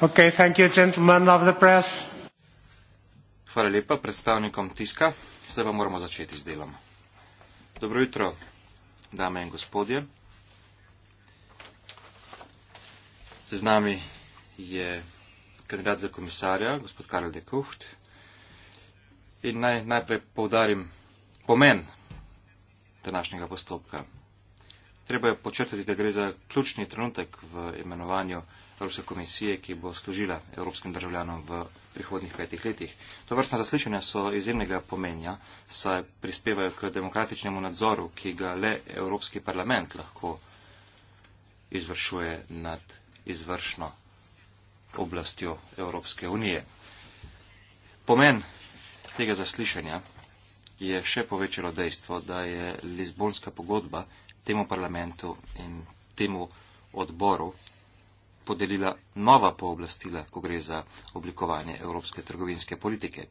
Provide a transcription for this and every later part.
Okay, thank you, gentlemen of the press. Hvala lepa predstavnikom tiska. Zdaj pa moramo začeti z delom. Dobro jutro, dame in gospodje. Z nami je kandidat za komisarja, gospod Karel de Kucht. In naj, najprej povdarim pomen današnjega postopka. Treba je počrtati, da gre za ključni trenutek v imenovanju Evropske komisije, ki bo služila evropskim državljanom v prihodnih petih letih. To vrstne zaslišanja so izjemnega pomenja, saj prispevajo k demokratičnemu nadzoru, ki ga le Evropski parlament lahko izvršuje nad izvršno oblastjo Evropske unije. Pomen tega zaslišanja je še povečalo dejstvo, da je Lizbonska pogodba temu parlamentu in temu odboru podelila nova pooblastila, ko gre za oblikovanje evropske trgovinske politike.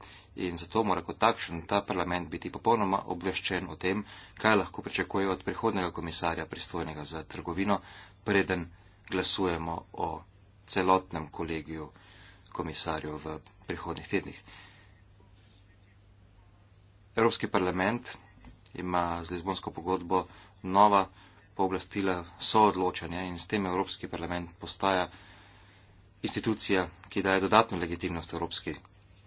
In zato mora kot takšen ta parlament biti popolnoma obveščen o tem, kaj lahko pričakuje od prihodnega komisarja pristojnega za trgovino, preden glasujemo o celotnem kolegiju komisarjev v prihodnih tednih. Evropski parlament ima z Lizbonsko pogodbo nova pooblastila soodločanja in s tem Evropski parlament postaja institucija, ki daje dodatno legitimnost Evropski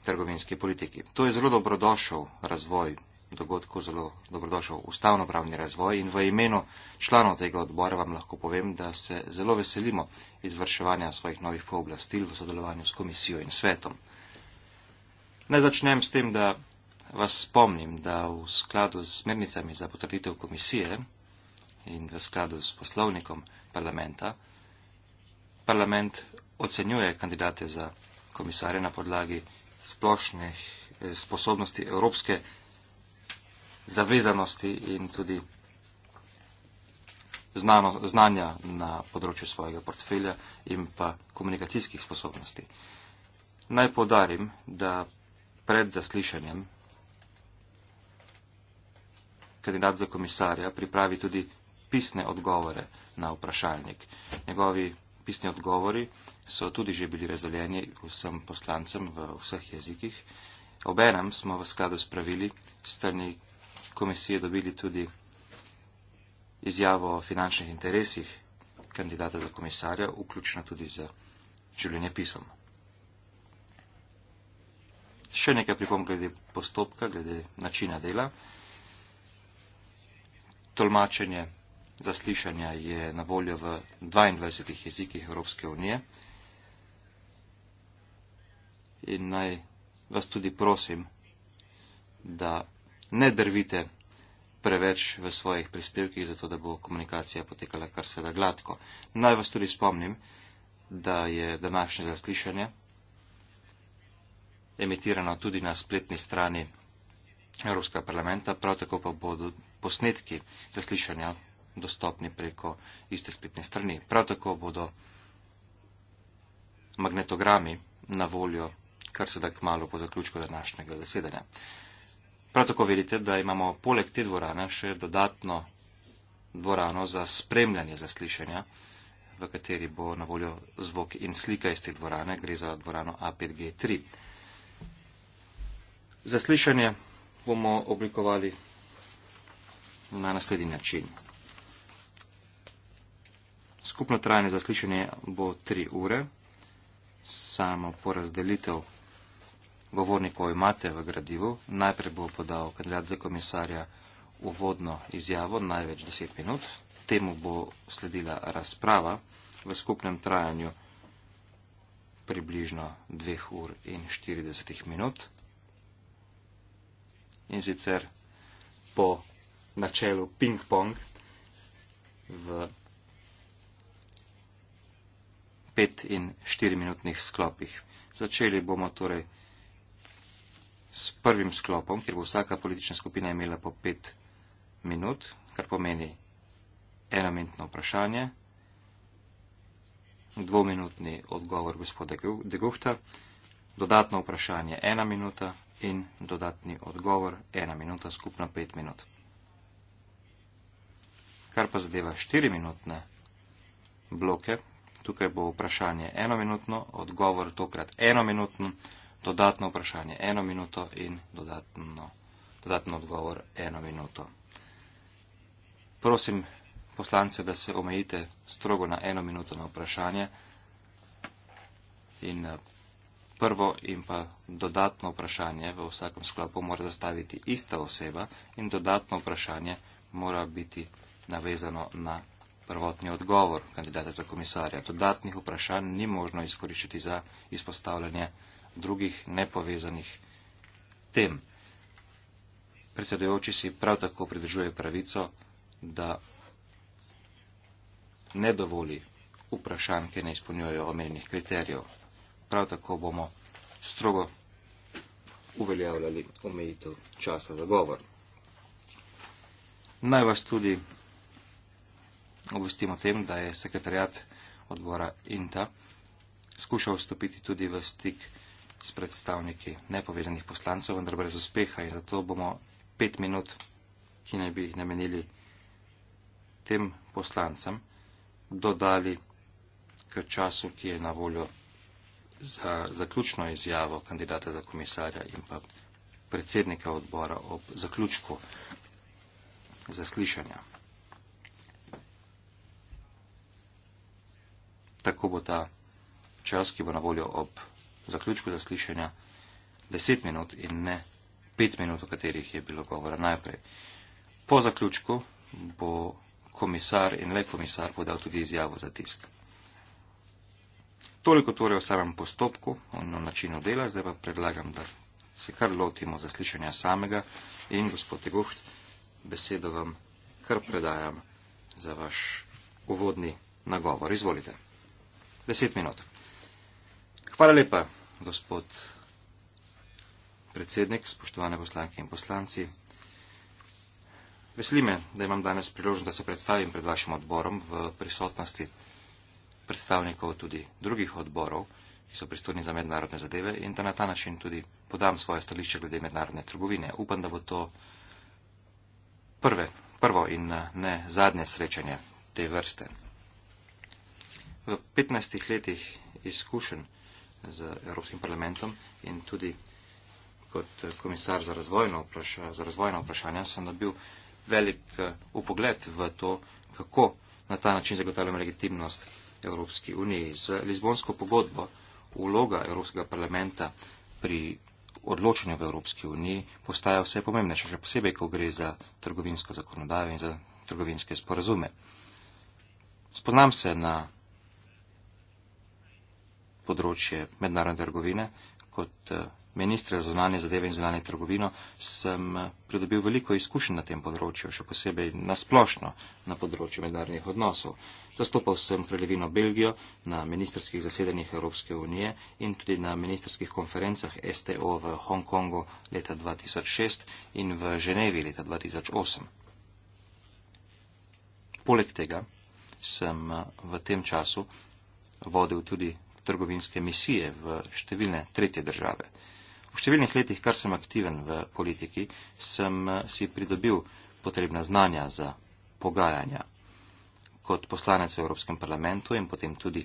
trgovinski politiki. To je zelo dobrodošel razvoj dogodku, zelo dobrodošel ustavno-pravni razvoj in v imenu članov tega odbora vam lahko povem, da se zelo veselimo izvrševanja svojih novih pooblastil v sodelovanju s komisijo in svetom. Naj začnem s tem, da vas spomnim, da v skladu z smernicami za potrditev komisije in v skladu s poslovnikom parlamenta. Parlament ocenjuje kandidate za komisare na podlagi splošnih eh, sposobnosti evropske zavezanosti in tudi znano, znanja na področju svojega portfelja in pa komunikacijskih sposobnosti. Naj podarim, da pred zaslišanjem kandidat za komisarja pripravi tudi pisne odgovore na vprašalnik. Njegovi pisni odgovori so tudi že bili razdeljeni vsem poslancem v vseh jezikih. Obenem smo v skladu s pravili strani komisije dobili tudi izjavo o finančnih interesih kandidata za komisarja, vključno tudi z življenjepisom. Še nekaj pripom glede postopka, glede načina dela. Tolmačenje zaslišanja je na voljo v 22 jezikih Evropske unije. In naj vas tudi prosim, da ne drvite preveč v svojih prispevkih, zato da bo komunikacija potekala kar se da gladko. Naj vas tudi spomnim, da je današnje zaslišanje emitirano tudi na spletni strani Evropskega parlamenta, prav tako pa bodo posnetki zaslišanja dostopni preko iste spletne strani. Prav tako bodo magnetogrami na voljo, kar se da kmalo po zaključku današnjega zasedanja. Prav tako vedite, da imamo poleg te dvorane še dodatno dvorano za spremljanje zaslišanja, v kateri bo na voljo zvok in slika iz te dvorane, gre za dvorano A5G3. Zaslišanje bomo oblikovali na naslednji način. Skupno trajanje zaslišanja bo tri ure. Samo porazdelitev govornikov imate v gradivu. Najprej bo podal kandidat za komisarja uvodno izjavo, največ deset minut. Temu bo sledila razprava v skupnem trajanju približno dveh ur in štiridesetih minut. In sicer po načelu ping-pong v pet in štiri minutnih sklopih. Začeli bomo torej s prvim sklopom, kjer bo vsaka politična skupina imela po pet minut, kar pomeni enomintno vprašanje, dvominutni odgovor gospoda Deguhta, dodatno vprašanje ena minuta in dodatni odgovor ena minuta, skupno pet minut. Kar pa zadeva štiriminutne bloke, Tukaj bo vprašanje eno minutno, odgovor tokrat eno minutno, dodatno vprašanje eno minuto in dodatno, dodatno odgovor eno minuto. Prosim poslance, da se omejite strogo na eno minuto na vprašanje. In eh, prvo in pa dodatno vprašanje v vsakem sklopu mora zastaviti ista oseba in dodatno vprašanje mora biti navezano na prvotni odgovor kandidata za komisarja. Dodatnih vprašanj ni možno izkoriščiti za izpostavljanje drugih nepovezanih tem. Predsedujoči si prav tako pridržuje pravico, da ne dovoli vprašanj, ki ne izpolnjujejo omenjenih kriterijev. Prav tako bomo strogo uveljavljali omejitev časa za govor. Naj vas tudi obvestim o tem, da je sekretarjat odbora INTA skušal vstopiti tudi v stik s predstavniki nepovezanih poslancev, vendar brez uspeha in zato bomo pet minut, ki naj bi jih namenili tem poslancem, dodali k času, ki je na voljo za zaključno izjavo kandidata za komisarja in pa predsednika odbora ob zaključku zaslišanja. Tako bo ta čas, ki bo na voljo ob zaključku zaslišanja, deset minut in ne pet minut, o katerih je bilo govora najprej. Po zaključku bo komisar in le komisar podal tudi izjavo za tisk. Toliko torej o samem postopku in o načinu dela, zdaj pa predlagam, da se kar lotimo zaslišanja samega in gospod Tegošt, besedo vam kar predajam za vaš uvodni nagovor. Izvolite deset minut. Hvala lepa, gospod predsednik, spoštovane poslanke in poslanci. Veseli me, da imam danes priložnost, da se predstavim pred vašim odborom v prisotnosti predstavnikov tudi drugih odborov, ki so pristojni za mednarodne zadeve in da na ta način tudi podam svoje stališče glede mednarodne trgovine. Upam, da bo to prve, prvo in ne zadnje srečanje te vrste v 15 letih izkušenj z Evropskim parlamentom in tudi kot komisar za razvojno, vpraša, za razvojno vprašanje sem dobil velik upogled eh, v to, kako na ta način zagotavljamo legitimnost Evropski uniji. Z Lizbonsko pogodbo vloga Evropskega parlamenta pri odločanju v Evropski uniji postaja vse pomembnejša, še posebej, ko gre za trgovinsko zakonodajo in za trgovinske sporazume. Spoznam se na področje mednarodne trgovine, kot eh, ministra za zunanje zadeve in zunanje trgovino, sem eh, pridobil veliko izkušenj na tem področju, še posebej nasplošno na področju mednarodnih odnosov. Zastopal sem kraljevino Belgijo na ministerskih zasedanjih Evropske unije in tudi na ministerskih konferencah STO v Hongkongu leta 2006 in v Ženevi leta 2008. Poleg tega sem eh, v tem času vodil tudi trgovinske misije v številne tretje države. V številnih letih, kar sem aktiven v politiki, sem eh, si pridobil potrebna znanja za pogajanja. Kot poslanec v Evropskem parlamentu in potem tudi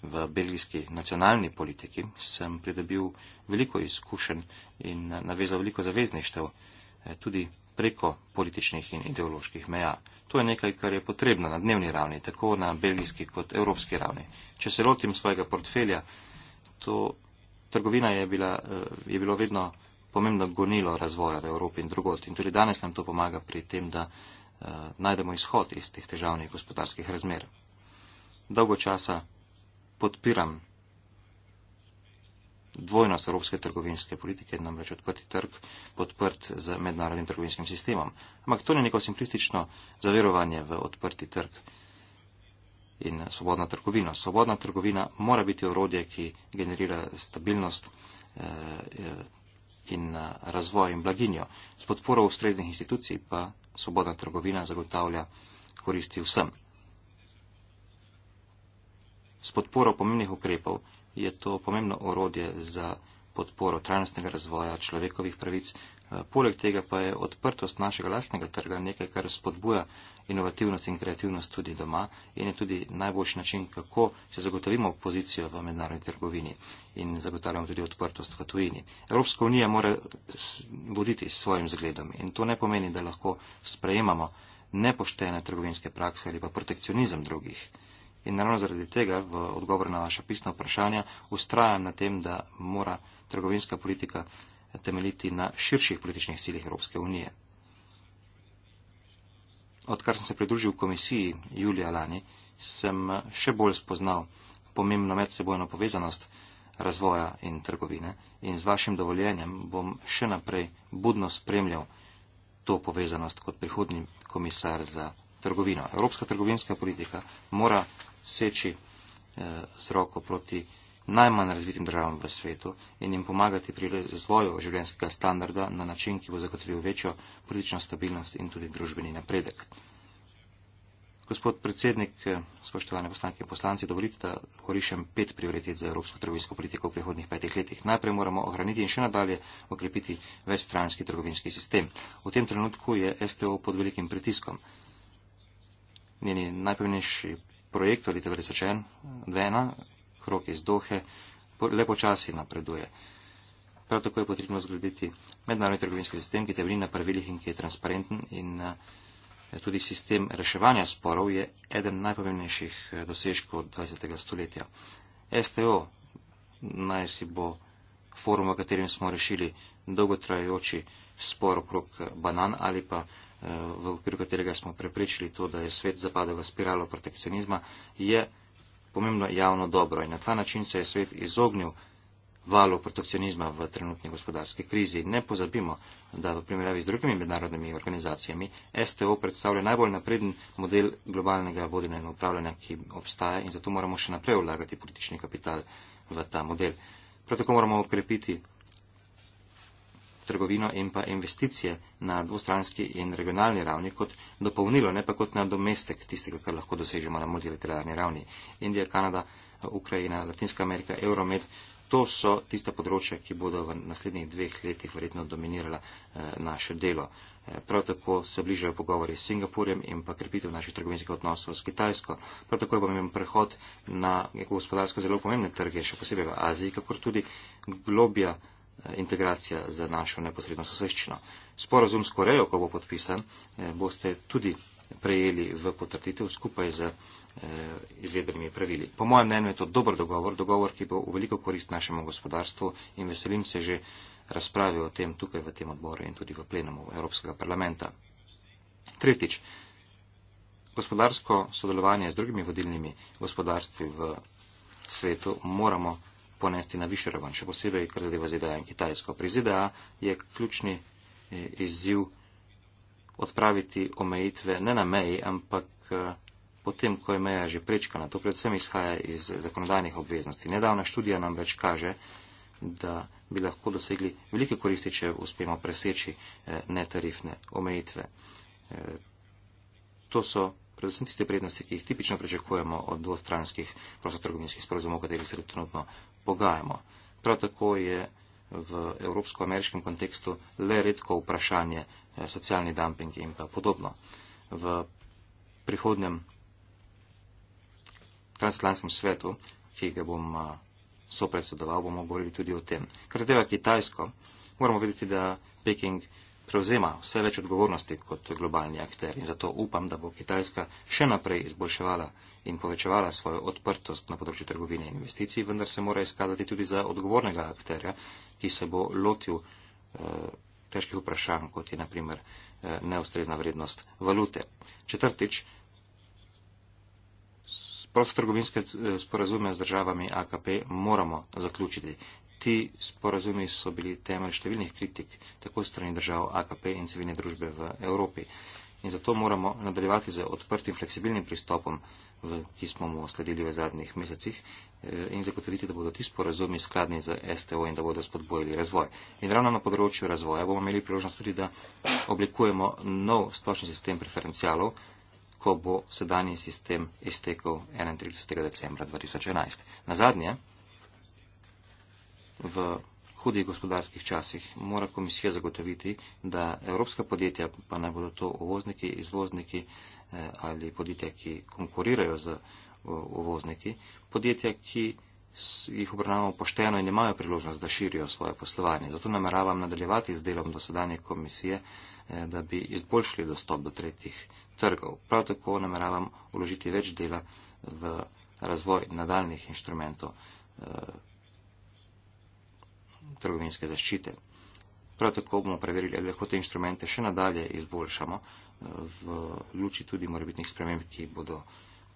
v belgijski nacionalni politiki sem pridobil veliko izkušenj in eh, navezal veliko zavezništev eh, tudi preko političnih in ideoloških meja. To je nekaj, kar je potrebno na dnevni ravni, tako na belgijski kot evropski ravni. Če se lotim svojega portfelja, to trgovina je, bila, eh, je bilo vedno pomembno gonilo razvoja v Evropi in drugot. In tudi danes nam to pomaga pri tem, da uh, najdemo izhod iz teh težavnih gospodarskih razmer. Dolgo časa podpiram dvojnost evropske trgovinske politike, namreč odprti trg, podprt z mednarodnim trgovinskim sistemom. Ampak to ni neko simplistično zaverovanje v odprti trg in svobodna trgovina. Svobodna trgovina mora biti orodje, ki generira stabilnost eh, eh, in eh, razvoj in blaginjo. S podporo ustreznih institucij pa svobodna trgovina zagotavlja koristi vsem. S podporo pomembnih ukrepov je to pomembno orodje za podporo trajnostnega razvoja človekovih pravic. Eh, poleg tega pa je odprtost našega lastnega trga nekaj, kar spodbuja inovativnost in kreativnost tudi doma in je tudi najboljši način, kako se zagotovimo pozicijo v mednarodni trgovini in zagotavljamo tudi odprtost v tujini. Evropska unija mora voditi s svojim zgledom in to ne pomeni, da lahko sprejemamo nepoštene trgovinske prakse ali pa protekcionizem drugih. In naravno zaradi tega v odgovor na vaša pisna vprašanja ustrajam na tem, da mora trgovinska politika temeljiti na širših političnih ciljih Evropske unije. Odkar sem se pridružil komisiji julija lani, sem še bolj spoznal pomembno medsebojno povezanost razvoja in trgovine in z vašim dovoljenjem bom še naprej budno spremljal to povezanost kot prihodni komisar za trgovino. Evropska trgovinska politika mora seči eh, z roko proti najmanj razvitim državam v svetu in jim pomagati pri razvoju življenjskega standarda na način, ki bo zagotovil večjo politično stabilnost in tudi družbeni napredek. Gospod predsednik, eh, spoštovane poslanke in poslanci, dovolite, da orišem pet prioritet za evropsko trgovinsko politiko v prihodnih petih letih. Najprej moramo ohraniti in še nadalje okrepiti večstranski trgovinski sistem. V tem trenutku je STO pod velikim pritiskom. Njeni najpomembnejši projektu ali 2001, krok iz Dohe, le počasi napreduje. Prav tako je potrebno zgraditi mednarodni trgovinski sistem, ki temelji na pravilih in ki je transparenten in eh, tudi sistem reševanja sporov je eden najpomembnejših eh, dosežkov 20. stoletja. STO naj si bo forum, v katerem smo rešili dolgotrajoči spor okrog eh, banan ali pa v okviru katerega smo preprečili to, da je svet zapadel v spiralo protekcionizma, je pomembno javno dobro. In na ta način se je svet izognil valu protekcionizma v trenutni gospodarski krizi. Ne pozabimo, da v primerjavi z drugimi mednarodnimi organizacijami STO predstavlja najbolj napreden model globalnega vodenja in upravljanja, ki obstaja in zato moramo še naprej vlagati politični kapital v ta model. Prav tako moramo okrepiti trgovino in pa investicije na dvostranski in regionalni ravni kot dopolnilo, ne pa kot nadomestek tistega, kar lahko dosežemo na multilateralni ravni. Indija, Kanada, Ukrajina, Latinska Amerika, Euromed, to so tista področja, ki bodo v naslednjih dveh letih verjetno dominirala eh, naše delo. Eh, prav tako se bližajo pogovori s Singapurjem in pa krepitev naših trgovinskih odnosov s Kitajsko. Prav tako je pomemben prehod na gospodarsko zelo pomembne trge, še posebej v Aziji, kakor tudi globja Eh, integracija za našo neposredno soseščino. Sporazum s Korejo, ko bo podpisan, eh, boste tudi prejeli v potrditev skupaj z eh, izvedbenimi pravili. Po mojem mnenju je to dober dogovor, dogovor, ki bo v veliko korist našemu gospodarstvu in veselim se že razprave o tem tukaj v tem odboru in tudi v plenumu Evropskega parlamenta. Tretjič. Gospodarsko sodelovanje z drugimi vodilnimi gospodarstvi v svetu moramo ponesti na više ravan, še posebej, kar zadeva ZDA in Kitajsko. Pri ZDA je ključni eh, izziv odpraviti omejitve ne na meji, ampak eh, potem, ko je meja že prečkana. To predvsem izhaja iz zakonodajnih obveznosti. Nedavna študija nam več kaže, da bi lahko dosegli velike koristi, če uspemo preseči eh, netarifne omejitve. To so predvsem tiste prednosti, ki jih tipično pričakujemo od dvostranskih prostotrgovinskih sporozumov, o katerih se trenutno pogajamo. Prav tako je v evropsko-ameriškem kontekstu le redko vprašanje eh, socialni dumping in pa podobno. V prihodnem transatlantskem svetu, ki ga bom eh, sopredsedoval, bomo govorili tudi o tem. Kar zadeva Kitajsko, moramo vedeti, da Peking prevzema vse več odgovornosti kot globalni akter in zato upam, da bo Kitajska še naprej izboljševala in povečevala svojo odprtost na področju trgovine in investicij, vendar se mora izkazati tudi za odgovornega akterja, ki se bo lotil eh, težkih vprašanj, kot je naprimer eh, neustrezna vrednost valute. Četrtič, prostotrgovinske eh, sporazume z državami AKP moramo zaključiti ti sporazumi so bili temelj številnih kritik, tako strani držav AKP in civilne družbe v Evropi. In zato moramo nadaljevati z odprtim, fleksibilnim pristopom, v, ki smo mu sledili v zadnjih mesecih eh, in zagotoviti, da bodo ti sporazumi skladni z STO in da bodo spodbojili razvoj. In ravno na področju razvoja bomo imeli priložnost tudi, da oblikujemo nov splošni sistem preferencialov, ko bo sedanji sistem iztekel 31. decembra 2011. Na zadnje, v hudih gospodarskih časih mora komisija zagotoviti, da evropska podjetja, pa naj bodo to uvozniki, izvozniki eh, ali podjetja, ki konkurirajo z eh, uvozniki, podjetja, ki jih obravnavamo pošteno in imajo priložnost, da širijo svoje poslovanje. Zato nameravam nadaljevati z delom dosedanje komisije, eh, da bi izboljšali dostop do tretjih trgov. Prav tako nameravam uložiti več dela v razvoj nadaljnih inštrumentov trgovinske zaščite. Prav tako bomo preverili, ali lahko te inštrumente še nadalje izboljšamo eh, v luči tudi morebitnih sprememb, ki bodo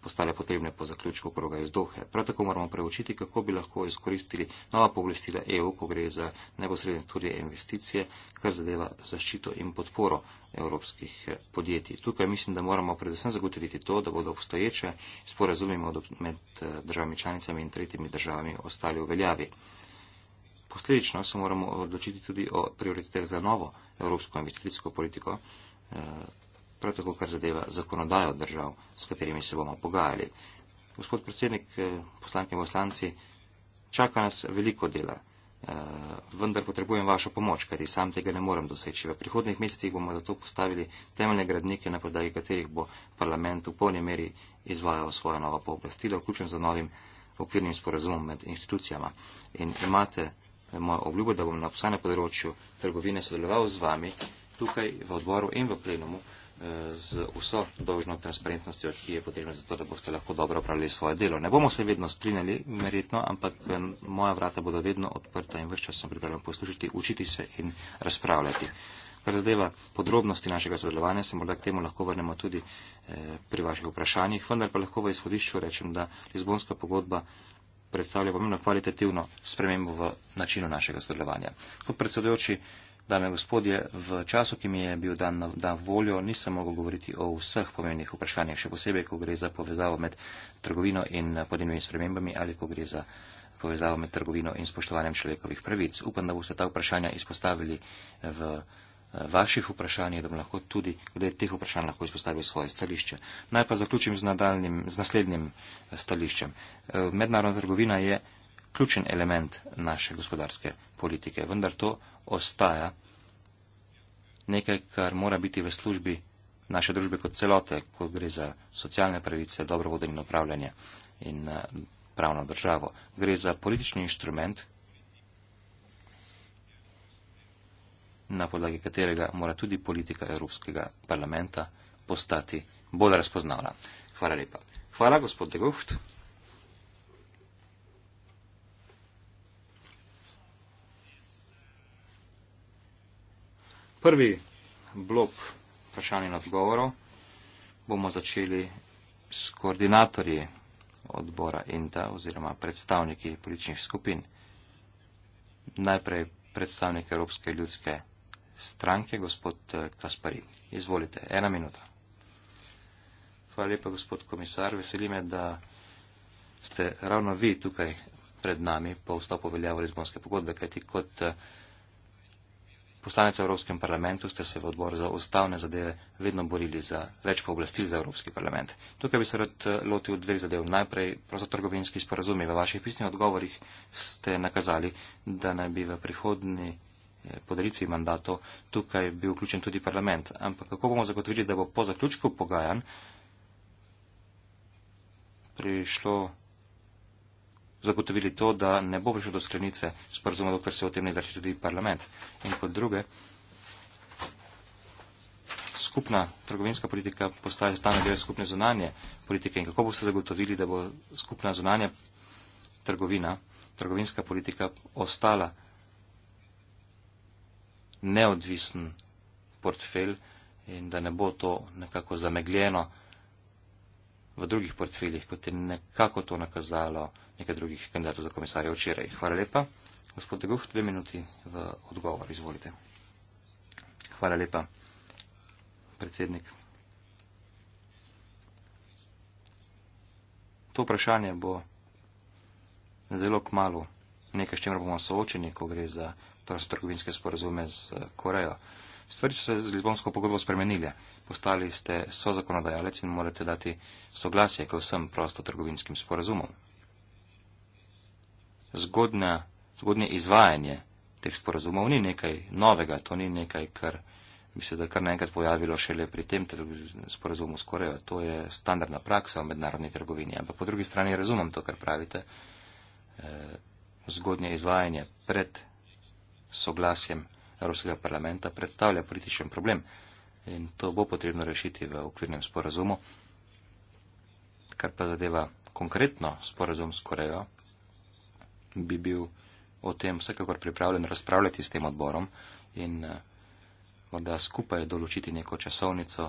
postale potrebne po zaključku kroga iz Dohe. Prav tako moramo preučiti, kako bi lahko izkoristili nova pooblastila EU, ko gre za neposredne tudi investicije, kar zadeva zaščito in podporo evropskih eh, podjetij. Tukaj mislim, da moramo predvsem zagotoviti to, da bodo obstoječe sporazumimo med eh, državami članicami in tretjimi državami ostali v veljavi. Posledično se moramo odločiti tudi o prioritetah za novo evropsko investicijsko politiko, eh, prav tako kar zadeva zakonodajo držav, s katerimi se bomo pogajali. Gospod predsednik, eh, poslanke in poslanci, čaka nas veliko dela, eh, vendar potrebujem vašo pomoč, kajti sam tega ne morem doseči. V prihodnih mesecih bomo zato postavili temeljne gradnike, na podlagi katerih bo parlament v polni meri izvajal svoje nova pooblastila, vključen z novim okvirnim sporazumom med institucijama. In imate moja obljuba, da bom na vsaj na področju trgovine sodeloval z vami tukaj v odboru in v plenumu eh, z vso dolžno transparentnostjo, ki je potrebna za to, da boste lahko dobro opravili svoje delo. Ne bomo se vedno strinjali, verjetno, ampak eh, moja vrata bodo vedno odprta in vrščas sem pripravljen poslušati, učiti se in razpravljati. Kar zadeva podrobnosti našega sodelovanja, se morda k temu lahko vrnemo tudi eh, pri vaših vprašanjih, vendar pa lahko v izhodišču rečem, da Lizbonska pogodba eh, predstavlja pomembno kvalitativno spremembo v načinu našega sodelovanja. Kot predsedujoči, dame gospodje, v času, ki mi je bil dan na dan voljo, nisem mogel govoriti o vseh pomembnih vprašanjih, še posebej, ko gre za povezavo med trgovino in podnebnimi spremembami ali ko gre za povezavo med trgovino in spoštovanjem človekovih pravic. Upam, da boste ta vprašanja izpostavili v vaših vprašanjih, da bom lahko tudi glede teh vprašanj lahko izpostavil svoje stališče. Naj pa zaključim z, nadaljnim, z naslednjim eh, stališčem. Eh, mednarodna trgovina je ključen element naše gospodarske politike, vendar to ostaja nekaj, kar mora biti v službi naše družbe kot celote, ko gre za socialne pravice, dobro vodenje in upravljanje in eh, pravno državo. Gre za politični inštrument, na podlagi katerega mora tudi politika Evropskega parlamenta postati bolj razpoznavna. Hvala lepa. Hvala, gospod De Gucht. Prvi blok vprašanj in odgovorov bomo začeli s koordinatorji odbora ENTA oziroma predstavniki političnih skupin. Najprej predstavnik Evropske ljudske stranke, gospod eh, Kaspari. Izvolite, ena minuta. Hvala lepa, gospod komisar. Veseli me, da ste ravno vi tukaj pred nami po vstopu veljavo Lizbonske pogodbe, kajti kot eh, poslanec Evropskem parlamentu ste se v odbor za ustavne zadeve vedno borili za več pooblastil za Evropski parlament. Tukaj bi se rad eh, lotil dveh zadev. Najprej prostotrgovinski sporazumi. V vaših pisnih odgovorih ste nakazali, da naj bi v prihodnji podelitvi mandatov tukaj bil vključen tudi parlament. Ampak kako bomo zagotovili, da bo po zaključku pogajanj prišlo zagotovili to, da ne bo prišlo do sklenitve sporazuma, dokler se o tem ne izrači tudi parlament. In kot druge, skupna trgovinska politika postaja stane del skupne zunanje politike in kako boste zagotovili, da bo skupna zunanja trgovina, trgovinska politika ostala neodvisen portfelj in da ne bo to nekako zamegljeno v drugih portfeljih, kot je nekako to nakazalo nekaj drugih kandidatov za komisarja včeraj. Hvala lepa. Gospod Deguh, dve minuti v odgovor. Izvolite. Hvala lepa, predsednik. To vprašanje bo zelo k malu nekaj, s čimer bomo soočeni, ko gre za to so trgovinske sporazume z eh, Korejo. Stvari so se z Lizbonsko pogodbo spremenile. Postali ste sozakonodajalec in morate dati soglasje k vsem prostotrgovinskim sporazumom. Zgodnja, zgodnje izvajanje teh sporazumov ni nekaj novega, to ni nekaj, kar bi se zdaj kar naenkrat pojavilo šele pri tem sporazumu s Korejo. To je standardna praksa v mednarodni trgovini. Ampak po drugi strani razumem to, kar pravite. Eh, zgodnje izvajanje pred soglasjem Evropskega parlamenta predstavlja političen problem in to bo potrebno rešiti v okvirnem sporazumu. Kar pa zadeva konkretno sporazum s Korejo, bi bil o tem vsekakor pripravljen razpravljati s tem odborom in eh, morda skupaj določiti neko časovnico,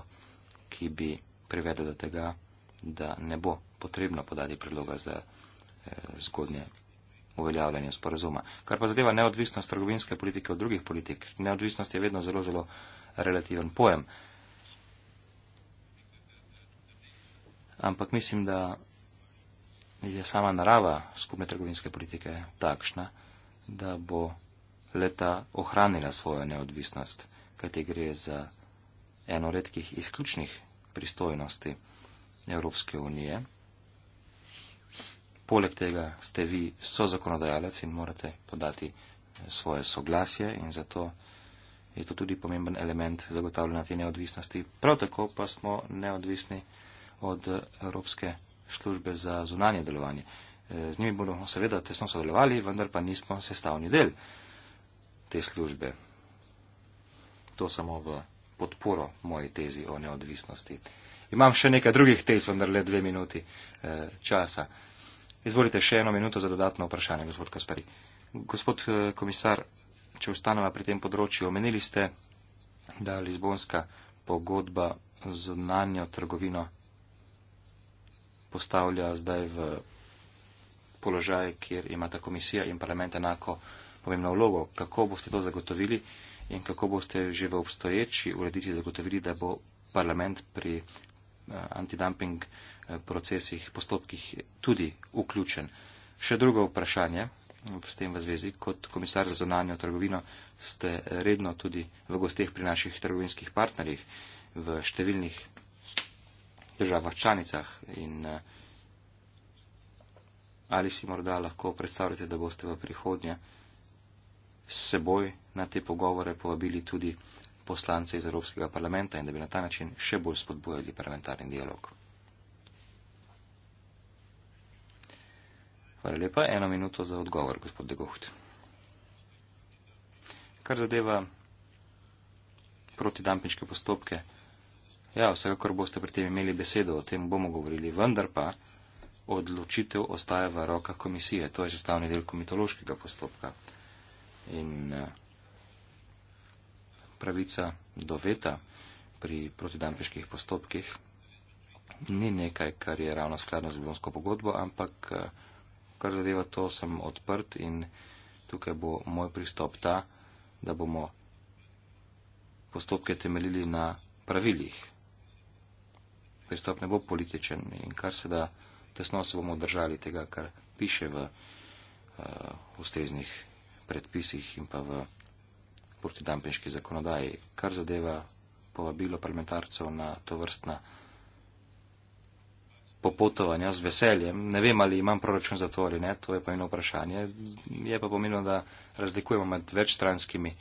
ki bi privedla do tega, da ne bo potrebno podati predloga za eh, zgodnje uveljavljanju sporazuma. Kar pa zadeva neodvisnost trgovinske politike od drugih politik, neodvisnost je vedno zelo, zelo relativen pojem. Ampak mislim, da je sama narava skupne trgovinske politike takšna, da bo leta ohranila svojo neodvisnost, kajti gre za eno redkih izključnih pristojnosti Evropske unije. Poleg tega ste vi sozakonodajalec in morate podati eh, svoje soglasje in zato je to tudi pomemben element zagotavljanja te neodvisnosti. Prav tako pa smo neodvisni od eh, Evropske službe za zunanje delovanje. Eh, z njimi bomo seveda tesno sodelovali, vendar pa nismo sestavni del te službe. To samo v podporo moji tezi o neodvisnosti. Imam še nekaj drugih tez, vendar le dve minuti časa. Izvolite še eno minuto za dodatno vprašanje, gospod Kaspari. Gospod eh, komisar, če ostanemo pri tem področju, omenili ste, da Lizbonska pogodba z odnanjo trgovino postavlja zdaj v položaj, kjer imata komisija in parlament enako pomembno vlogo. Kako boste to zagotovili in kako boste že v obstoječi urediti zagotovili, da bo parlament pri uh, antidumping procesih, postopkih tudi vključen. Še drugo vprašanje s tem v zvezi. Kot komisar za zonanjo trgovino ste redno tudi v gosteh pri naših trgovinskih partnerjih v številnih državah članicah in eh, ali si morda lahko predstavljate, da boste v prihodnje s seboj na te pogovore povabili tudi poslance iz Evropskega parlamenta in da bi na ta način še bolj spodbujali parlamentarni dialog. Hvala lepa. Eno minuto za odgovor, gospod Degoht. Kar zadeva protidampinške postopke, ja, vsekakor boste pri tem imeli besedo, o tem bomo govorili, vendar pa odločitev ostaja v rokah komisije. To je sestavni del komitološkega postopka. In eh, pravica do veta pri protidampiških postopkih ni nekaj, kar je ravno skladno z Ljubljansko pogodbo, ampak eh, kar zadeva to, sem odprt in tukaj bo moj pristop ta, da bomo postopke temeljili na pravilih. Pristop ne bo političen in kar se da, tesno se bomo držali tega, kar piše v uh, ustreznih predpisih in pa v protidampinški zakonodaji, kar zadeva povabilo parlamentarcev na to vrstna popotovanja z veseljem. Ne vem, ali imam proračun za to ali ne, to je pa eno vprašanje. Je pa pomenilo, da razlikujemo med večstranskimi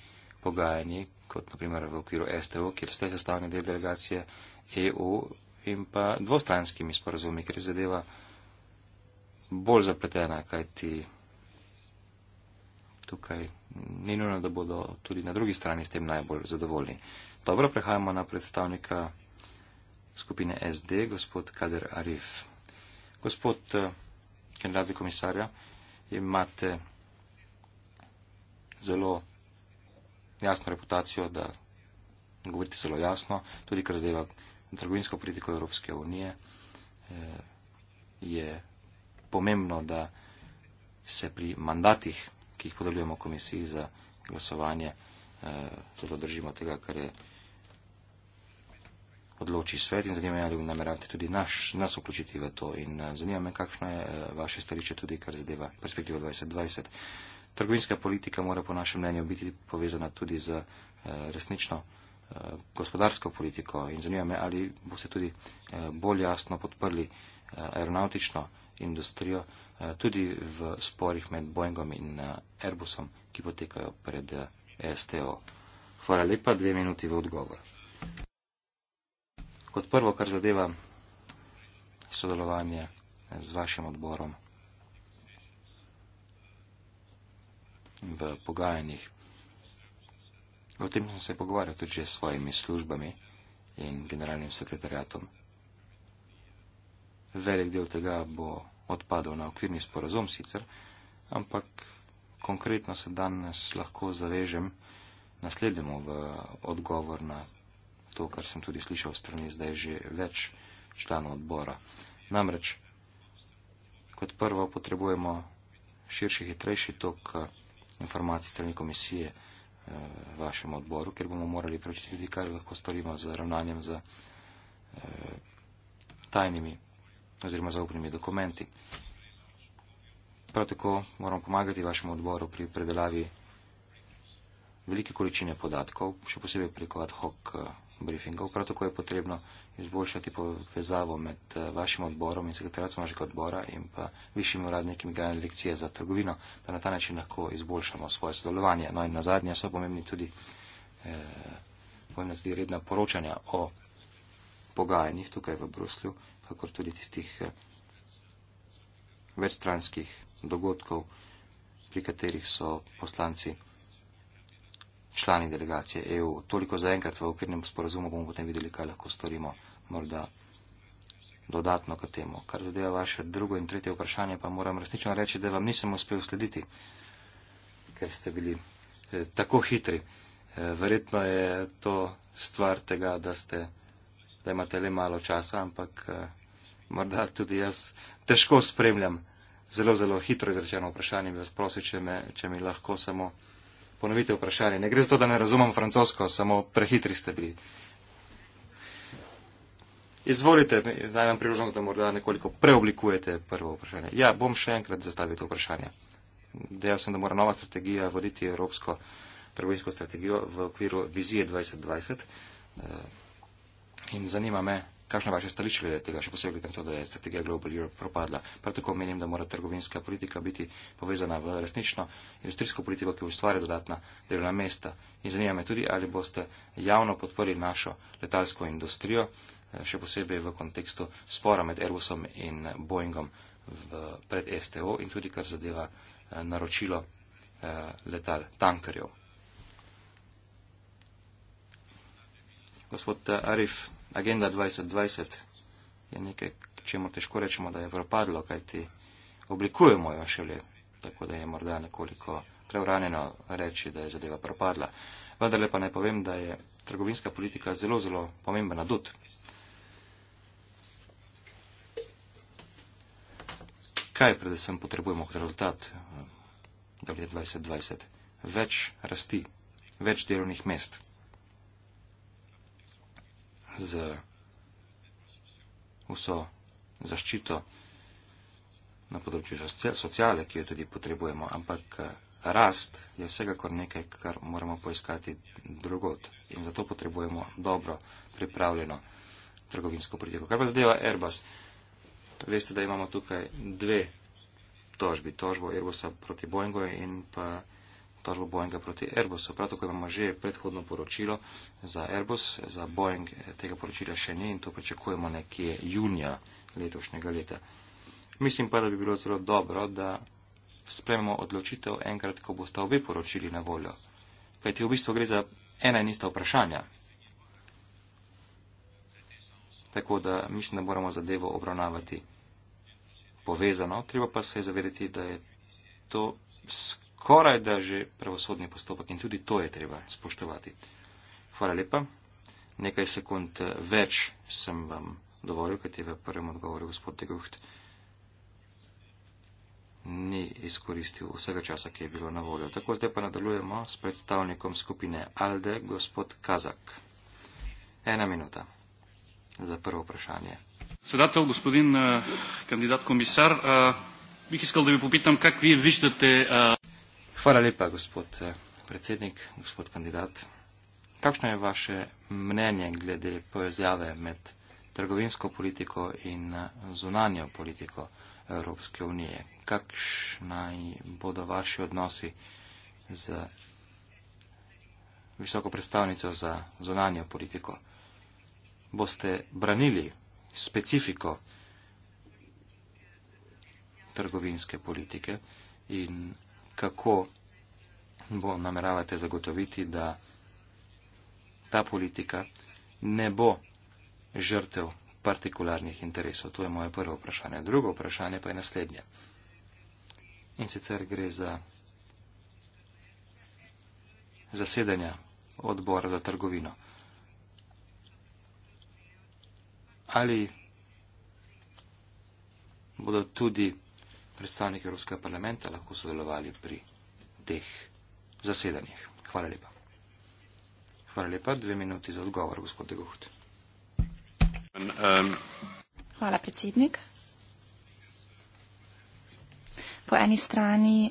pogajanji, kot naprimer v okviru STO, kjer ste sestavni del delegacije EU, in pa dvostranskimi sporazumi, ker je zadeva bolj zapletena, kajti tukaj ni nujno, da bodo tudi na drugi strani s tem najbolj zadovoljni. Dobro, prehajamo na predstavnika skupine SD, gospod Kader Arif. Gospod generalni eh, komisarja, imate zelo jasno reputacijo, da govorite zelo jasno, tudi kar zadeva trgovinsko politiko Evropske unije, eh, je pomembno, da se pri mandatih, ki jih podeljujemo komisiji za glasovanje, eh, zelo držimo tega, kar je odloči svet in zanima me, ali nameravate tudi naš, nas vključiti v to. In eh, zanima me, kakšno je eh, vaše stališče tudi, kar zadeva perspektivo 2020. Trgovinska politika mora po našem mnenju biti povezana tudi z eh, resnično gospodarsko politiko in zanima me, ali boste tudi bolj jasno podprli aeronautično industrijo tudi v sporih med Boeingom in Airbusom, ki potekajo pred STO. Hvala lepa, dve minuti v odgovor. Kot prvo, kar zadeva sodelovanje z vašim odborom v pogajanjih. O tem sem se pogovarjal tudi s svojimi službami in generalnim sekretarjatom. Velik del tega bo odpadel na okvirni sporazum sicer, ampak konkretno se danes lahko zavežem naslednjemu v odgovor na to, kar sem tudi slišal strani zdaj že več članov odbora. Namreč, kot prvo potrebujemo širši, hitrejši tok eh, informacij strani komisije eh, vašemu odboru, ker bomo morali prečiti tudi, kaj lahko storimo z ravnanjem z eh, tajnimi oziroma zaupnimi dokumenti. Prav tako moramo pomagati vašemu odboru pri predelavi velike količine podatkov, še posebej preko ad hoc eh, briefingov. Prav tako je potrebno izboljšati povezavo med eh, vašim odborom in sekretarjem vašega odbora in pa višjimi uradniki migrantske lekcije za trgovino, da na ta način lahko izboljšamo svoje sodelovanje. No in na zadnje so pomembni tudi, eh, pomembni tudi redna poročanja o pogajanjih tukaj v Bruslju, kakor tudi tistih eh, večstranskih dogodkov, pri katerih so poslanci člani delegacije EU. Toliko za enkrat v okvirnem sporazumu bomo potem videli, kaj lahko storimo. Morda dodatno k temu. Kar zadeva vaše drugo in tretje vprašanje, pa moram resnično reči, da vam nisem uspel slediti, ker ste bili eh, tako hitri. Eh, verjetno je to stvar tega, da, ste, da imate le malo časa, ampak eh, morda tudi jaz težko spremljam. Zelo, zelo hitro izrečeno vprašanje, bi vas prosil, če, me, če mi lahko samo ponovite vprašanje. Ne gre za to, da ne razumem francosko, samo prehitri ste bili. Izvolite, naj vam priložnost, da morda nekoliko preoblikujete prvo vprašanje. Ja, bom še enkrat zastavil to vprašanje. Dejal sem, da mora nova strategija voditi evropsko trgovinsko strategijo v okviru vizije 2020. Eh, in zanima me, kakšno je vaše stališče glede tega, še posebej glede na to, da je strategija Global Europe propadla. Prav tako menim, da mora trgovinska politika biti povezana v resnično industrijsko politiko, ki ustvarja dodatna delovna mesta. In zanima me tudi, ali boste javno podporili našo letalsko industrijo, eh, še posebej v kontekstu spora med Airbusom in Boeingom v, pred STO in tudi kar zadeva eh, naročilo eh, letal tankerjev. Gospod Arif, Agenda 2020 je nekaj, čemu težko rečemo, da je propadlo, kajti oblikujemo jo šele, tako da je morda nekoliko preuranjeno reči, da je zadeva propadla. Vendar lepa naj povem, da je trgovinska politika zelo, zelo pomembna dud. Kaj predvsem potrebujemo kot rezultat eh, do leta 2020? Več rasti, več delovnih mest z vso zaščito na področju sociale, ki jo tudi potrebujemo, ampak eh, rast je vsekakor nekaj, kar moramo poiskati drugot in zato potrebujemo dobro pripravljeno trgovinsko politiko. Kar pa zadeva Airbus, veste, da imamo tukaj dve tožbi, tožbo Airbusa proti Boeingu in pa obtožbo Boeinga proti Airbusu. Prav tako imamo že predhodno poročilo za Airbus, za Boeing tega poročila še ni in to pričakujemo nekje junija letošnjega leta. Mislim pa, da bi bilo zelo dobro, da sprememo odločitev enkrat, ko bosta obe poročili na voljo. Kaj ti v bistvu gre za ena in ista vprašanja. Tako da mislim, da moramo zadevo obravnavati povezano. Treba pa se zavedeti, da je to skoraj da že pravosodni postopek in tudi to je treba spoštovati. Hvala lepa. Nekaj sekund eh, več sem vam dovolil, kot je v prvem odgovoru gospod Degucht. Ni izkoristil vsega časa, ki je bilo na voljo. Tako zdaj pa nadaljujemo s predstavnikom skupine Alde, gospod Kazak. Ena minuta za prvo vprašanje. Sedatelj, gospodin eh, kandidat komisar, eh, bih iskal, da bi popitam, kako vi vištate eh, Hvala lepa, gospod eh, predsednik, gospod kandidat. Kakšno je vaše mnenje glede povezave med trgovinsko politiko in eh, zunanjo politiko Evropske unije? Kakšna bodo vaši odnosi z visoko predstavnico za zunanjo politiko? Boste branili specifiko trgovinske politike in kako bo nameravate zagotoviti, da ta politika ne bo žrtev partikularnih interesov. To je moje prvo vprašanje. Drugo vprašanje pa je naslednje. In sicer gre za zasedanja odbora za trgovino. Ali bodo tudi predstavniki Evropskega parlamenta lahko sodelovali pri teh zasedanjih. Hvala lepa. Hvala lepa. Dve minuti za odgovor, gospod Degoht. Um, Hvala, predsednik. Po eni strani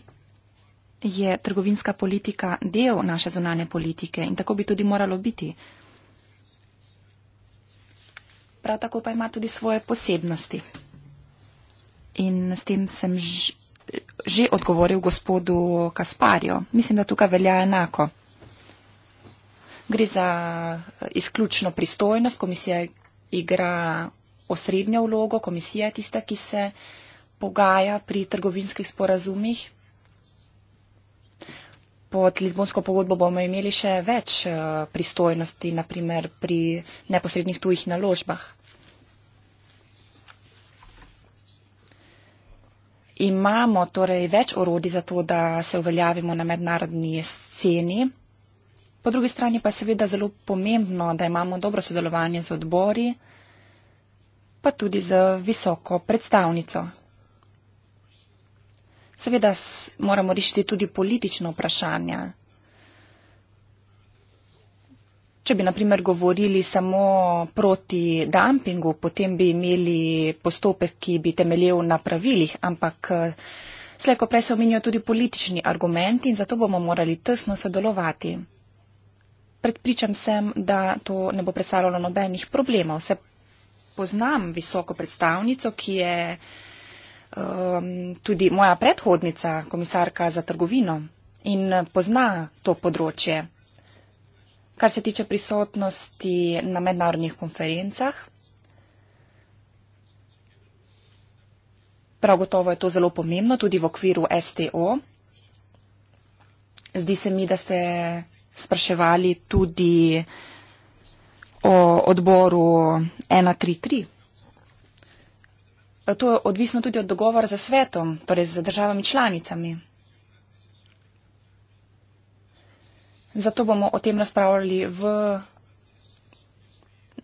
je trgovinska politika del naše zunanje politike in tako bi tudi moralo biti. Prav tako pa ima tudi svoje posebnosti in s tem sem ž, že odgovoril gospodu Kasparju. Mislim, da tukaj velja enako. Gre za eh, izključno pristojnost, komisija igra osrednjo vlogo, komisija je tista, ki se pogaja pri trgovinskih sporazumih. Pod Lizbonsko pogodbo bomo imeli še več eh, pristojnosti, naprimer pri neposrednih tujih naložbah. imamo torej več orodi za to, da se uveljavimo na mednarodni sceni. Po drugi strani pa je seveda zelo pomembno, da imamo dobro sodelovanje z odbori, pa tudi z visoko predstavnico. Seveda moramo rešiti tudi politično vprašanje. Če bi, na primer, govorili samo proti dumpingu, potem bi imeli postopek, ki bi temeljev na pravilih, ampak eh, slejko prej se omenijo tudi politični argumenti in zato bomo morali tesno sodelovati. Predpričam sem, da to ne bo predstavljalo nobenih problemov. Se poznam visoko predstavnico, ki je um, tudi moja predhodnica, komisarka za trgovino in eh, pozna to področje kar se tiče prisotnosti na mednarodnih konferencah. Prav gotovo je to zelo pomembno tudi v okviru STO. Zdi se mi, da ste spraševali tudi o odboru 133. To je odvisno tudi od dogovora za svetom, torej z državami članicami. Zato bomo o tem razpravljali v,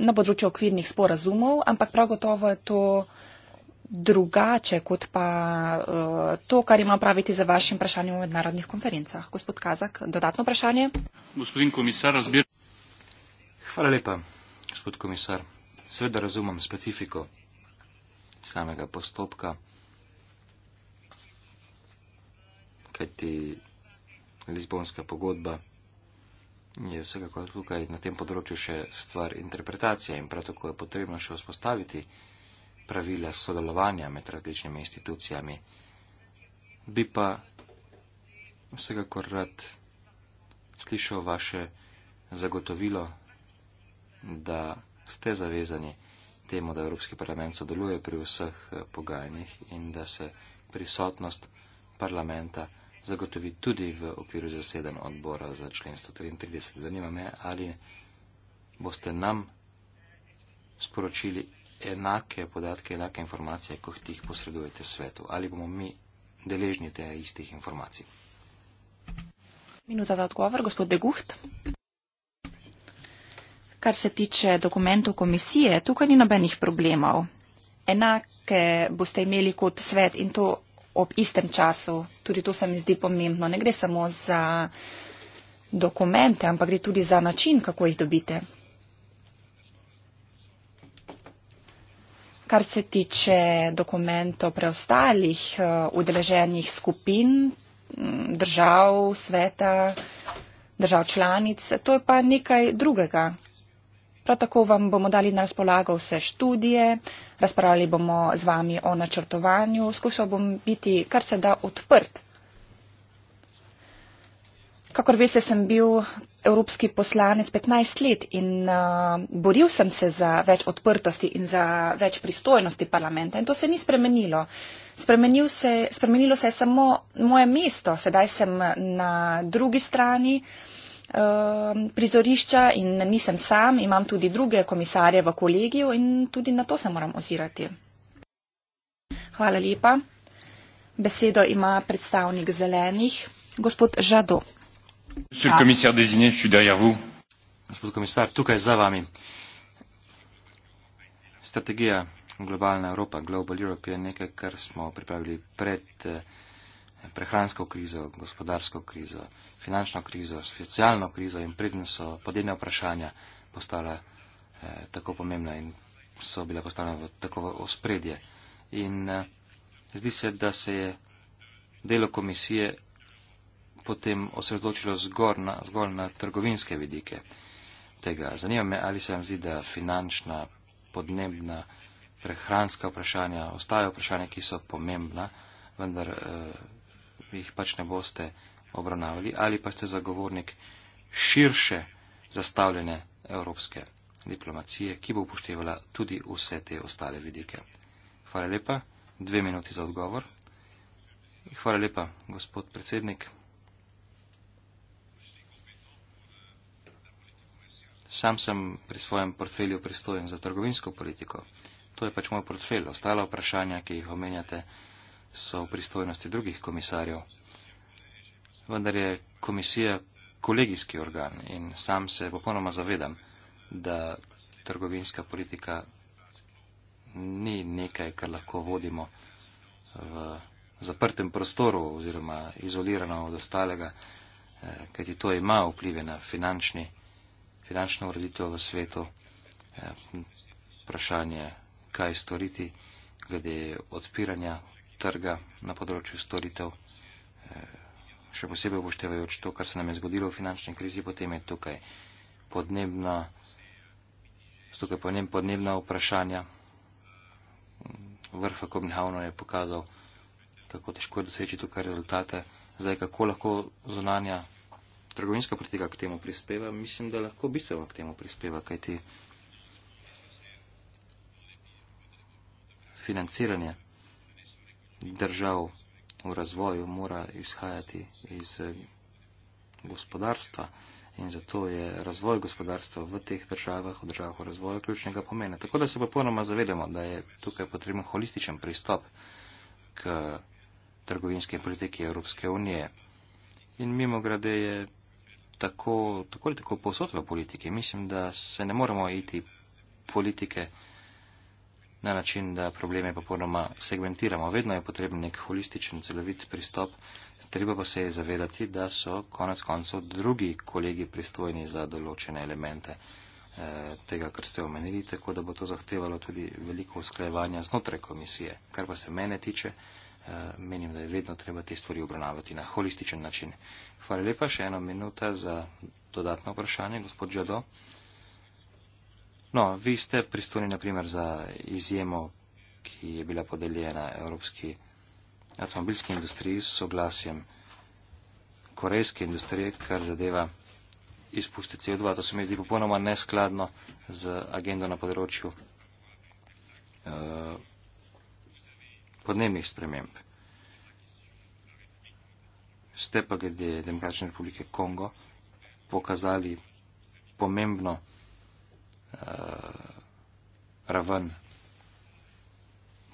na področju okvirnih sporazumov, ampak prav gotovo je to drugače kot pa uh, to, kar imam praviti za vašim vprašanjem o mednarodnih konferencah. Gospod Kazak, dodatno vprašanje? Gospodin komisar, razbir. Hvala lepa, gospod komisar. Sveda razumem specifiko samega postopka, kajti Lizbonska pogodba je vsekakor tukaj na tem področju še stvar interpretacije in prav tako je potrebno še vzpostaviti pravila sodelovanja med različnimi institucijami. Bi pa vsekakor rad slišal vaše zagotovilo, da ste zavezani temu, da Evropski parlament sodeluje pri vseh pogajanjih in da se prisotnost parlamenta zagotovi tudi v okviru zaseden odbora za člen 133. Zanima me, ali boste nam sporočili enake podatke, enake informacije, kot jih ti posredujete svetu, ali bomo mi deležni te istih informacij. Minuta za odgovor, gospod Deguht. Kar se tiče dokumentov komisije, tukaj ni nobenih problemov. Enake boste imeli kot svet in to ob istem času. Tudi to se mi zdi pomembno. Ne gre samo za dokumente, ampak gre tudi za način, kako jih dobite. Kar se tiče dokumentov preostalih eh, udeleženih skupin, mm, držav, sveta, držav članic, to je pa nekaj drugega. Prav tako vam bomo dali na razpolago vse študije, razpravljali bomo z vami o načrtovanju, skušal bom biti kar se da odprt. Kakor veste, sem bil evropski poslanec 15 let in uh, boril sem se za več odprtosti in za več pristojnosti parlamenta in to se ni spremenilo. Spremenil se, spremenilo se je samo moje mesto, sedaj sem na drugi strani. Uh, Um, prizorišča in nisem sam, imam tudi druge komisarje v kolegiju in tudi na to se moram ozirati. Hvala lepa. Besedo ima predstavnik zelenih, gospod Žado. Gospod komisar, tukaj za vami. Strategija globalna Evropa, Global Europe je nekaj, kar smo pripravili pred. Eh, prehransko krizo, gospodarsko krizo, finančno krizo, socialno krizo in predne so podjetne vprašanja postala eh, tako pomembna in so bila postavljena v tako ospredje. In eh, zdi se, da se je delo komisije potem osredotočilo zgor na, zgolj na trgovinske vidike tega. Zanima me, ali se vam zdi, da finančna, podnebna, prehranska vprašanja ostajajo vprašanja, ki so pomembna, vendar. Eh, jih pač ne boste obravnavali, ali pa ste zagovornik širše zastavljene evropske diplomacije, ki bo upoštevala tudi vse te ostale vidike. Hvala lepa, dve minuti za odgovor. Hvala lepa, gospod predsednik. Sam sem pri svojem portfelju pristojen za trgovinsko politiko. To je pač moj portfel. Ostala vprašanja, ki jih omenjate, so v pristojnosti drugih komisarjev. Vendar je komisija kolegijski organ in sam se popolnoma zavedam, da trgovinska politika ni nekaj, kar lahko vodimo v zaprtem prostoru oziroma izolirano od ostalega, eh, kajti to ima vplive na finančni, finančno ureditev v svetu. Eh, vprašanje, kaj storiti glede odpiranja trga na področju storitev, eh, še posebej upoštevajoč to, kar se nam je zgodilo v finančni krizi, potem je tukaj podnebna, tukaj podnebna vprašanja. Vrh v Kobnihavnu je pokazal, kako težko je doseči tukaj rezultate. Zdaj, kako lahko zunanja trgovinska politika k temu prispeva, mislim, da lahko bistveno k temu prispeva, kajti financiranje držav v razvoju mora izhajati iz eh, gospodarstva in zato je razvoj gospodarstva v teh državah, v državah v razvoju ključnega pomena. Tako da se popolnoma zavedamo, da je tukaj potreben holističen pristop k trgovinske politike Evropske unije. In mimo grade je tako, tako ali tako posod v politike. Mislim, da se ne moramo iti politike na način, da probleme popolnoma segmentiramo. Vedno je potreben nek holističen, celovit pristop, treba pa se je zavedati, da so konec koncev drugi kolegi pristojni za določene elemente eh, tega, kar ste omenili, tako da bo to zahtevalo tudi veliko usklajevanja znotraj komisije. Kar pa se mene tiče, eh, menim, da je vedno treba te stvari obravnavati na holističen način. Hvala lepa, še eno minuto za dodatno vprašanje, gospod Džado. No, vi ste pristojni, naprimer, za izjemo, ki je bila podeljena evropski avtomobilski industriji s soglasjem korejske industrije, kar zadeva izpuste CO2. To se mi zdi popolnoma neskladno z agendo na področju uh, podnebnih sprememb. Ste pa glede Demokratične republike Kongo pokazali pomembno uh, raven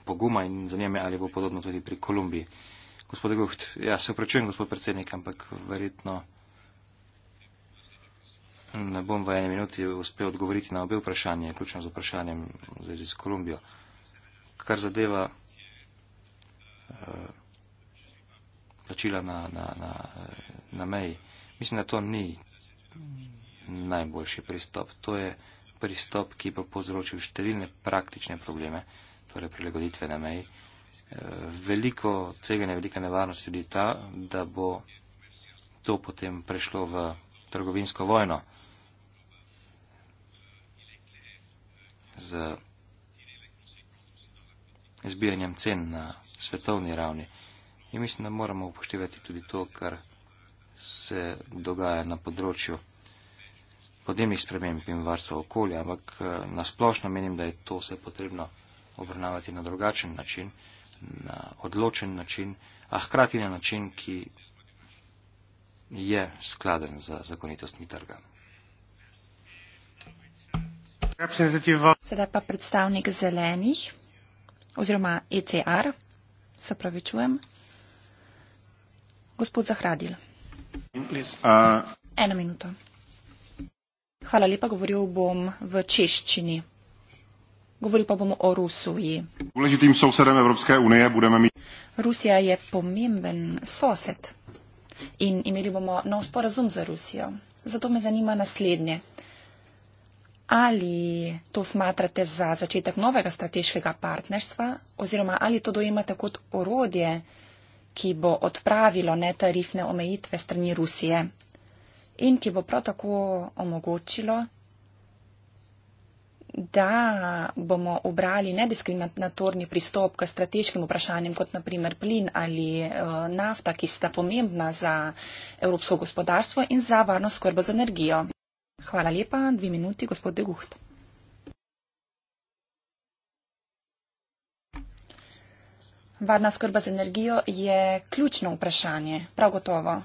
poguma in zanima, ali bo podobno tudi pri Kolumbiji. Gospod Guht, ja, se upravičujem, gospod predsednik, ampak verjetno ne bom v eni minuti uspel odgovoriti na obe vprašanje, ključno z vprašanjem v zvezi s Kolumbijo. Kar zadeva uh, plačila na, na, na, na meji, mislim, da to ni najboljši pristop. To je uh, pristop, ki bo povzročil številne praktične probleme, torej prilagoditve na meji. Eh, veliko tveganje, velika nevarnost tudi ta, da bo to potem prešlo v trgovinsko vojno z izbijanjem cen na svetovni ravni. In mislim, da moramo upoštevati tudi to, kar se dogaja na področju podnebnih sprememb in varstva okolja, ampak eh, na splošno menim, da je to vse potrebno obravnavati na drugačen način, na odločen način, a hkrati na način, ki je skladen za zakonitostmi trga. Sedaj pa predstavnik zelenih oziroma ECR, se pravi čujem, gospod Zahradil. Uh, Eno minuto. Hvala lepa, govoril bom v češčini. Govoril pa bom o Rusuji. Důležitým sousedem Evropské unie budeme mít. Rusija je pomemben sosed in imeli bomo nov sporazum za Rusijo. Zato me zanima naslednje. Ali to smatrate za začetek novega strateškega partnerstva oziroma ali to dojemate kot orodje, ki bo odpravilo netarifne omejitve strani Rusije? in ki bo prav tako omogočilo, da bomo obrali nediskriminatorni pristop k strateškim vprašanjem, kot naprimer plin ali eh, nafta, ki sta pomembna za evropsko gospodarstvo in za varnost skrbo z energijo. Hvala lepa, dve minuti, gospod Deguht. Varna skrba z energijo je ključno vprašanje, prav gotovo.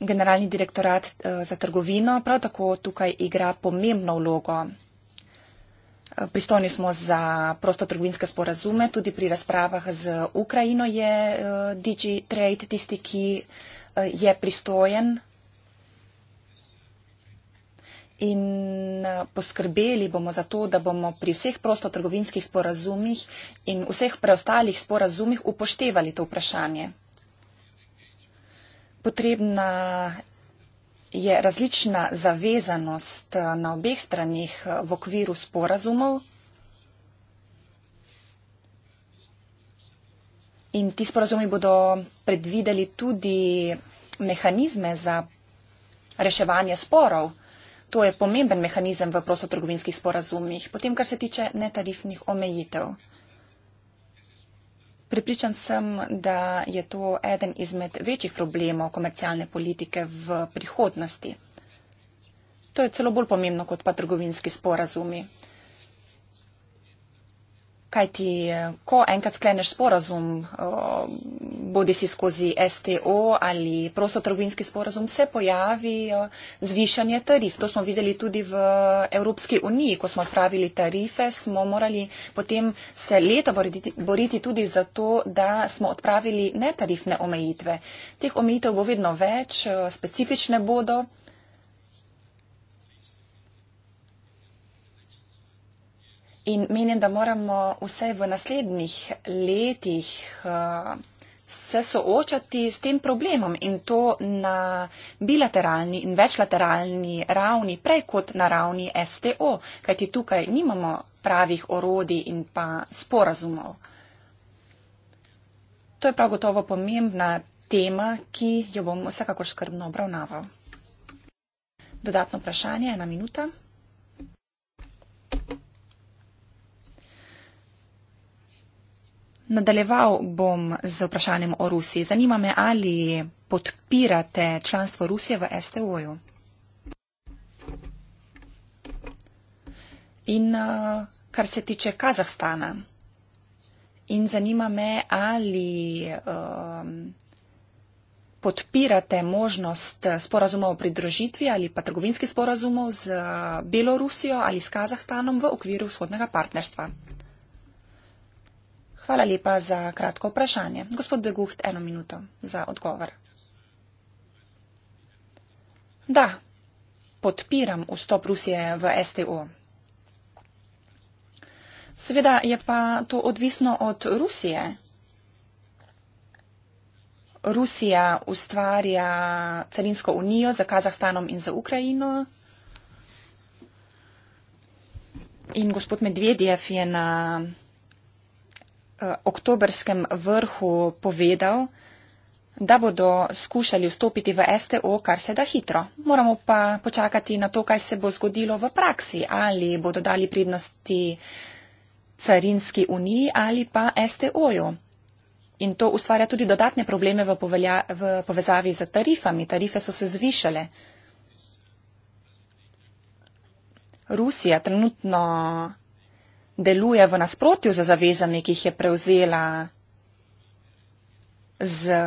Generalni direktorat eh, za trgovino prav tako tukaj igra pomembno vlogo. Eh, pristojni smo za prostotrgovinske sporazume, tudi pri razpravah z Ukrajino je eh, DG Trade tisti, ki je pristojen. In poskrbeli bomo za to, da bomo pri vseh prostotrgovinskih sporazumih in vseh preostalih sporazumih upoštevali to vprašanje potrebna je različna zavezanost eh, na obeh stranih eh, v okviru sporazumov in ti sporazumi bodo predvideli tudi mehanizme za reševanje sporov. To je pomemben mehanizem v prostotrgovinskih sporazumih. Potem, kar se tiče netarifnih omejitev. Pripričan sem, da je to eden izmed večjih problemov komercialne politike v prihodnosti. To je celo bolj pomembno kot pa trgovinski sporazumi. Kajti, eh, ko enkrat skleneš sporazum, eh, bodi si skozi STO ali prostotrgovinski sporazum, se pojavi eh, zvišanje tarif. To smo videli tudi v Evropski uniji, ko smo odpravili tarife, smo morali potem se leta boriti tudi za to, da smo odpravili netarifne omejitve. Teh omejitev bo vedno več, specifične bodo. In menim, da moramo vse v naslednjih letih eh, se soočati s tem problemom in to na bilateralni in večlateralni ravni, prej kot na ravni STO, kajti tukaj nimamo pravih orodij in pa sporazumov. To je prav gotovo pomembna tema, ki jo bom vsekakor skrbno obravnaval. Dodatno vprašanje, ena minuta. Nadaljeval bom z vprašanjem o Rusiji. Zanima me, ali podpirate članstvo Rusije v STO-ju. In uh, kar se tiče Kazahstana. In zanima me, ali um, podpirate možnost sporazumov o pridružitvi ali pa trgovinskih sporazumov z uh, Belorusijo ali s Kazahstanom v okviru vzhodnega partnerstva. Hvala lepa za kratko vprašanje. Gospod Deguht, eno minuto za odgovor. Da, podpiram vstop Rusije v STO. Seveda je pa to odvisno od Rusije. Rusija ustvarja carinsko unijo za Kazahstanom in za Ukrajino. In gospod Medvedjev je na Eh, oktobrskem vrhu povedal, da bodo skušali vstopiti v STO kar se da hitro. Moramo pa počakati na to, kaj se bo zgodilo v praksi, ali bodo dali prednosti carinski uniji ali pa STO-ju. In to ustvarja tudi dodatne probleme v, povelja, v povezavi z tarifami. Tarife so se zvišale. Rusija trenutno deluje v nasprotju z zavezami, ki jih je prevzela z eh,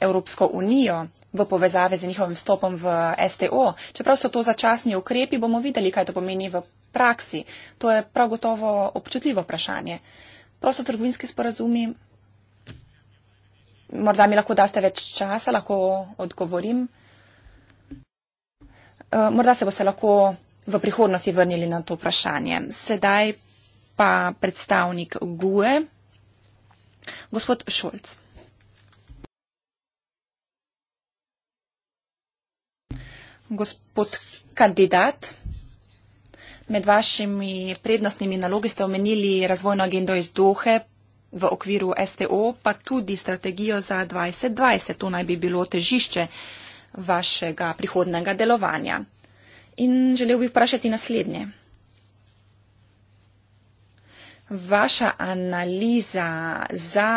Evropsko unijo v povezave z njihovim vstopom v STO. Čeprav so to začasni ukrepi, bomo videli, kaj to pomeni v praksi. To je prav gotovo občutljivo vprašanje. Prosto trgovinski sporazumi. Morda mi lahko daste več časa, lahko odgovorim. Eh, morda se boste lahko v prihodnosti vrnili na to vprašanje. Sedaj pa predstavnik GUE, gospod Šolc. Gospod kandidat, med vašimi prednostnimi nalogi ste omenili razvojno agendo iz Dohe v okviru STO, pa tudi strategijo za 2020. To naj bi bilo težišče vašega prihodnega delovanja. In želel bi vprašati naslednje vaša analiza za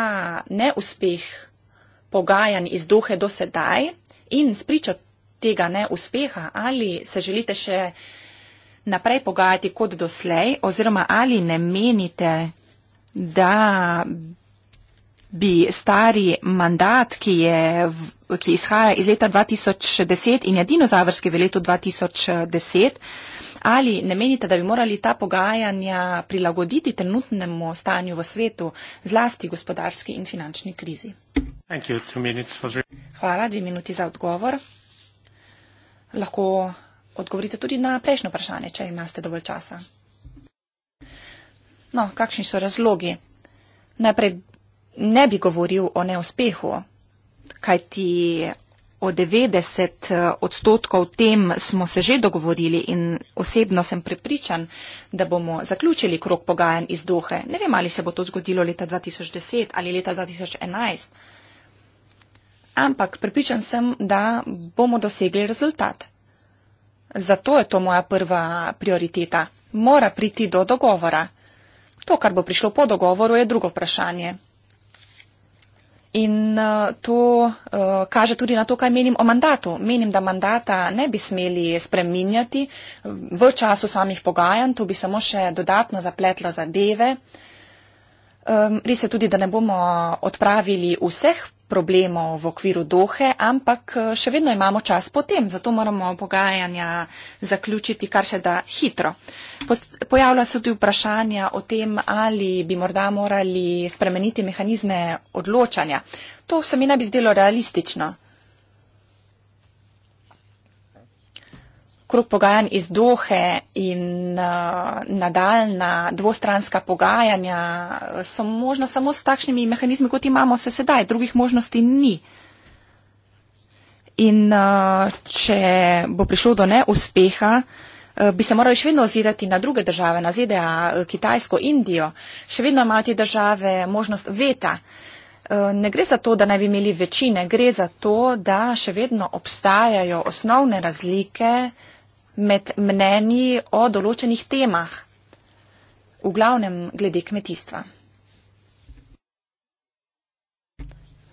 neuspeh pogajanj iz duhe do sedaj in spričo tega neuspeha, ali se želite še naprej pogajati kot doslej, oziroma ali ne menite, da bi stari mandat, ki, je, ki izhaja iz leta 2010 in je dinozavrski v letu 2010, Ali ne menite, da bi morali ta pogajanja prilagoditi trenutnemu stanju v svetu, zlasti gospodarski in finančni krizi? Hvala, dve minuti za odgovor. Lahko odgovorite tudi na prejšnjo vprašanje, če imate dovolj časa. No, kakšni so razlogi? Najprej ne bi govoril o neuspehu, kajti o 90 eh, odstotkov tem smo se že dogovorili in osebno sem prepričan, da bomo zaključili krok pogajanj iz Dohe. Ne vem, ali se bo to zgodilo leta 2010 ali leta 2011. Ampak prepričan sem, da bomo dosegli rezultat. Zato je to moja prva prioriteta. Mora priti do dogovora. To, kar bo prišlo po dogovoru, je drugo vprašanje. In eh, to eh, kaže tudi na to, kaj menim o mandatu. Menim, da mandata ne bi smeli spreminjati v času samih pogajanj, to bi samo še dodatno zapletlo zadeve. Res je tudi, da ne bomo odpravili vseh problemov v okviru dohe, ampak eh, še vedno imamo čas potem, zato moramo pogajanja zaključiti kar še da hitro. Pojavlja se tudi vprašanja o tem, ali bi morda morali spremeniti mehanizme odločanja. To se mi ne bi zdelo realistično. krug pogajanj iz Dohe in uh, nadaljna dvostranska pogajanja uh, so možna samo s takšnimi mehanizmi, kot imamo se sedaj, drugih možnosti ni. In uh, če bo prišlo do neuspeha, uh, bi se morali še vedno ozirati na druge države, na ZDA, uh, Kitajsko, Indijo. Še vedno imajo te države možnost veta. Uh, ne gre za to, da naj bi imeli večine, gre za to, da še vedno obstajajo osnovne razlike med mnenji o določenih temah, v glavnem glede kmetijstva.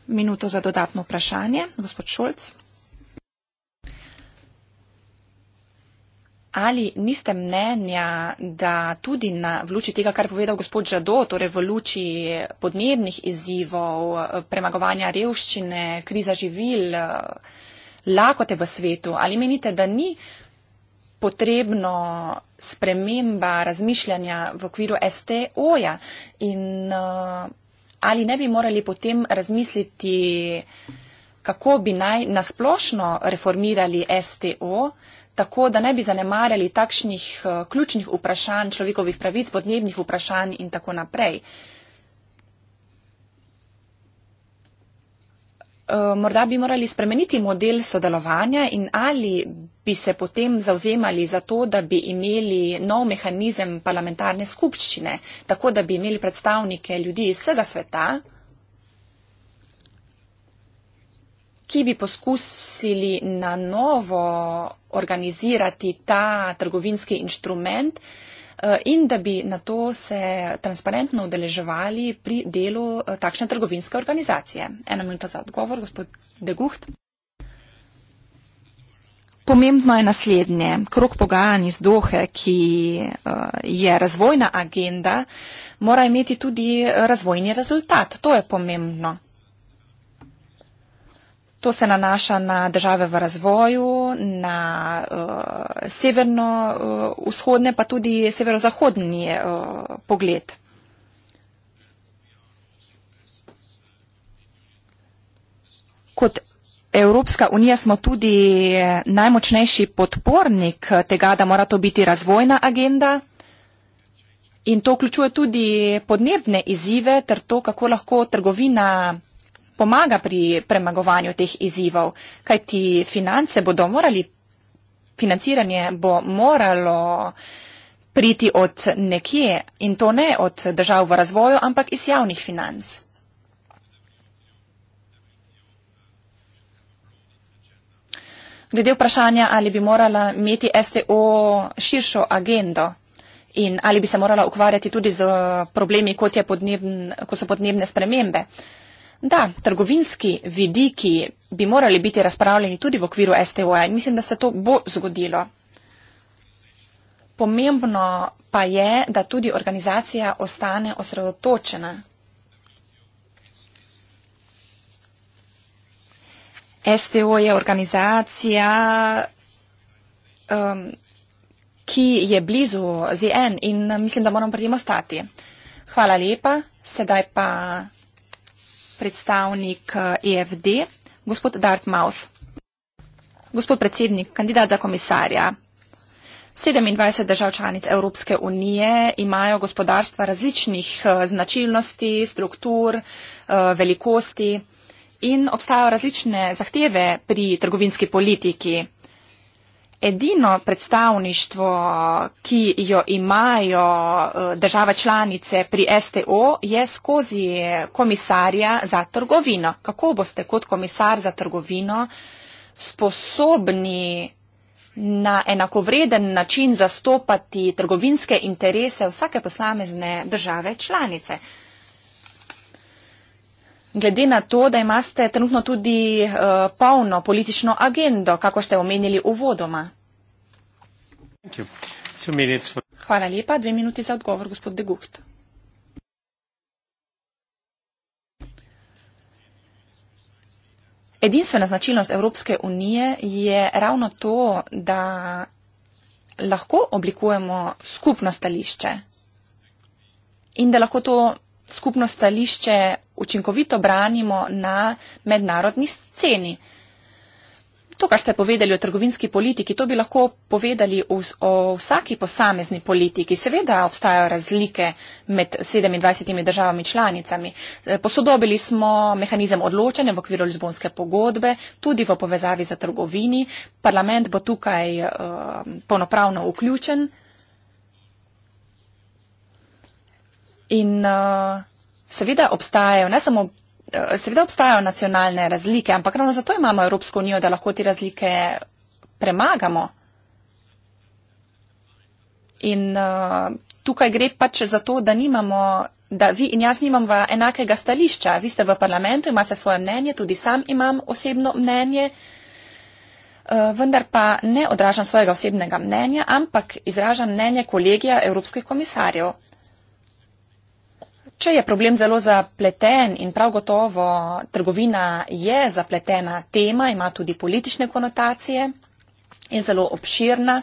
Minuto za dodatno vprašanje, gospod Šolc. Ali niste mnenja, da tudi na, v luči tega, kar je povedal gospod Žado, torej v luči podnebnih izzivov, premagovanja revščine, kriza živil, lakote v svetu, ali menite, da ni potrebno sprememba razmišljanja v okviru STO-ja in eh, ali ne bi morali potem razmisliti, kako bi naj nasplošno reformirali STO, tako da ne bi zanemarjali takšnih eh, ključnih vprašanj človekovih pravic, podnebnih vprašanj in tako naprej. Eh, morda bi morali spremeniti model sodelovanja in ali bi se potem zauzemali za to, da bi imeli nov mehanizem parlamentarne skupščine, tako da bi imeli predstavnike ljudi iz vsega sveta, ki bi poskusili na novo organizirati ta trgovinski inštrument, Eh, in da bi na to se transparentno udeleževali pri delu eh, takšne trgovinske organizacije. Eno minuto za odgovor, gospod Deguht. Pomembno je naslednje. Krok pogajanj iz Dohe, ki eh, je razvojna agenda, mora imeti tudi razvojni rezultat. To je pomembno. To se nanaša na države v razvoju, na uh, eh, severno-vzhodne, eh, uh, pa tudi severo-zahodni uh, pogled. Kot Evropska unija smo tudi najmočnejši podpornik tega, da mora to biti razvojna agenda. In to vključuje tudi podnebne izzive ter to, kako lahko trgovina pomaga pri premagovanju teh izzivov, kajti finance bodo morali, financiranje bo moralo priti od nekje in to ne od držav v razvoju, ampak iz javnih financ. Glede vprašanja, ali bi morala imeti STO širšo agendo in ali bi se morala ukvarjati tudi z problemi, kot, podnebn, kot so podnebne spremembe. Uh, Da, trgovinski vidiki bi morali biti razpravljeni tudi v okviru STO-ja in mislim, da se to bo zgodilo. Pomembno pa je, da tudi organizacija ostane osredotočena. STO je organizacija, um, ki je blizu ZN in uh, mislim, da moramo pri tem ostati. Hvala lepa. Sedaj pa predstavnik EFD, eh, e gospod Dartmouth. Gospod predsednik, kandidat za komisarja. 27 držav članic Evropske unije imajo gospodarstva različnih eh, značilnosti, struktur, eh, velikosti in obstajajo različne zahteve pri trgovinski politiki. Edino predstavništvo, ki jo imajo e, država članice pri STO, je skozi komisarja za trgovino. Kako boste kot komisar za trgovino sposobni na enakovreden način zastopati trgovinske interese vsake posamezne države članice? glede na to, da imate trenutno tudi uh, polno politično agendo, kako ste omenili uvodoma. Hvala lepa. Dve minuti za odgovor, gospod Degucht. Edinstvena značilnost Evropske unije je ravno to, da lahko oblikujemo skupno stališče in da lahko to skupno stališče učinkovito branimo na mednarodni sceni. To, kar ste povedali o trgovinski politiki, to bi lahko povedali o vsaki posamezni politiki. Seveda obstajajo razlike med 27 državami članicami. E, posodobili smo mehanizem odločanja v okviru Lizbonske pogodbe, tudi v povezavi za trgovini. Parlament bo tukaj uh, polnopravno vključen. In uh, seveda obstajajo, ne samo. Uh, seveda obstajajo nacionalne razlike, ampak ravno zato imamo Evropsko unijo, da lahko te razlike premagamo. In uh, tukaj gre pač za to, da nimamo, da vi in jaz nimamo enakega stališča. Vi ste v parlamentu, imate svoje mnenje, tudi sam imam osebno mnenje, uh, vendar pa ne odražam svojega osebnega mnenja, ampak izražam mnenje kolegija Evropskih komisarjev. Če je problem zelo zapleten in prav gotovo trgovina je zapletena tema, ima tudi politične konotacije, je zelo obširna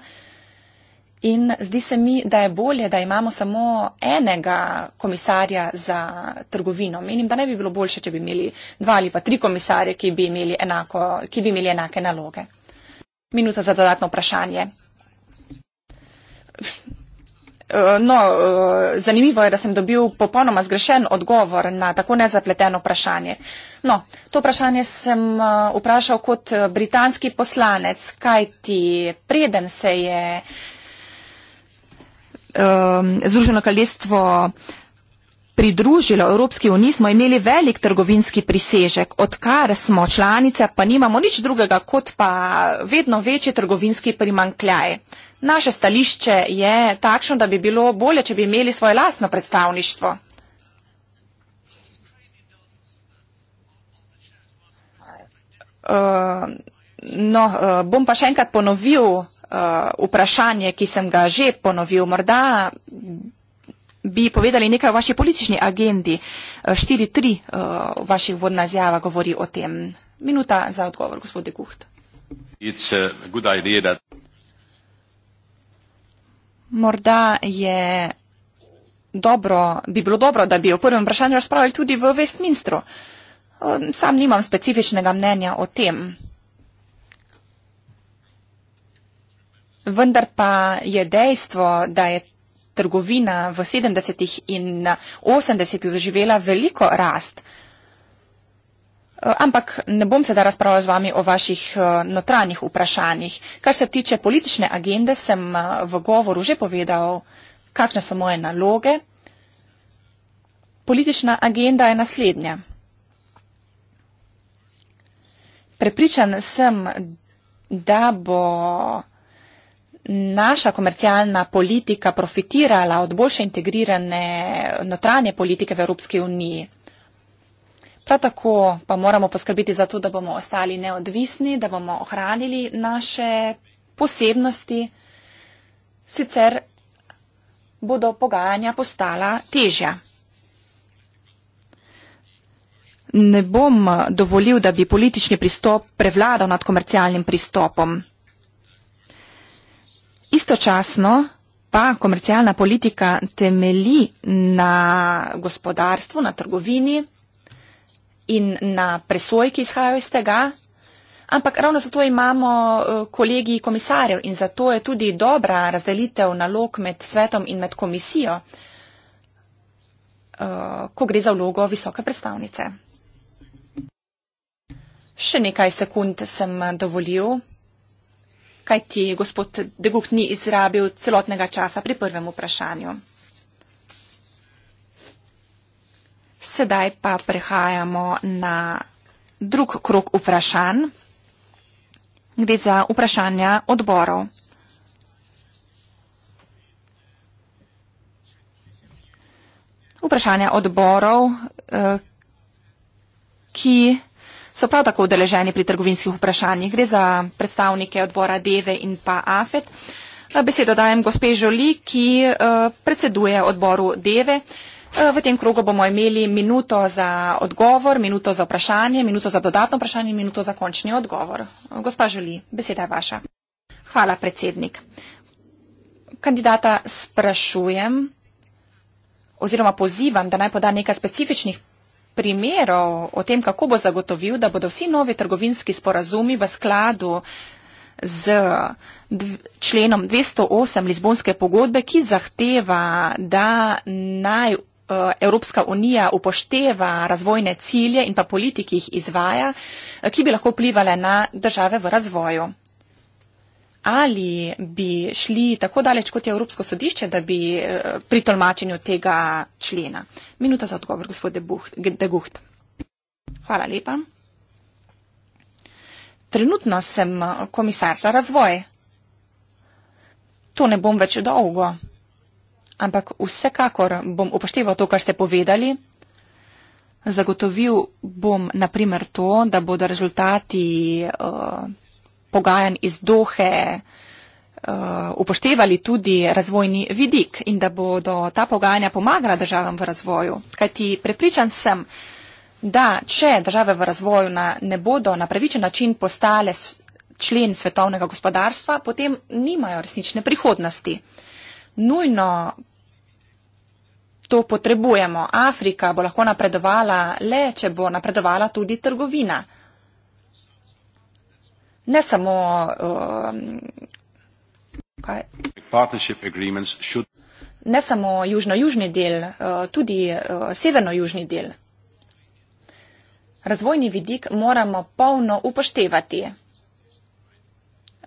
in zdi se mi, da je bolje, da imamo samo enega komisarja za trgovino. Menim, da ne bi bilo boljše, če bi imeli dva ali pa tri komisarje, ki bi imeli, enako, ki bi imeli enake naloge. Minuta za dodatno vprašanje. Eh, no, eh, zanimivo je, da sem dobil popolnoma zgrešen odgovor na tako nezapleteno vprašanje. No, to vprašanje sem eh, vprašal kot britanski poslanec, kaj ti preden se je um, Združeno kraljestvo uh, pridružilo Evropski uniji, smo imeli velik trgovinski prisežek, odkar smo članice, pa nimamo nič drugega kot pa vedno večji trgovinski primankljaj. Naše stališče je takšno, da bi bilo bolje, če bi imeli svoje lastno predstavništvo. Eh, no, eh, bom pa še enkrat ponovil eh, vprašanje, ki sem ga že ponovil. Morda bi povedali nekaj o vaši politični agendi. 4.3 eh, eh, vaših vodna zjava govori o tem. Minuta za odgovor, gospod Deguht. That... Morda je dobro, bi bilo dobro, da bi o prvem vprašanju razpravljali tudi v Westminstru. Eh, sam nimam specifičnega mnenja o tem. Vendar pa je dejstvo, da je trgovina v 70-ih in 80-ih doživela veliko rast. Eh, ampak ne bom sedaj razpravljal z vami o vaših eh, notranjih vprašanjih. Kar se tiče politične agende, sem eh, v govoru že povedal, kakšne so moje naloge. Politična agenda je naslednja. Prepričan sem, da bo naša komercialna politika profitirala od boljše integrirane notranje politike v Evropski uniji. Prav tako pa moramo poskrbiti za to, da bomo ostali neodvisni, da bomo ohranili naše posebnosti, sicer bodo pogajanja postala težja. Ne bom dovolil, da bi politični pristop prevladal nad komercialnim pristopom. Istočasno pa komercialna politika temeli na gospodarstvu, na trgovini in na presoji, ki izhajajo iz tega. Ampak ravno zato imamo eh, kolegi komisarjev in zato je tudi dobra razdelitev nalog med svetom in med komisijo, eh, ko gre za vlogo visoke predstavnice. Še nekaj sekund sem eh, dovolil kaj ti gospod Degukt ni izrabil celotnega časa pri prvem vprašanju. Sedaj pa prehajamo na drug krok vprašanj. Gre za vprašanja odborov. Vprašanja odborov, eh, ki so prav tako udeleženi pri trgovinskih vprašanjih. Gre za predstavnike odbora Deve in pa AFET. Eh, besedo dajem gospe Žoli, ki eh, predseduje odboru Deve. Eh, v tem krogu bomo imeli minuto za odgovor, minuto za vprašanje, minuto za dodatno vprašanje in minuto za končni odgovor. Gospa Žoli, beseda je vaša. Hvala, predsednik. Kandidata sprašujem oziroma pozivam, da naj poda nekaj specifičnih primerov o tem, kako bo zagotovil, da bodo vsi novi trgovinski sporazumi v skladu z členom 208 Lizbonske pogodbe, ki zahteva, da naj eh, Evropska unija upošteva razvojne cilje in pa politiki jih izvaja, eh, ki bi lahko vplivali na države v razvoju ali bi šli tako daleč, kot je Evropsko sodišče, da bi eh, pri tolmačenju tega člena. Minuta za odgovor, gospod De Gucht. Hvala lepa. Trenutno sem komisar za razvoj. To ne bom več dolgo, ampak vsekakor bom upošteval to, kar ste povedali. Zagotovil bom naprimer to, da bodo rezultati uh, pogajanj iz Dohe uh, upoštevali tudi razvojni vidik in da bodo ta pogajanja pomagala državam v razvoju. Kaj ti prepričan sem, da če države v razvoju ne bodo na pravičen način postale člen svetovnega gospodarstva, potem nimajo resnične prihodnosti. Nujno to potrebujemo. Afrika bo lahko napredovala le, če bo napredovala tudi trgovina ne samo. Um, should... Ne samo južno-južni del, uh, tudi uh, severno-južni del. Razvojni vidik moramo polno upoštevati.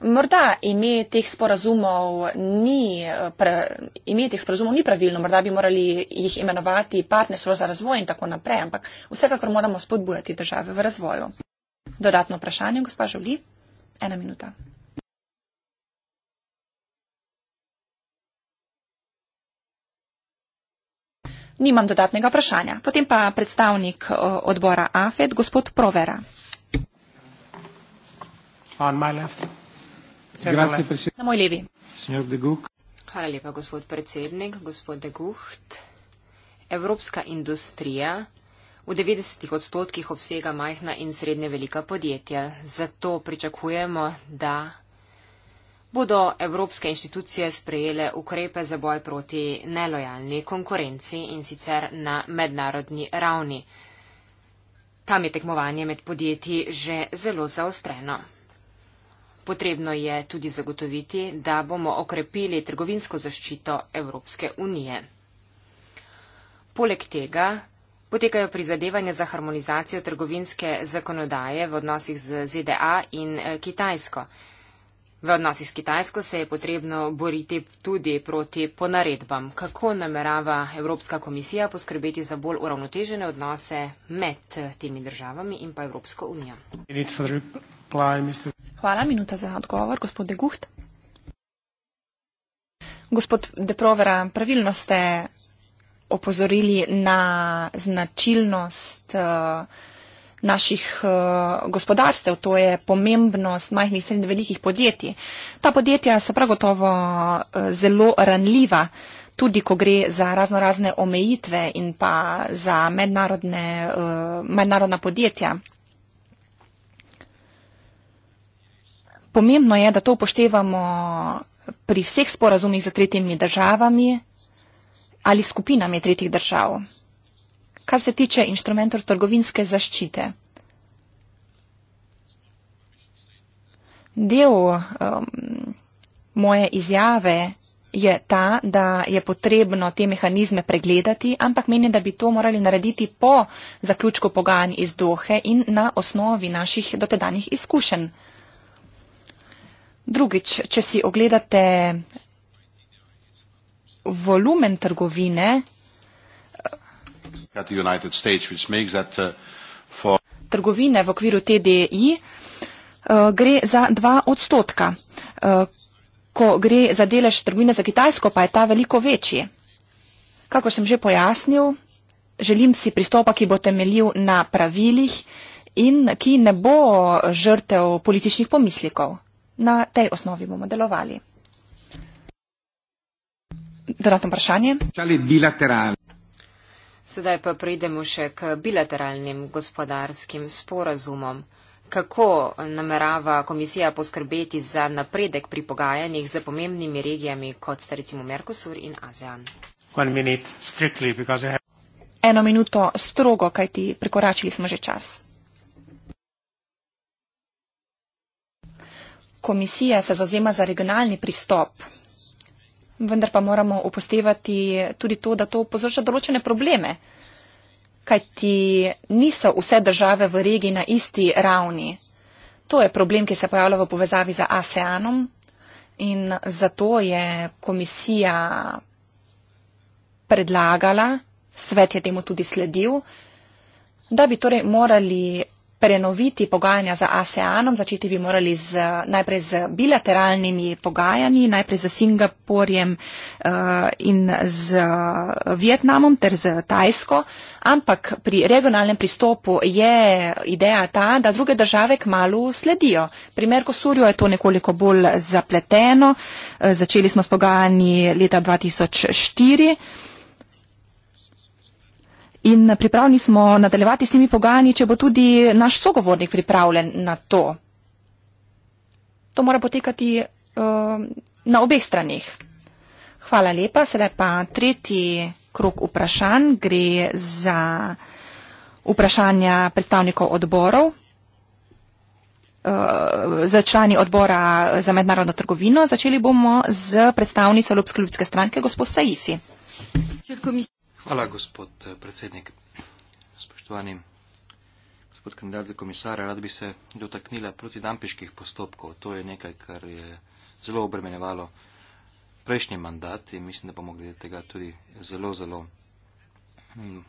Morda ime teh sporazumov ni, uh, pra, ime teh sporazumov ni pravilno, morda bi morali jih imenovati partnerstvo za razvoj in tako naprej, ampak vsekakor moramo spodbujati države v razvoju. Dodatno vprašanje, gospa Žuli ena minuta. Nimam dodatnega vprašanja. Potem pa predstavnik eh, odbora AFED, gospod Provera. Na moj levi. Hvala lepa, gospod predsednik, gospod Deguht. Evropska industrija v 90 odstotkih obsega majhna in srednje velika podjetja. Zato pričakujemo, da bodo evropske inštitucije sprejele ukrepe za boj proti nelojalni konkurenci in sicer na mednarodni ravni. Tam je tekmovanje med podjetji že zelo zaostreno. Potrebno je tudi zagotoviti, da bomo okrepili trgovinsko zaščito Evropske unije. Poleg tega Potekajo prizadevanja za harmonizacijo trgovinske zakonodaje v odnosih z ZDA in eh, Kitajsko. V odnosih s Kitajsko se je potrebno boriti tudi proti ponaredbam. Kako namerava Evropska komisija poskrbeti za bolj uravnotežene odnose med eh, temi državami in pa Evropsko unijo? Hvala, minuta za odgovor, gospod Deguht. Gospod Deprovera, pravilno ste opozorili na značilnost eh, naših eh, gospodarstev, to je pomembnost majhnih in velikih podjetij. Ta podjetja so prav gotovo eh, zelo ranljiva, tudi ko gre za razno razne omejitve in pa za mednarodna podjetja. Pomembno je, da to upoštevamo pri vseh sporazumih z tretjimi državami, ali skupinami tretjih držav. Kar se tiče inštrumentov trgovinske zaščite, del um, moje izjave je ta, da je potrebno te mehanizme pregledati, ampak meni, da bi to morali narediti po zaključku pogajanj iz Dohe in na osnovi naših dotedanjih izkušenj. Drugič, če si ogledate volumen trgovine uh, trgovine v okviru TDI uh, gre za dva odstotka. Uh, ko gre za delež trgovine za Kitajsko, pa je ta veliko večji. Kako sem že pojasnil, želim si pristopa, ki bo temeljil na pravilih in ki ne bo žrtev političnih pomislikov. Na tej osnovi bomo delovali dodatno vprašanje. Sedaj pa pridemo še k bilateralnim gospodarskim sporazumom. Kako namerava komisija poskrbeti za napredek pri pogajanjih za pomembnimi regijami, kot sta recimo Merkosur in ASEAN? Eno minuto strogo, kajti prekoračili smo že čas. Komisija se zauzema za regionalni pristop vendar pa moramo upoštevati tudi to, da to povzroča določene probleme, kajti niso vse države v regiji na isti ravni. To je problem, ki se pojavlja v povezavi z ASEANom in zato je komisija predlagala, svet je temu tudi sledil, da bi torej morali prenoviti pogajanja za ASEANom, začeti bi morali z, najprej z bilateralnimi pogajanji, najprej z Singapurjem uh, in z Vietnamom ter z Tajsko, ampak pri regionalnem pristopu je ideja ta, da druge države k malu sledijo. Primer Kosurjo je to nekoliko bolj zapleteno, uh, začeli smo s pogajanji leta 2004 in pripravni smo nadaljevati s temi pogajanji, če bo tudi naš sogovornik pripravljen na to. To mora potekati uh, na obeh stranih. Hvala lepa. Sedaj pa tretji krok vprašanj gre za vprašanja predstavnikov odborov eh, za člani odbora za mednarodno trgovino. Začeli bomo z predstavnico Ljubske ljubske stranke, gospod Saifi. Hvala, gospod predsednik. Spoštovani gospod kandidat za komisare, rad bi se dotaknila protidampiških postopkov. To je nekaj, kar je zelo obremenjevalo prejšnji mandat in mislim, da bomo glede tega tudi zelo, zelo mm,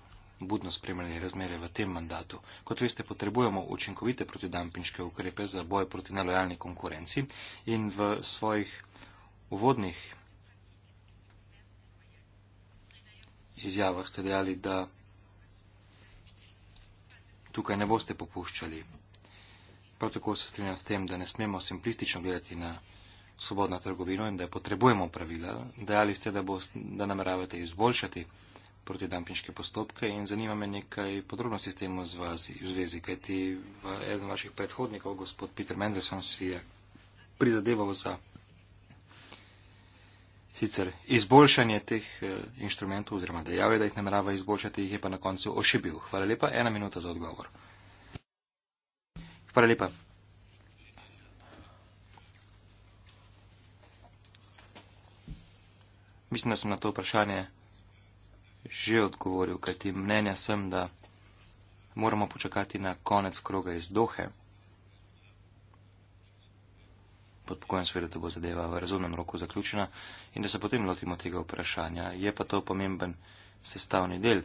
budno spremljali razmere v tem mandatu. Kot veste, potrebujemo učinkovite protidampiške ukrepe za boj proti nelojalni konkurenci in v svojih uvodnih izjavah ste dejali, da tukaj ne boste popuščali. Prav tako se strinjam s tem, da ne smemo simplistično gledati na svobodno trgovino in da potrebujemo pravila. Dejali ste, da, boste, da nameravate izboljšati protidampinške postopke in zanima me nekaj podrobnosti s tem v zvezi, v zvezi kajti eden vaših predhodnikov, gospod Peter Mendelson, si je prizadeval za sicer izboljšanje teh eh, inštrumentov oziroma dejave, da jih namerava izboljšati, jih je pa na koncu ošibil. Hvala lepa, ena minuta za odgovor. Hvala lepa. Mislim, da sem na to vprašanje že odgovoril, kajti mnenja sem, da moramo počakati na konec kroga iz Dohe pod pokojem seveda, da bo zadeva v razumnem roku zaključena in da se potem lotimo tega vprašanja. Je pa to pomemben sestavni del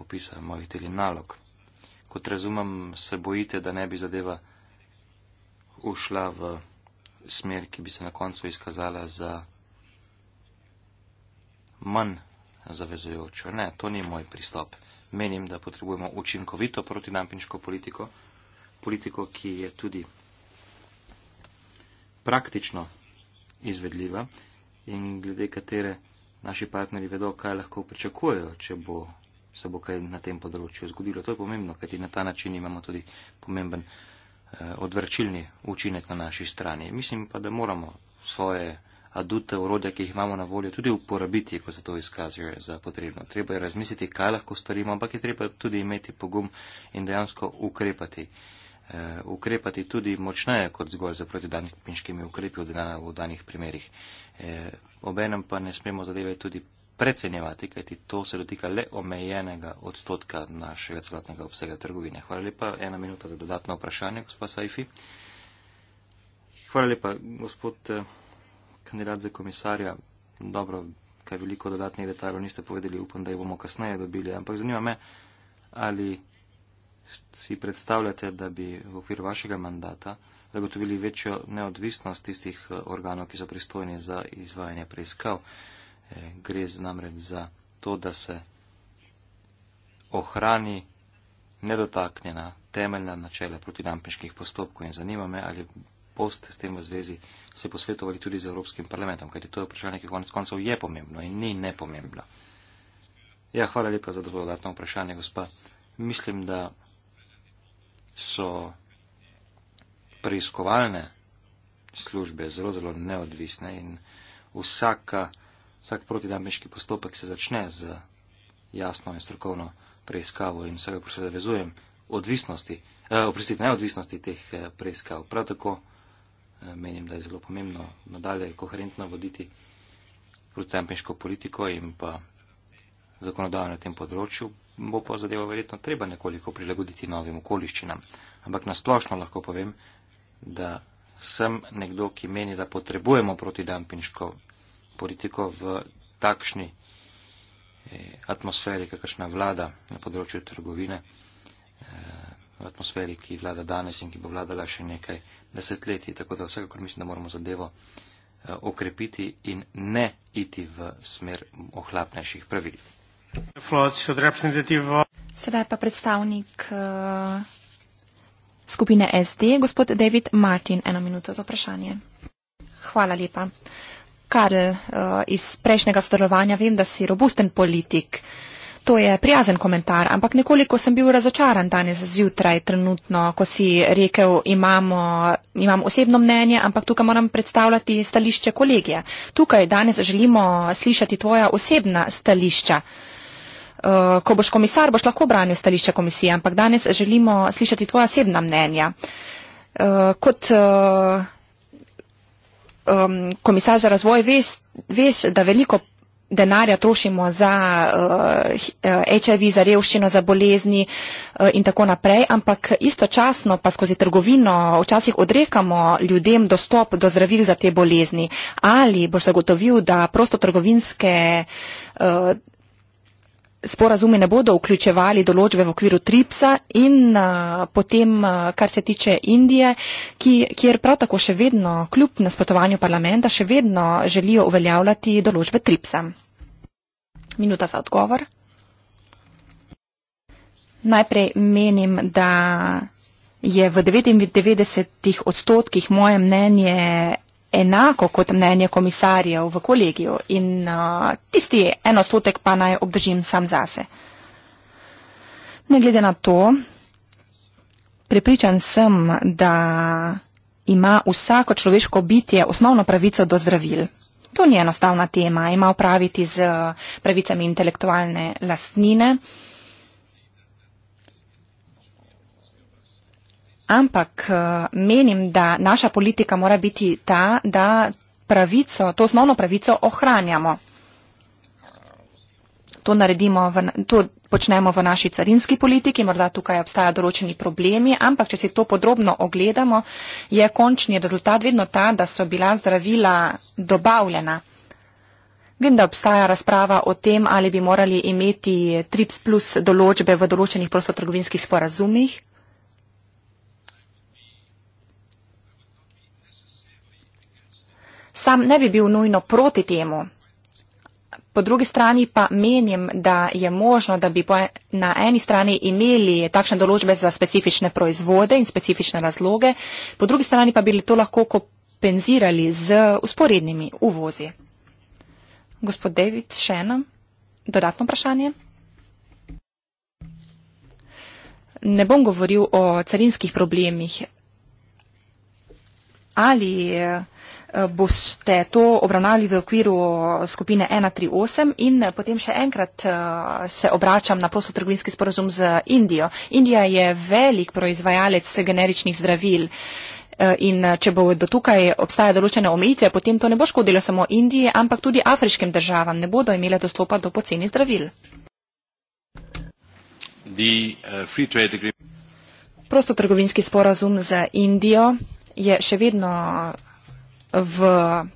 opisa mojih deli nalog. Kot razumem, se bojite, da ne bi zadeva ušla v smer, ki bi se na koncu izkazala za manj zavezojočo. Ne, to ni moj pristop. Menim, da potrebujemo učinkovito protidampinško politiko, politiko, ki je tudi praktično izvedljiva in glede katere naši partnerji vedo, kaj lahko pričakujejo, če bo, se bo kaj na tem področju zgodilo. To je pomembno, kajti na ta način imamo tudi pomemben eh, odvračilni učinek na naši strani. Mislim pa, da moramo svoje adute, urodja, ki jih imamo na voljo, tudi uporabiti, ko se to izkazuje za potrebno. Treba je razmisliti, kaj lahko storimo, ampak je treba tudi imeti pogum in dejansko ukrepati. Eh, uh, ukrepati tudi močneje kot zgolj za protidampinškimi ukrepi v, dana, v danih primerjih. Uh, eh, Obenem pa ne smemo zadeve tudi precenjevati, kajti to se dotika le omejenega odstotka našega celotnega obsega trgovine. Hvala lepa. Ena minuta za dodatno vprašanje, gospod Saifi. Hvala lepa, gospod eh, kandidat za komisarja. Dobro, kaj veliko dodatnih detajlov niste povedali, upam, da jih bomo kasneje dobili. Ampak zanima me, ali si predstavljate, da bi v okviru vašega mandata zagotovili večjo neodvisnost tistih eh, organov, ki so pristojni za izvajanje preiskav? Eh, gre namreč za to, da se ohrani nedotaknjena temeljna načela protidampinških postopkov in zanima me, ali boste s tem v zvezi se posvetovali tudi z Evropskim parlamentom, kajti to je vprašanje, ki konec koncev je pomembno in ni nepomembno. Ja, hvala lepa za dodatno vprašanje, gospa. Mislim, da so preiskovalne službe zelo, zelo neodvisne in vsaka, vsak protidameški postopek se začne z jasno in strokovno preiskavo in vsega, kar se zavezujem, odvisnosti, eh, oprostite, neodvisnosti teh eh, preiskav. Prav tako eh, menim, da je zelo pomembno nadalje koherentno voditi protidameško politiko in pa zakonodajo na tem področju, bo pa zadevo verjetno treba nekoliko prilagoditi novim okoliščinam. Ampak nasplošno lahko povem, da sem nekdo, ki meni, da potrebujemo protidampinško politiko v takšni eh, atmosferi, kakršna vlada na področju trgovine, eh, v atmosferi, ki vlada danes in ki bo vladala še nekaj desetletij. Tako da vsekakor mislim, da moramo zadevo eh, okrepiti in ne iti v smer ohlapnejših pravil. Sedaj pa predstavnik uh, skupine SD, gospod David Martin, eno minuto za vprašanje. Hvala lepa. Karl, uh, iz prejšnjega sodelovanja vem, da si robusten politik. To je prijazen komentar, ampak nekoliko sem bil razočaran danes zjutraj trenutno, ko si rekel, imamo, imam osebno mnenje, ampak tukaj moram predstavljati stališče kolegije. Tukaj danes želimo slišati tvoja osebna stališča. Uh, uh, ko boš komisar, boš lahko branil stališče komisije, ampak danes želimo slišati tvoja osebna mnenja. Uh, kot uh, um, komisar za razvoj veš, veš, da veliko denarja trošimo za uh, HIV, za revščino, za bolezni uh, in tako naprej, ampak istočasno pa skozi trgovino včasih odrekamo ljudem dostop do zdravil za te bolezni. Ali boš zagotovil, da prostotrgovinske uh, sporazumi ne bodo vključevali določbe v okviru TRIPS-a in a, potem, a, kar se tiče Indije, ki, kjer prav tako še vedno, kljub nasprotovanju parlamenta, še vedno želijo uveljavljati določbe TRIPS-a. Minuta za odgovor. Najprej menim, da je v 99 odstotkih moje mnenje enako kot mnenje komisarjev v kolegiju in uh, tisti en odstotek pa naj obdržim sam zase. Ne glede na to, prepričan sem, da ima vsako človeško bitje osnovno pravico do zdravil. To ni enostavna tema, ima upraviti z pravicami intelektualne lastnine. Uh, ampak eh, menim, da naša politika mora biti ta, da pravico, to osnovno pravico ohranjamo. To, v, to počnemo v naši carinski politiki, morda tukaj obstajajo določeni problemi, ampak če si to podrobno ogledamo, je končni rezultat vedno ta, da so bila zdravila dobavljena. Vem, da obstaja razprava o tem, ali bi morali imeti TRIPS plus določbe v določenih prostotrgovinskih sporazumih. Sam ne bi bil nujno proti temu. Po drugi strani pa menim, da je možno, da bi e- na eni strani imeli takšne določbe za specifične proizvode in specifične razloge, po drugi strani pa bili to lahko kompenzirali z usporednimi uvozi. Gospod David, še eno dodatno vprašanje. Ne bom govoril o carinskih problemih. Ali eh, Eh, boste to obravnavali v okviru eh, skupine 138 in eh, potem še enkrat se obračam na prostotrgovinski sporozum z Indijo. Indija je velik proizvajalec generičnih zdravil. In če bo do tukaj obstaja določene omejitve, potem to ne bo škodilo samo Indiji, ampak tudi afriškim državam. Ne bodo imele dostopa do poceni zdravil. Prostotrgovinski sporazum z Indijo je še vedno v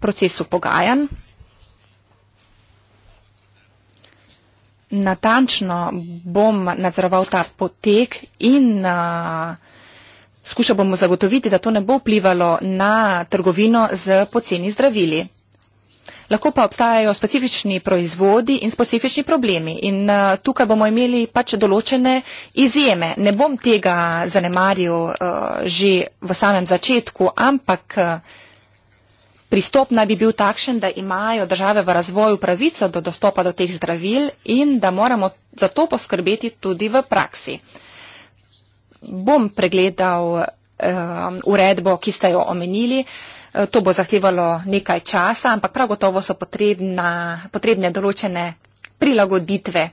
procesu pogajanj. Natančno bom nadzoroval ta potek in uh, skušal bomo zagotoviti, da to ne bo vplivalo na trgovino z poceni zdravili. Lahko pa obstajajo specifični proizvodi in specifični problemi in uh, tukaj bomo imeli pač določene izjeme. Ne bom tega zanemaril uh, že v samem začetku, ampak Pristop naj bi bil takšen, da imajo države v razvoju pravico do dostopa do teh zdravil in da moramo za to poskrbeti tudi v praksi. Bom pregledal um, uredbo, ki ste jo omenili. Eh, to bo zahtevalo nekaj časa, ampak prav gotovo so potrebna, potrebne določene prilagoditve,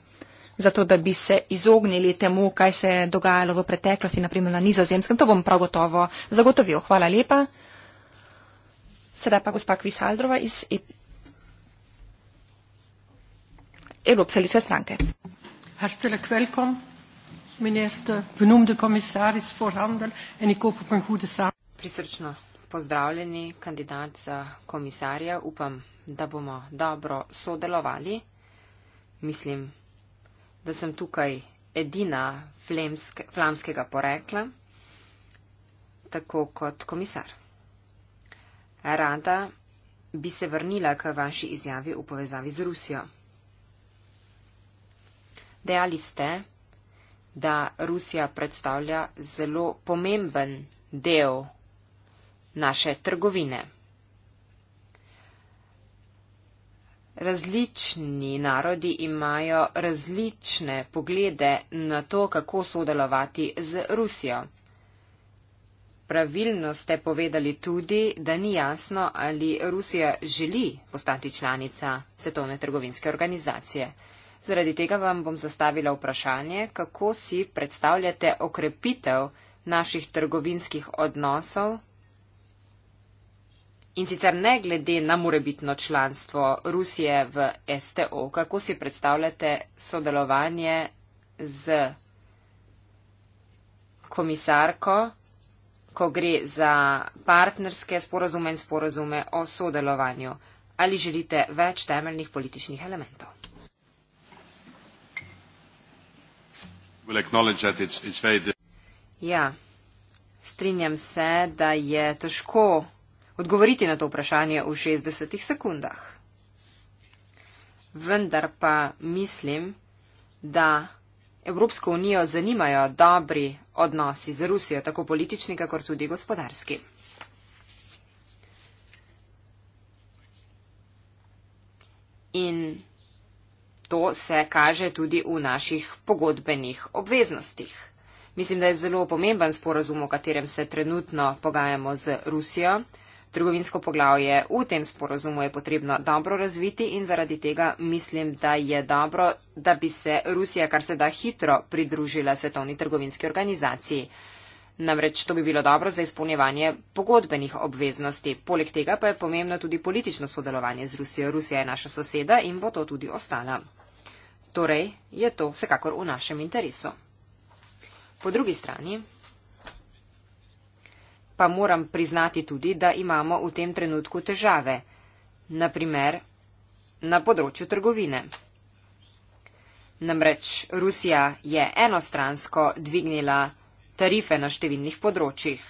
zato da bi se izognili temu, kaj se je dogajalo v preteklosti, naprimer na nizozemskem. To bom prav gotovo zagotovil. Hvala lepa. Sedaj pa gospa Kvisaldrova iz e- Evropske ljudske stranke. Hartelijk welkom, meneer de benoemde commissaris voor handel en ik hoop op een goede samenwerking. Prisrčno pozdravljeni kandidat za komisarja. Upam, da bomo dobro sodelovali. Mislim, da sem tukaj edina flamske, flamskega porekla, tako kot komisar. Rada bi se vrnila k vaši izjavi v povezavi z Rusijo. Dejali ste, da Rusija predstavlja zelo pomemben del naše trgovine. Različni narodi imajo različne poglede na to, kako sodelovati z Rusijo. Pravilno ste povedali tudi, da ni jasno, ali Rusija želi postati članica Svetovne trgovinske organizacije. Zaradi tega vam bom zastavila vprašanje, kako si predstavljate okrepitev naših trgovinskih odnosov in sicer ne glede na morebitno članstvo Rusije v STO, kako si predstavljate sodelovanje z komisarko ko gre za partnerske sporazume in sporazume o sodelovanju. Ali želite več temeljnih političnih elementov? Ja, strinjam se, da je težko odgovoriti na to vprašanje v 60 sekundah. Vendar pa mislim, da Evropsko unijo zanimajo dobri odnosi z Rusijo, tako politični, kakor tudi gospodarski. In to se kaže tudi v naših pogodbenih obveznostih. Mislim, da je zelo pomemben sporazum, o katerem se trenutno pogajamo z Rusijo. Trgovinsko poglavje v tem sporozumu je potrebno dobro razviti in zaradi tega mislim, da je dobro, da bi se Rusija kar se da hitro pridružila svetovni trgovinski organizaciji. Namreč to bi bilo dobro za izpolnjevanje pogodbenih obveznosti. Poleg tega pa je pomembno tudi politično sodelovanje z Rusijo. Rusija je naša soseda in bo to tudi ostala. Torej je to vsekakor v našem interesu. Po drugi strani pa moram priznati tudi, da imamo v tem trenutku težave, naprimer na področju trgovine. Namreč Rusija je enostransko dvignila tarife na številnih področjih.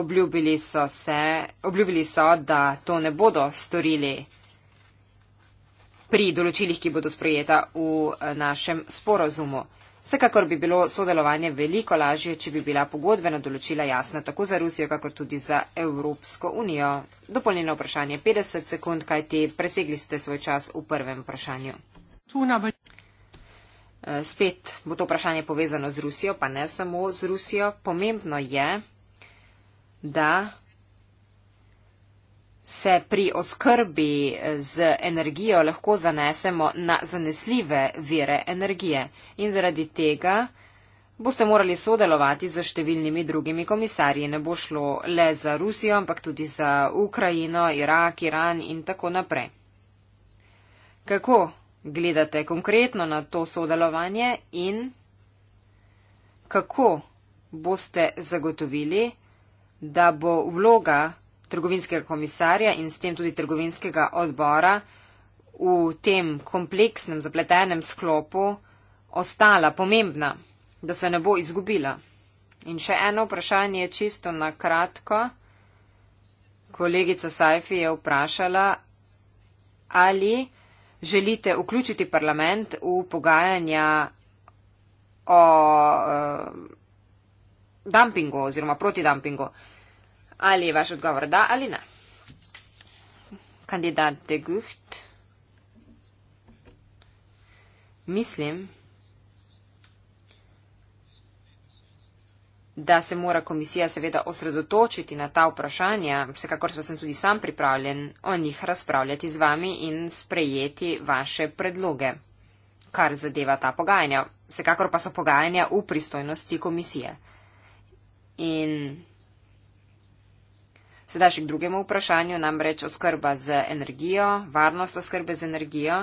Obljubili so, se, obljubili so, da to ne bodo storili pri določilih, ki bodo sprejeta v eh, našem sporozumu. Vsekakor bi bilo sodelovanje veliko lažje, če bi bila pogodbena določila jasna tako za Rusijo, kakor tudi za Evropsko unijo. Dopolnjeno vprašanje 50 sekund, kaj ti presegli ste svoj čas v prvem vprašanju. Eh, spet bo to vprašanje povezano z Rusijo, pa ne samo z Rusijo. Pomembno je, da se pri oskrbi z energijo lahko zanesemo na zanesljive vire energije in zaradi tega boste morali sodelovati z številnimi drugimi komisarji. Ne bo šlo le za Rusijo, ampak tudi za Ukrajino, Irak, Iran in tako naprej. Kako gledate konkretno na to sodelovanje in kako boste zagotovili, da bo vloga trgovinskega komisarja in s tem tudi trgovinskega odbora v tem kompleksnem, zapletenem sklopu ostala pomembna, da se ne bo izgubila. In še eno vprašanje je čisto na kratko. Kolegica Sajfi je vprašala, ali želite vključiti parlament v pogajanja o uh, dumpingu oziroma proti dumpingu. Uh, ali je vaš odgovor da ali ne. Kandidat de Gucht. Mislim, da se mora komisija seveda osredotočiti na ta vprašanja, vsekakor pa sem tudi sam pripravljen o njih razpravljati z vami in sprejeti vaše predloge, kar zadeva ta pogajanja. Vsekakor pa so pogajanja v pristojnosti komisije. In Sedaj še k drugemu vprašanju, namreč oskrba z energijo, varnost oskrbe z energijo.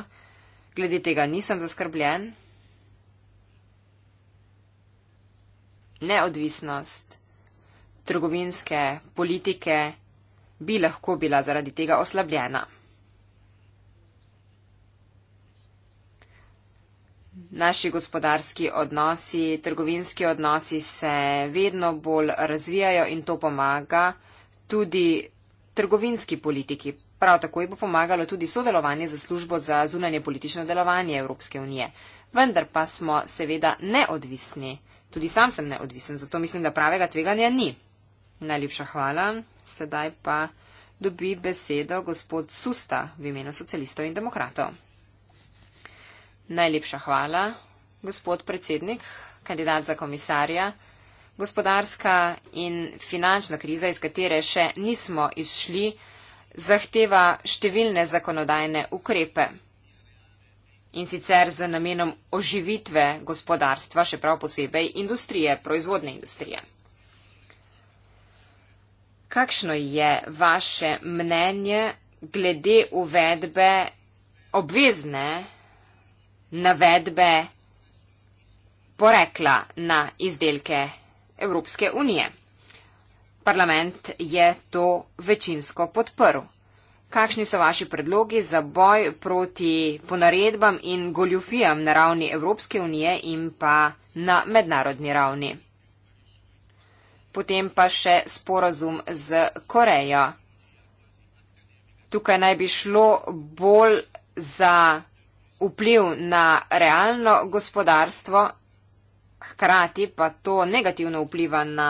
Glede tega nisem zaskrbljen. Neodvisnost trgovinske politike bi lahko bila zaradi tega oslabljena. Naši gospodarski odnosi, trgovinski odnosi se vedno bolj razvijajo in to pomaga, tudi trgovinski politiki. Prav tako ji bo pomagalo tudi sodelovanje za službo za zunanje politično delovanje Evropske unije. Vendar pa smo seveda neodvisni. Tudi sam sem neodvisen, zato mislim, da pravega tveganja ni. Najlepša hvala. Sedaj pa dobi besedo gospod Susta v imenu socialistov in demokratov. Najlepša hvala, gospod predsednik, kandidat za komisarja. Gospodarska in finančna kriza, iz katere še nismo izšli, zahteva številne zakonodajne ukrepe. In sicer z namenom oživitve gospodarstva, še prav posebej industrije, proizvodne industrije. Kakšno je vaše mnenje glede uvedbe obvezne navedbe porekla na izdelke Evropske unije. Parlament je to večinsko podprl. Kakšni so vaši predlogi za boj proti ponaredbam in goljufijam na ravni Evropske unije in pa na mednarodni ravni? Potem pa še sporazum z Korejo. Tukaj naj bi šlo bolj za vpliv na realno gospodarstvo hkrati pa to negativno vpliva na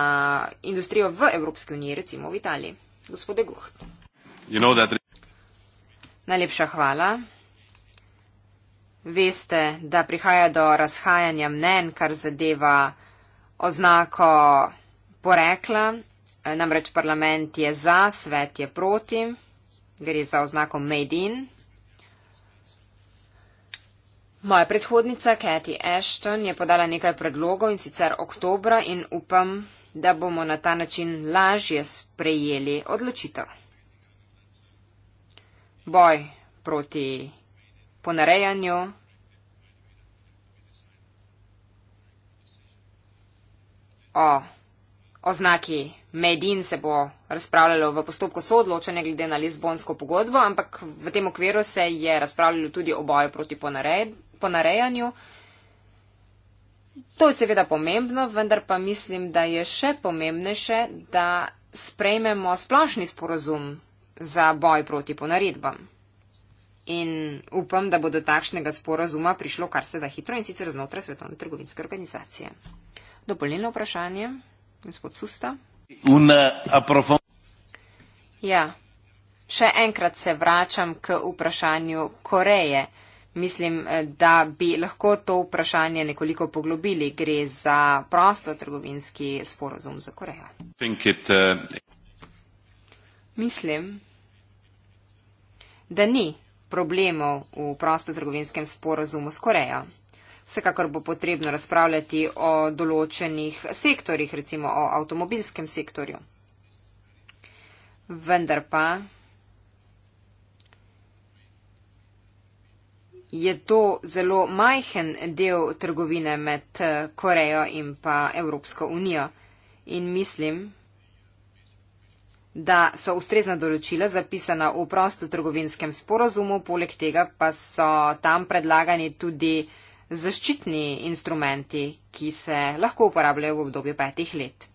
industrijo v Evropski uniji, recimo v Italiji. Gospode Guht. You know that... Najlepša hvala. Veste, da prihaja do razhajanja mnen, kar zadeva oznako porekla. Namreč parlament je za, svet je proti. Gre za oznako made in. Moja predhodnica Kathy Ashton je podala nekaj predlogov in sicer oktobra in upam, da bomo na ta način lažje sprejeli odločitev. Boj proti ponarejanju. O oznaki Medin se bo razpravljalo v postopku soodločanja glede na Lizbonsko pogodbo, ampak v tem okviru se je razpravljalo tudi o boju proti ponarejanju ponarejanju. To je seveda pomembno, vendar pa mislim, da je še pomembnejše, da sprejmemo splošni sporozum za boj proti ponaredbam. In upam, da bo do takšnega sporozuma prišlo kar se da hitro in sicer znotraj Svetovne trgovinske organizacije. Dopolnilno vprašanje, gospod Susta. Eh, ja, še enkrat se vračam k vprašanju Koreje. Mislim, eh, da bi lahko to vprašanje nekoliko poglobili. Gre za prostotrgovinski sporozum za Korejo. It, uh... Mislim, da ni problemov v prostotrgovinskem sporozumu s Korejo. Vsekakor bo potrebno razpravljati o določenih sektorjih, recimo o avtomobilskem sektorju. Vendar pa je to zelo majhen del trgovine med eh, Korejo in pa Evropsko unijo. In mislim, da so ustrezna določila zapisana v prostotrgovinskem sporozumu, poleg tega pa so tam predlagani tudi zaščitni instrumenti, ki se lahko uporabljajo v obdobju petih let.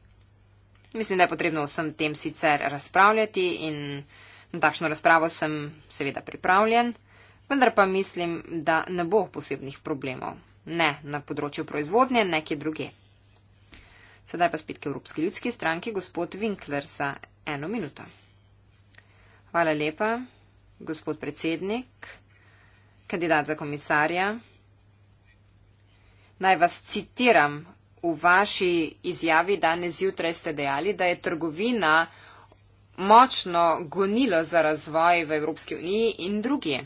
Mislim, da je potrebno vsem tem sicer razpravljati in na takšno razpravo sem seveda pripravljen vendar pa mislim, da ne bo posebnih problemov. Ne na področju proizvodnje, ne kje druge. Sedaj pa spet k Evropski ljudski stranki, gospod Winkler, za eno minuto. Hvala lepa, gospod predsednik, kandidat za komisarja. Naj vas citiram. V vaši izjavi danes zjutraj ste dejali, da je trgovina močno gonilo za razvoj v Evropski uniji in drugi.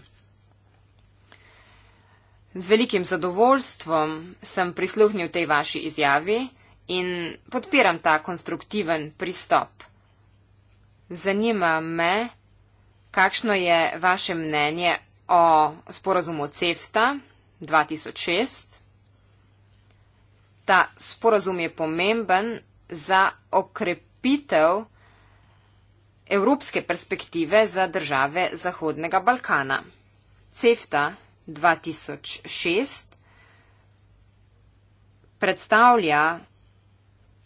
Z velikim zadovoljstvom sem prisluhnil tej vaši izjavi in podpiram ta konstruktiven pristop. Zanima me, kakšno je vaše mnenje o sporazumu CEFTA 2006. Ta sporazum je pomemben za okrepitev evropske perspektive za države Zahodnega Balkana. CEFTA 2006 predstavlja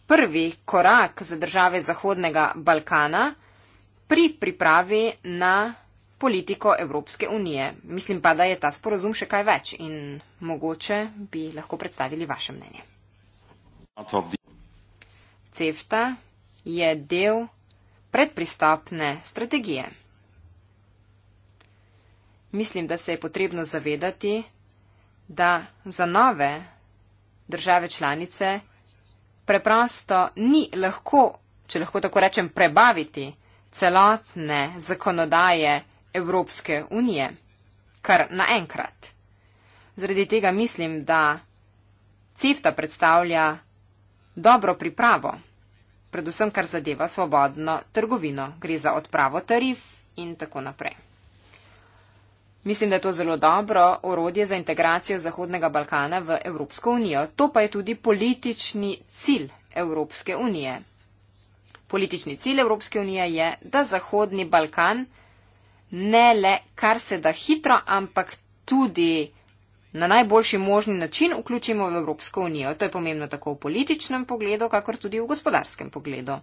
prvi korak za države Zahodnega Balkana pri pripravi na politiko Evropske unije. Mislim pa, da je ta sporozum še kaj več in mogoče bi lahko predstavili vaše mnenje. CEFTA je del predpristopne strategije mislim, da se je potrebno zavedati, da za nove države članice preprosto ni lahko, če lahko tako rečem, prebaviti celotne zakonodaje Evropske unije, kar naenkrat. Zaradi tega mislim, da CIFTA predstavlja dobro pripravo, predvsem kar zadeva svobodno trgovino, gre za odpravo tarif in tako naprej. Mislim, da je to zelo dobro orodje za integracijo Zahodnega Balkana v Evropsko unijo. To pa je tudi politični cilj Evropske unije. Politični cilj Evropske unije je, da Zahodni Balkan ne le kar se da hitro, ampak tudi na najboljši možni način vključimo v Evropsko unijo. To je pomembno tako v političnem pogledu, kakor tudi v gospodarskem pogledu.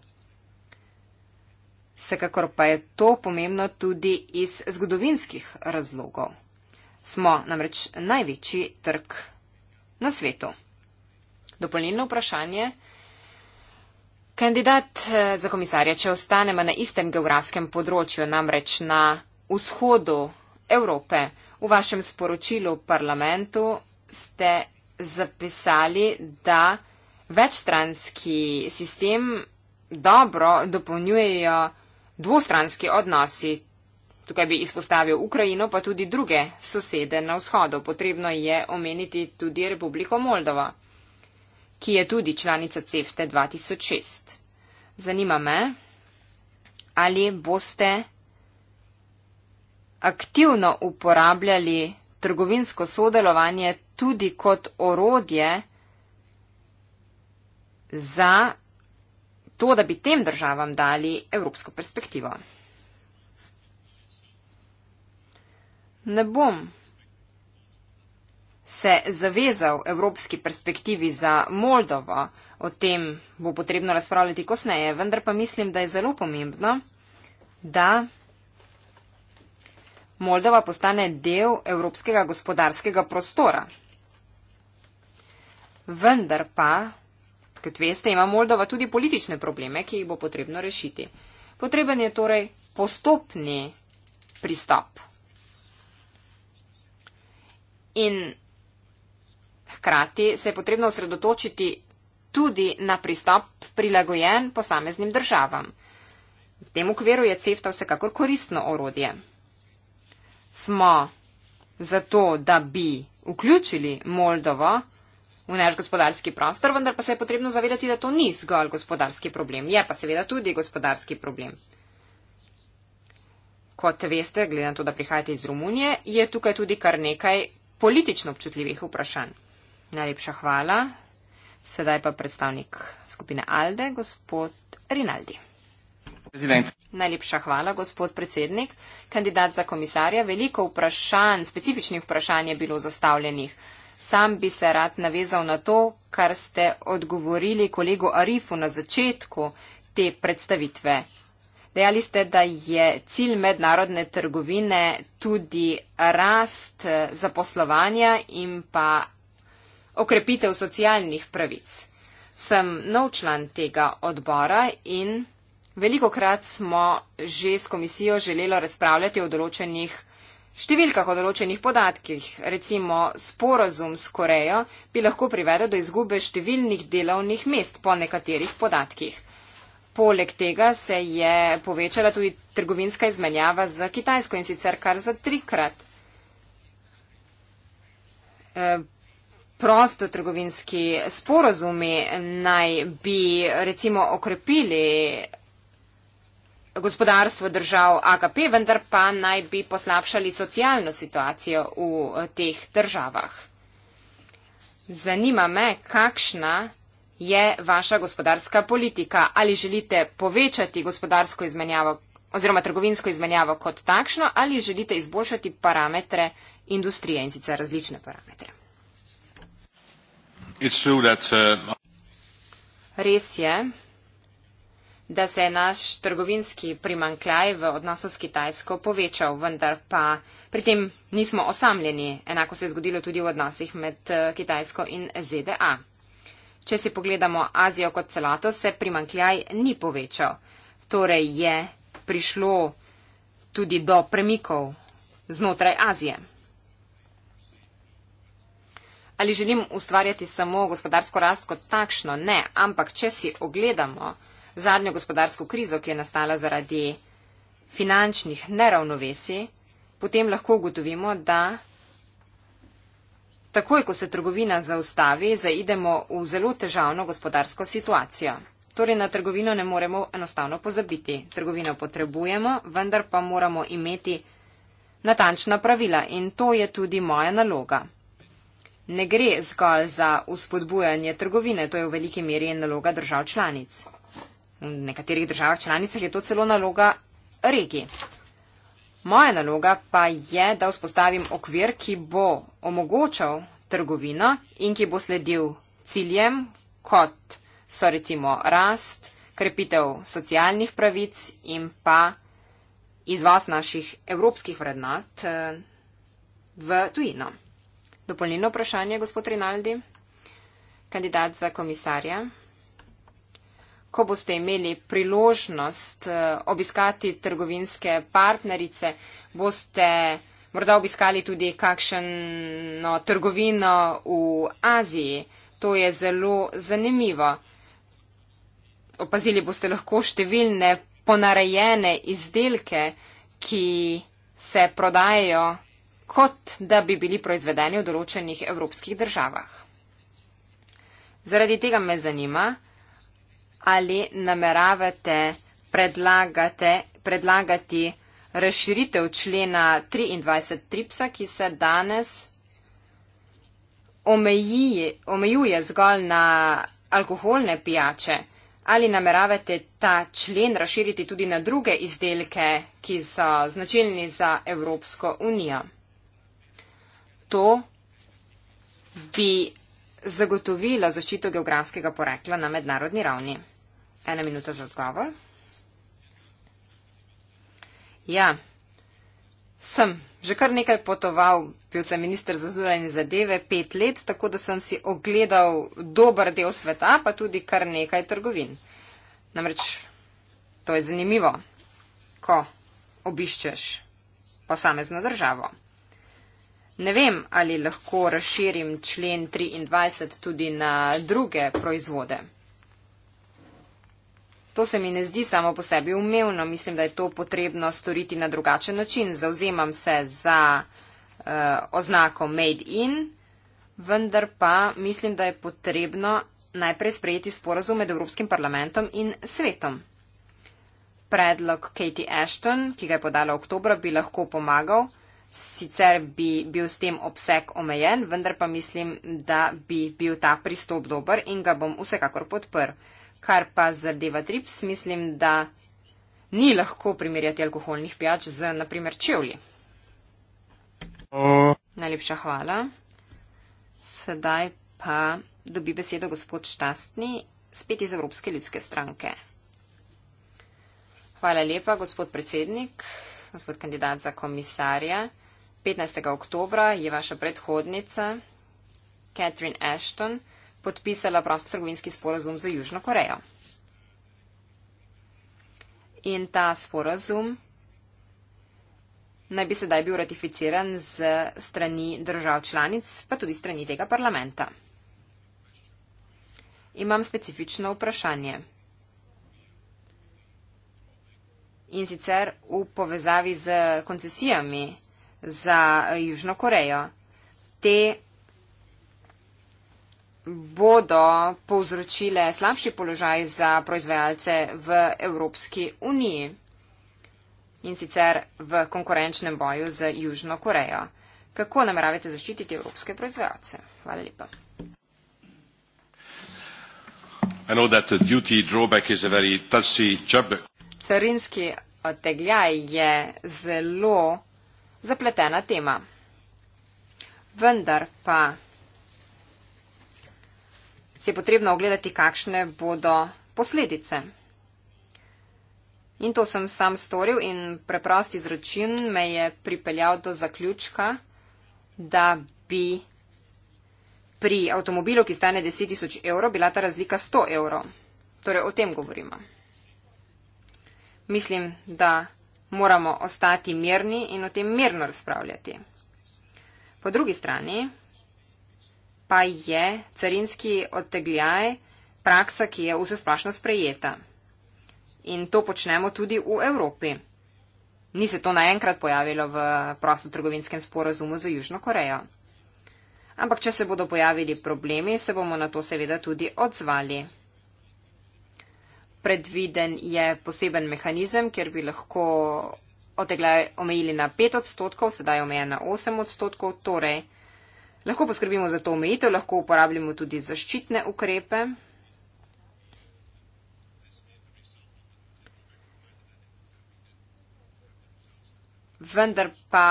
Vsekakor pa je to pomembno tudi iz zgodovinskih razlogov. Smo namreč največji trg na svetu. Dopolnilno vprašanje. Kandidat eh, za komisarja, če ostanemo na istem geografskem področju, namreč na vzhodu Evrope, v vašem sporočilu parlamentu ste zapisali, da večstranski sistem dobro dopolnjujejo dvostranski odnosi. Tukaj bi izpostavil Ukrajino, pa tudi druge sosede na vzhodu. Potrebno je omeniti tudi Republiko Moldova, ki je tudi članica CEFTE 2006. Zanima me, ali boste aktivno uporabljali trgovinsko sodelovanje tudi kot orodje za to, da bi tem državam dali evropsko perspektivo. Ne bom se zavezal evropski perspektivi za Moldovo, o tem bo potrebno razpravljati kosneje, vendar pa mislim, da je zelo pomembno, da Moldova postane del evropskega gospodarskega prostora. Vendar pa kot veste, ima Moldova tudi politične probleme, ki jih bo potrebno rešiti. Potreben je torej postopni pristop. In hkrati se je potrebno osredotočiti tudi na pristop prilagojen posameznim državam. V tem okviru je CEFTA vsekakor koristno orodje. Smo zato, da bi vključili Moldovo v naš gospodarski prostor, vendar pa se je potrebno zavedati, da to ni zgolj gospodarski problem. Je pa seveda tudi gospodarski problem. Kot veste, glede na to, da prihajate iz Romunije, je tukaj tudi kar nekaj politično občutljivih vprašanj. Najlepša hvala. Sedaj pa predstavnik skupine Alde, gospod Rinaldi. President. Najlepša hvala, gospod predsednik. Kandidat za komisarja, veliko vprašanj, specifičnih vprašanj je bilo zastavljenih. Sam bi se rad navezal na to, kar ste odgovorili kolegu Arifu na začetku te predstavitve. Dejali ste, da je cilj mednarodne trgovine tudi rast eh, zaposlovanja in pa okrepitev socialnih pravic. Sem nov član tega odbora in veliko krat smo že s komisijo želelo razpravljati o določenih številkah o določenih podatkih, recimo sporazum s Korejo, bi lahko privedel do izgube številnih delovnih mest po nekaterih podatkih. Poleg tega se je povečala tudi trgovinska izmenjava z Kitajsko in sicer kar za trikrat. E, prostotrgovinski sporozumi naj bi recimo okrepili gospodarstvo držav AKP, vendar pa naj bi poslabšali socialno situacijo v eh, teh državah. Zanima me, kakšna je vaša gospodarska politika. Ali želite povečati gospodarsko izmenjavo oziroma trgovinsko izmenjavo kot takšno ali želite izboljšati parametre industrije in sicer različne parametre? That, uh, Res je, da se je naš trgovinski primankljaj v odnosu s Kitajsko povečal, vendar pa pri tem nismo osamljeni. Enako se je zgodilo tudi v odnosih med eh, Kitajsko in ZDA. Če si pogledamo Azijo kot celato, se primankljaj ni povečal. Torej je prišlo tudi do premikov znotraj Azije. Ali želim ustvarjati samo gospodarsko rast kot takšno? Ne, ampak če si ogledamo zadnjo gospodarsko krizo, ki je nastala zaradi finančnih neravnovesij, potem lahko ugotovimo, da takoj, ko se trgovina zaustavi, zaidemo v zelo težavno gospodarsko situacijo. Torej na trgovino ne moremo enostavno pozabiti. Trgovino potrebujemo, vendar pa moramo imeti natančna pravila in to je tudi moja naloga. Ne gre zgolj za uspodbujanje trgovine, to je v veliki meri naloga držav članic v nekaterih državah članicah je to celo naloga regij. Moja naloga pa je, da vzpostavim okvir, ki bo omogočal trgovino in ki bo sledil ciljem, kot so recimo rast, krepitev socialnih pravic in pa izvaz naših evropskih vrednot eh, v tujino. Dopolnilno vprašanje, gospod Rinaldi, kandidat za komisarja ko boste imeli priložnost eh, obiskati trgovinske partnerice, boste morda obiskali tudi kakšno trgovino v Aziji. To je zelo zanimivo. Opazili boste lahko številne ponarejene izdelke, ki se prodajajo, kot da bi bili proizvedeni v določenih evropskih državah. Zaradi tega me zanima, ali nameravate predlagate, predlagati razširitev člena 23 tripsa, ki se danes omeji, omejuje zgolj na alkoholne pijače. Ali nameravate ta člen razširiti tudi na druge izdelke, ki so značilni za Evropsko unijo? To bi zagotovilo zaščito geografskega porekla na mednarodni ravni ena minuta za odgovor. Ja, sem že kar nekaj potoval, bil sem minister za zunanje zadeve pet let, tako da sem si ogledal dober del sveta, pa tudi kar nekaj trgovin. Namreč to je zanimivo, ko obiščeš posamezno državo. Ne vem, ali lahko razširim člen 23 tudi na druge proizvode. To se mi ne zdi samo po sebi umevno, mislim, da je to potrebno storiti na drugačen način. Zauzemam se za uh, oznako made in, vendar pa mislim, da je potrebno najprej sprejeti sporazum med Evropskim parlamentom in svetom. Predlog Katie Ashton, ki ga je podala v oktobra, bi lahko pomagal, sicer bi bil s tem obseg omejen, vendar pa mislim, da bi bil ta pristop dober in ga bom vsekakor podprl kar pa zadeva trips, mislim, da ni lahko primerjati alkoholnih pijač z, naprimer, čevlji. Najlepša hvala. Sedaj pa dobi besedo gospod Štastni, spet iz Evropske ljudske stranke. Hvala lepa, gospod predsednik, gospod kandidat za komisarja. 15. oktobra je vaša predhodnica, Catherine Ashton, podpisala prostotrgovinski sporazum za Južno Korejo. In ta sporazum naj bi sedaj bil ratificiran z strani držav članic, pa tudi strani tega parlamenta. Imam specifično vprašanje. In sicer v povezavi z koncesijami za Južno Korejo. Te bodo povzročile slabši položaj za proizvajalce v Evropski uniji in sicer v konkurenčnem boju z Južno Korejo. Kako nameravate zaščititi evropske proizvajalce? Hvala lepa. Carinski odtegljaj je zelo zapletena tema. Vendar pa si je potrebno ogledati, kakšne bodo posledice. In to sem sam storil in preprost izračun me je pripeljal do zaključka, da bi pri avtomobilu, ki stane 10 tisoč evrov, bila ta razlika 100 evrov. Torej o tem govorimo. Mislim, da moramo ostati mirni in o tem mirno razpravljati. Po drugi strani pa je carinski odtegljaj praksa, ki je vse splošno sprejeta. In to počnemo tudi v Evropi. Ni se to naenkrat pojavilo v prostotrgovinskem sporazumu za Južno Korejo. Ampak, če se bodo pojavili problemi, se bomo na to seveda tudi odzvali. Predviden je poseben mehanizem, kjer bi lahko odtegljaj omejili na 5 odstotkov, sedaj omejen na 8 odstotkov, torej Lahko poskrbimo za to omejitev, lahko uporabljamo tudi zaščitne ukrepe. Vendar pa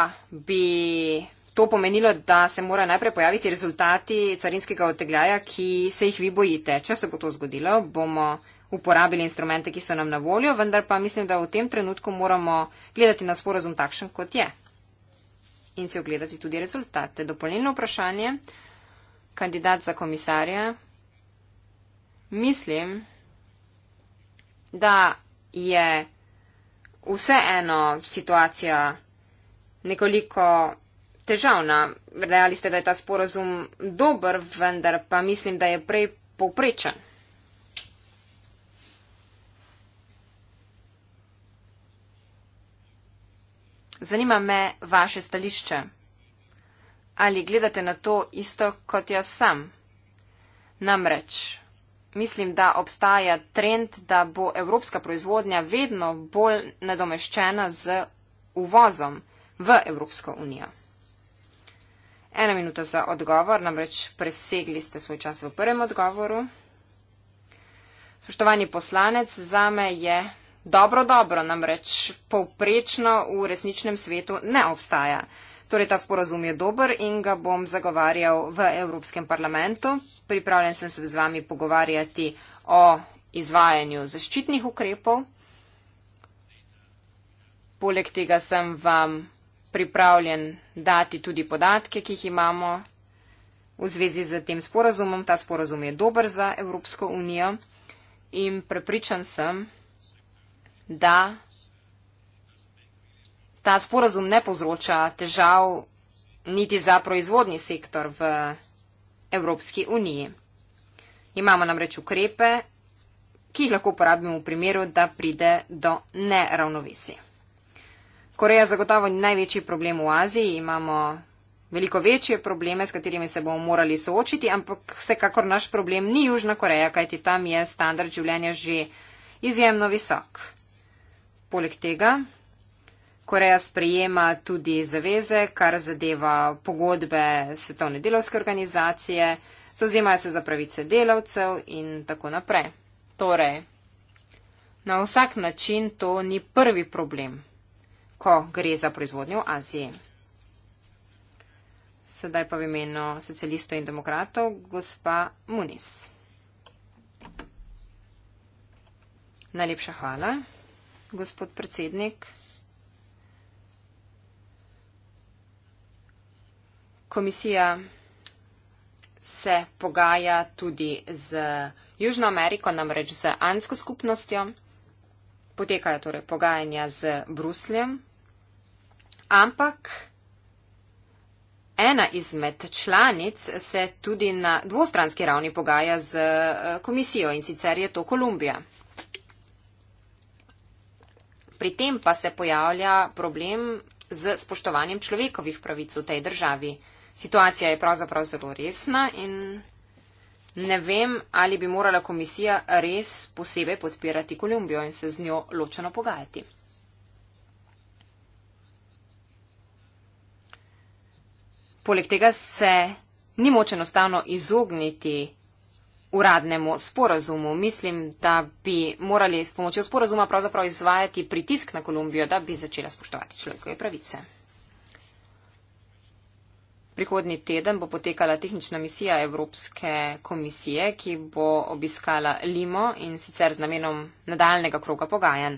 bi to pomenilo, da se mora najprej pojaviti rezultati carinskega otegljaja, ki se jih vi bojite. Če se bo to zgodilo, bomo uporabili instrumente, ki so nam na voljo, vendar pa mislim, da v tem trenutku moramo gledati na sporozum takšen, kot je in si ogledati tudi rezultate. Dopolnilno vprašanje. Kandidat za komisarja. Mislim, da je vseeno situacija nekoliko težavna. Dejali ste, da je ta sporozum dober, vendar pa mislim, da je prej povprečen. Zanima me vaše stališče. Ali gledate na to isto kot jaz sam? Namreč, mislim, da obstaja trend, da bo evropska proizvodnja vedno bolj nadomeščena z uvozom v Evropsko unijo. Ena minuta za odgovor, namreč presegli ste svoj čas v prvem odgovoru. Spoštovani poslanec, zame je Dobro, dobro namreč povprečno v resničnem svetu ne obstaja. Torej, ta sporazum je dober in ga bom zagovarjal v Evropskem parlamentu. Pripravljen sem se z vami pogovarjati o izvajanju zaščitnih ukrepov. Poleg tega sem vam pripravljen dati tudi podatke, ki jih imamo v zvezi z tem sporazumom. Ta sporazum je dober za Evropsko unijo in prepričan sem, da ta sporazum ne povzroča težav niti za proizvodni sektor v Evropski uniji. Imamo namreč ukrepe, ki jih lahko uporabimo v primeru, da pride do neravnovesi. Koreja zagotovo ni največji problem v Aziji, imamo veliko večje probleme, s katerimi se bomo morali soočiti, ampak vsekakor naš problem ni Južna Koreja, kajti tam je standard življenja že izjemno visok. Poleg tega Koreja sprejema tudi zaveze, kar zadeva pogodbe Svetovne delovske organizacije, zauzemajo se za pravice delavcev in tako naprej. Torej, na vsak način to ni prvi problem, ko gre za proizvodnjo v Aziji. Sedaj pa v imenu socialistov in demokratov, gospa Munis. Najlepša hvala gospod predsednik. Komisija se pogaja tudi z Južno Ameriko, namreč z Ansko skupnostjo. Potekajo torej pogajanja z Brusljem. Ampak ena izmed članic se tudi na dvostranski ravni pogaja z eh, komisijo in sicer je to Kolumbija. Pri tem pa se pojavlja problem z spoštovanjem človekovih pravic v tej državi. Situacija je pravzaprav zelo resna in ne vem, ali bi morala komisija res posebej podpirati Kolumbijo in se z njo ločeno pogajati. Poleg tega se ni moče enostavno izogniti uradnemu sporazumu. Mislim, da bi morali s pomočjo sporazuma pravzaprav izvajati pritisk na Kolumbijo, da bi začela spoštovati človekove pravice. Prihodni teden bo potekala tehnična misija Evropske komisije, ki bo obiskala Limo in sicer z namenom nadaljnega kroga pogajanj.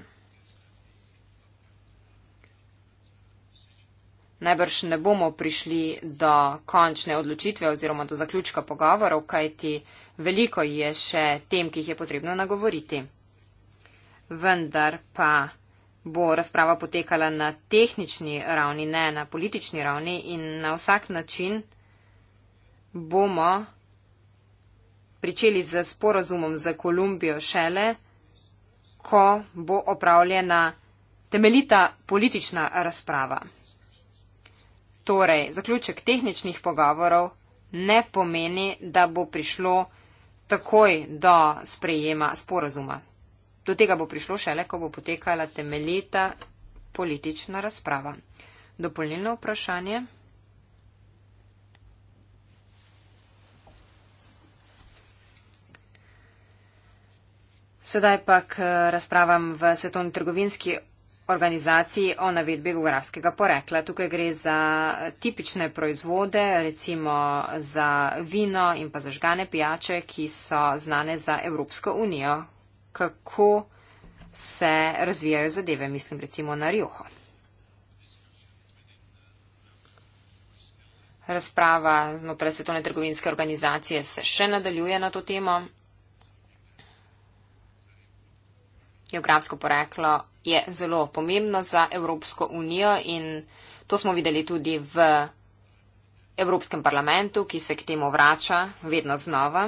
najbrž ne bomo prišli do končne odločitve oziroma do zaključka pogovorov, kajti veliko je še tem, ki jih je potrebno nagovoriti. Vendar pa bo razprava potekala na tehnični ravni, ne na politični ravni in na vsak način bomo pričeli z sporazumom z Kolumbijo šele, ko bo opravljena temeljita politična razprava. Torej, zaključek tehničnih pogovorov ne pomeni, da bo prišlo takoj do sprejema sporazuma. Do tega bo prišlo šele, ko bo potekala temeljita politična razprava. Dopolnilno vprašanje. Sedaj pa k razpravam v svetovni trgovinski organizaciji o navedbi geografskega porekla. Tukaj gre za tipične proizvode, recimo za vino in pa zažgane pijače, ki so znane za Evropsko unijo. Kako se razvijajo zadeve, mislim recimo na Rjoho. Razprava znotraj svetovne trgovinske organizacije se še nadaljuje na to temo. Geografsko poreklo je zelo pomembno za Evropsko unijo in to smo videli tudi v Evropskem parlamentu, ki se k temu vrača vedno znova.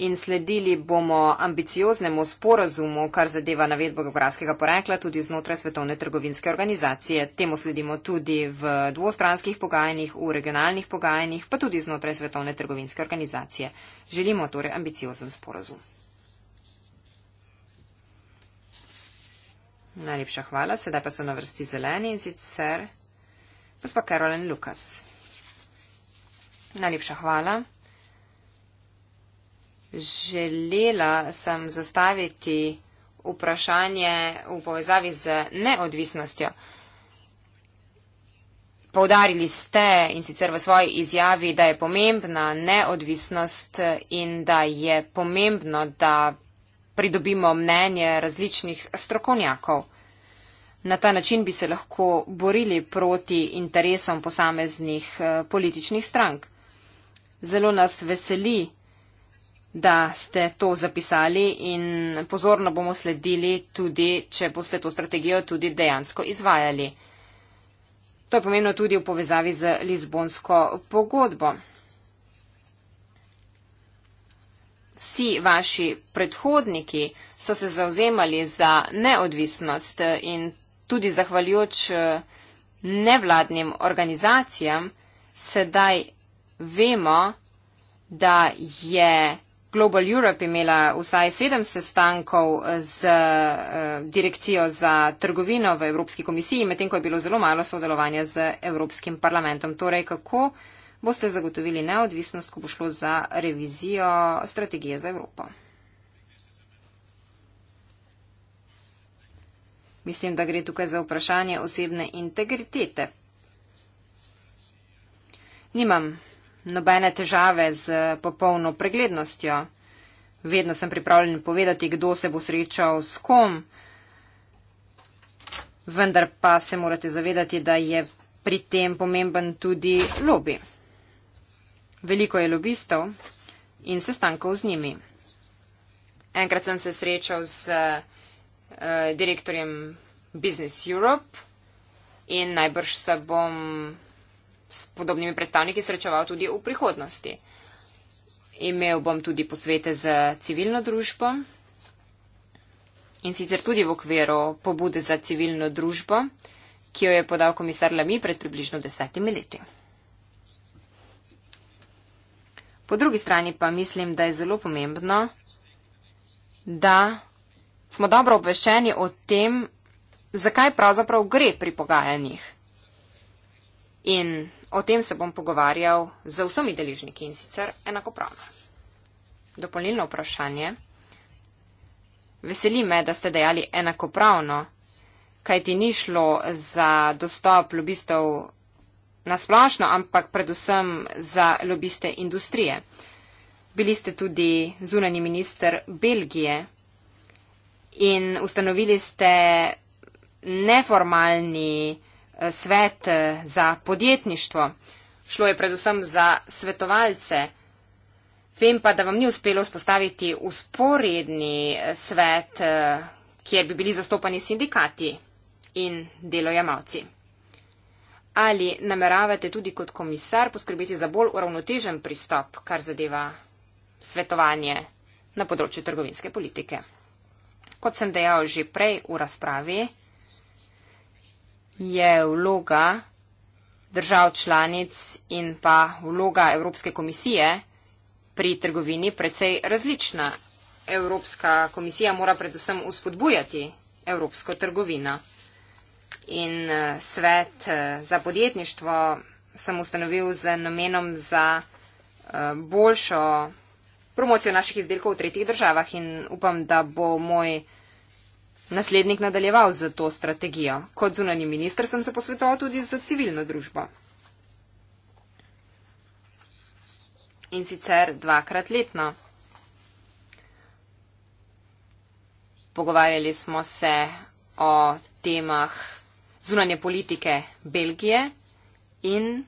In sledili bomo ambicioznemu sporazumu, kar zadeva navedbo geografskega porekla tudi znotraj Svetovne trgovinske organizacije. Temu sledimo tudi v dvostranskih pogajanjih, v regionalnih pogajanjih, pa tudi znotraj Svetovne trgovinske organizacije. Želimo torej ambiciozen sporazum. Najlepša hvala, sedaj pa so na vrsti zeleni in sicer gospod Karolin Lukas. Najlepša hvala. Želela sem zastaviti vprašanje v povezavi z neodvisnostjo. Povdarili ste in sicer v svoji izjavi, da je pomembna neodvisnost in da je pomembno, da pridobimo mnenje različnih strokovnjakov. Na ta način bi se lahko borili proti interesom posameznih eh, političnih strank. Zelo nas veseli, da ste to zapisali in pozorno bomo sledili tudi, če boste to strategijo tudi dejansko izvajali. To je pomembno tudi v povezavi z Lizbonsko pogodbo. vsi vaši predhodniki so se zauzemali za neodvisnost in tudi zahvaljujoč eh, nevladnim organizacijam, sedaj vemo, da je Global Europe imela vsaj sedem sestankov z eh, Direkcijo za trgovino v Evropski komisiji, medtem ko je bilo zelo malo sodelovanja z Evropskim parlamentom. Torej, kako boste zagotovili neodvisnost, ko bo šlo za revizijo strategije za Evropo. Mislim, da gre tukaj za vprašanje osebne integritete. Nimam nobene težave z popolno preglednostjo. Vedno sem pripravljen povedati, kdo se bo srečal s kom. Vendar pa se morate zavedati, da je pri tem pomemben tudi lobby veliko je lobistov in sestankov z njimi. Enkrat sem se srečal z uh, direktorjem Business Europe in najbrž se bom s podobnimi predstavniki srečeval tudi v prihodnosti. Imel bom tudi posvete z civilno družbo in sicer tudi v okviru pobude za civilno družbo, ki jo je podal komisar Lami pred približno desetimi leti. Po drugi strani pa mislim, da je zelo pomembno, da smo dobro obveščeni o tem, zakaj pravzaprav gre pri pogajanjih. In o tem se bom pogovarjal z vsemi deližniki in sicer enakopravno. Dopolnilno vprašanje. Veseli me, da ste dejali enakopravno, kaj ti ni šlo za dostop lobistov nasplošno, ampak predvsem za lobiste industrije. Bili ste tudi zunani minister Belgije in ustanovili ste neformalni eh, svet eh, za podjetništvo. Šlo je predvsem za svetovalce. Vem pa, da vam ni uspelo spostaviti usporedni eh, svet, kjer bi bili zastopani sindikati in delojemalci. Ali nameravate tudi kot komisar poskrbeti za bolj uravnotežen pristop, kar zadeva svetovanje na področju trgovinske politike? Kot sem dejal že prej v razpravi, je vloga držav članic in pa vloga Evropske komisije pri trgovini precej različna. Evropska komisija mora predvsem uspodbujati evropsko trgovino in eh, svet eh, za podjetništvo sem ustanovil z namenom za eh, boljšo promocijo naših izdelkov v tretjih državah in upam, da bo moj naslednik nadaljeval z to strategijo. Kot zunani minister sem se posvetoval tudi za civilno družbo. In sicer dvakrat letno. Pogovarjali smo se o temah zunanje politike Belgije in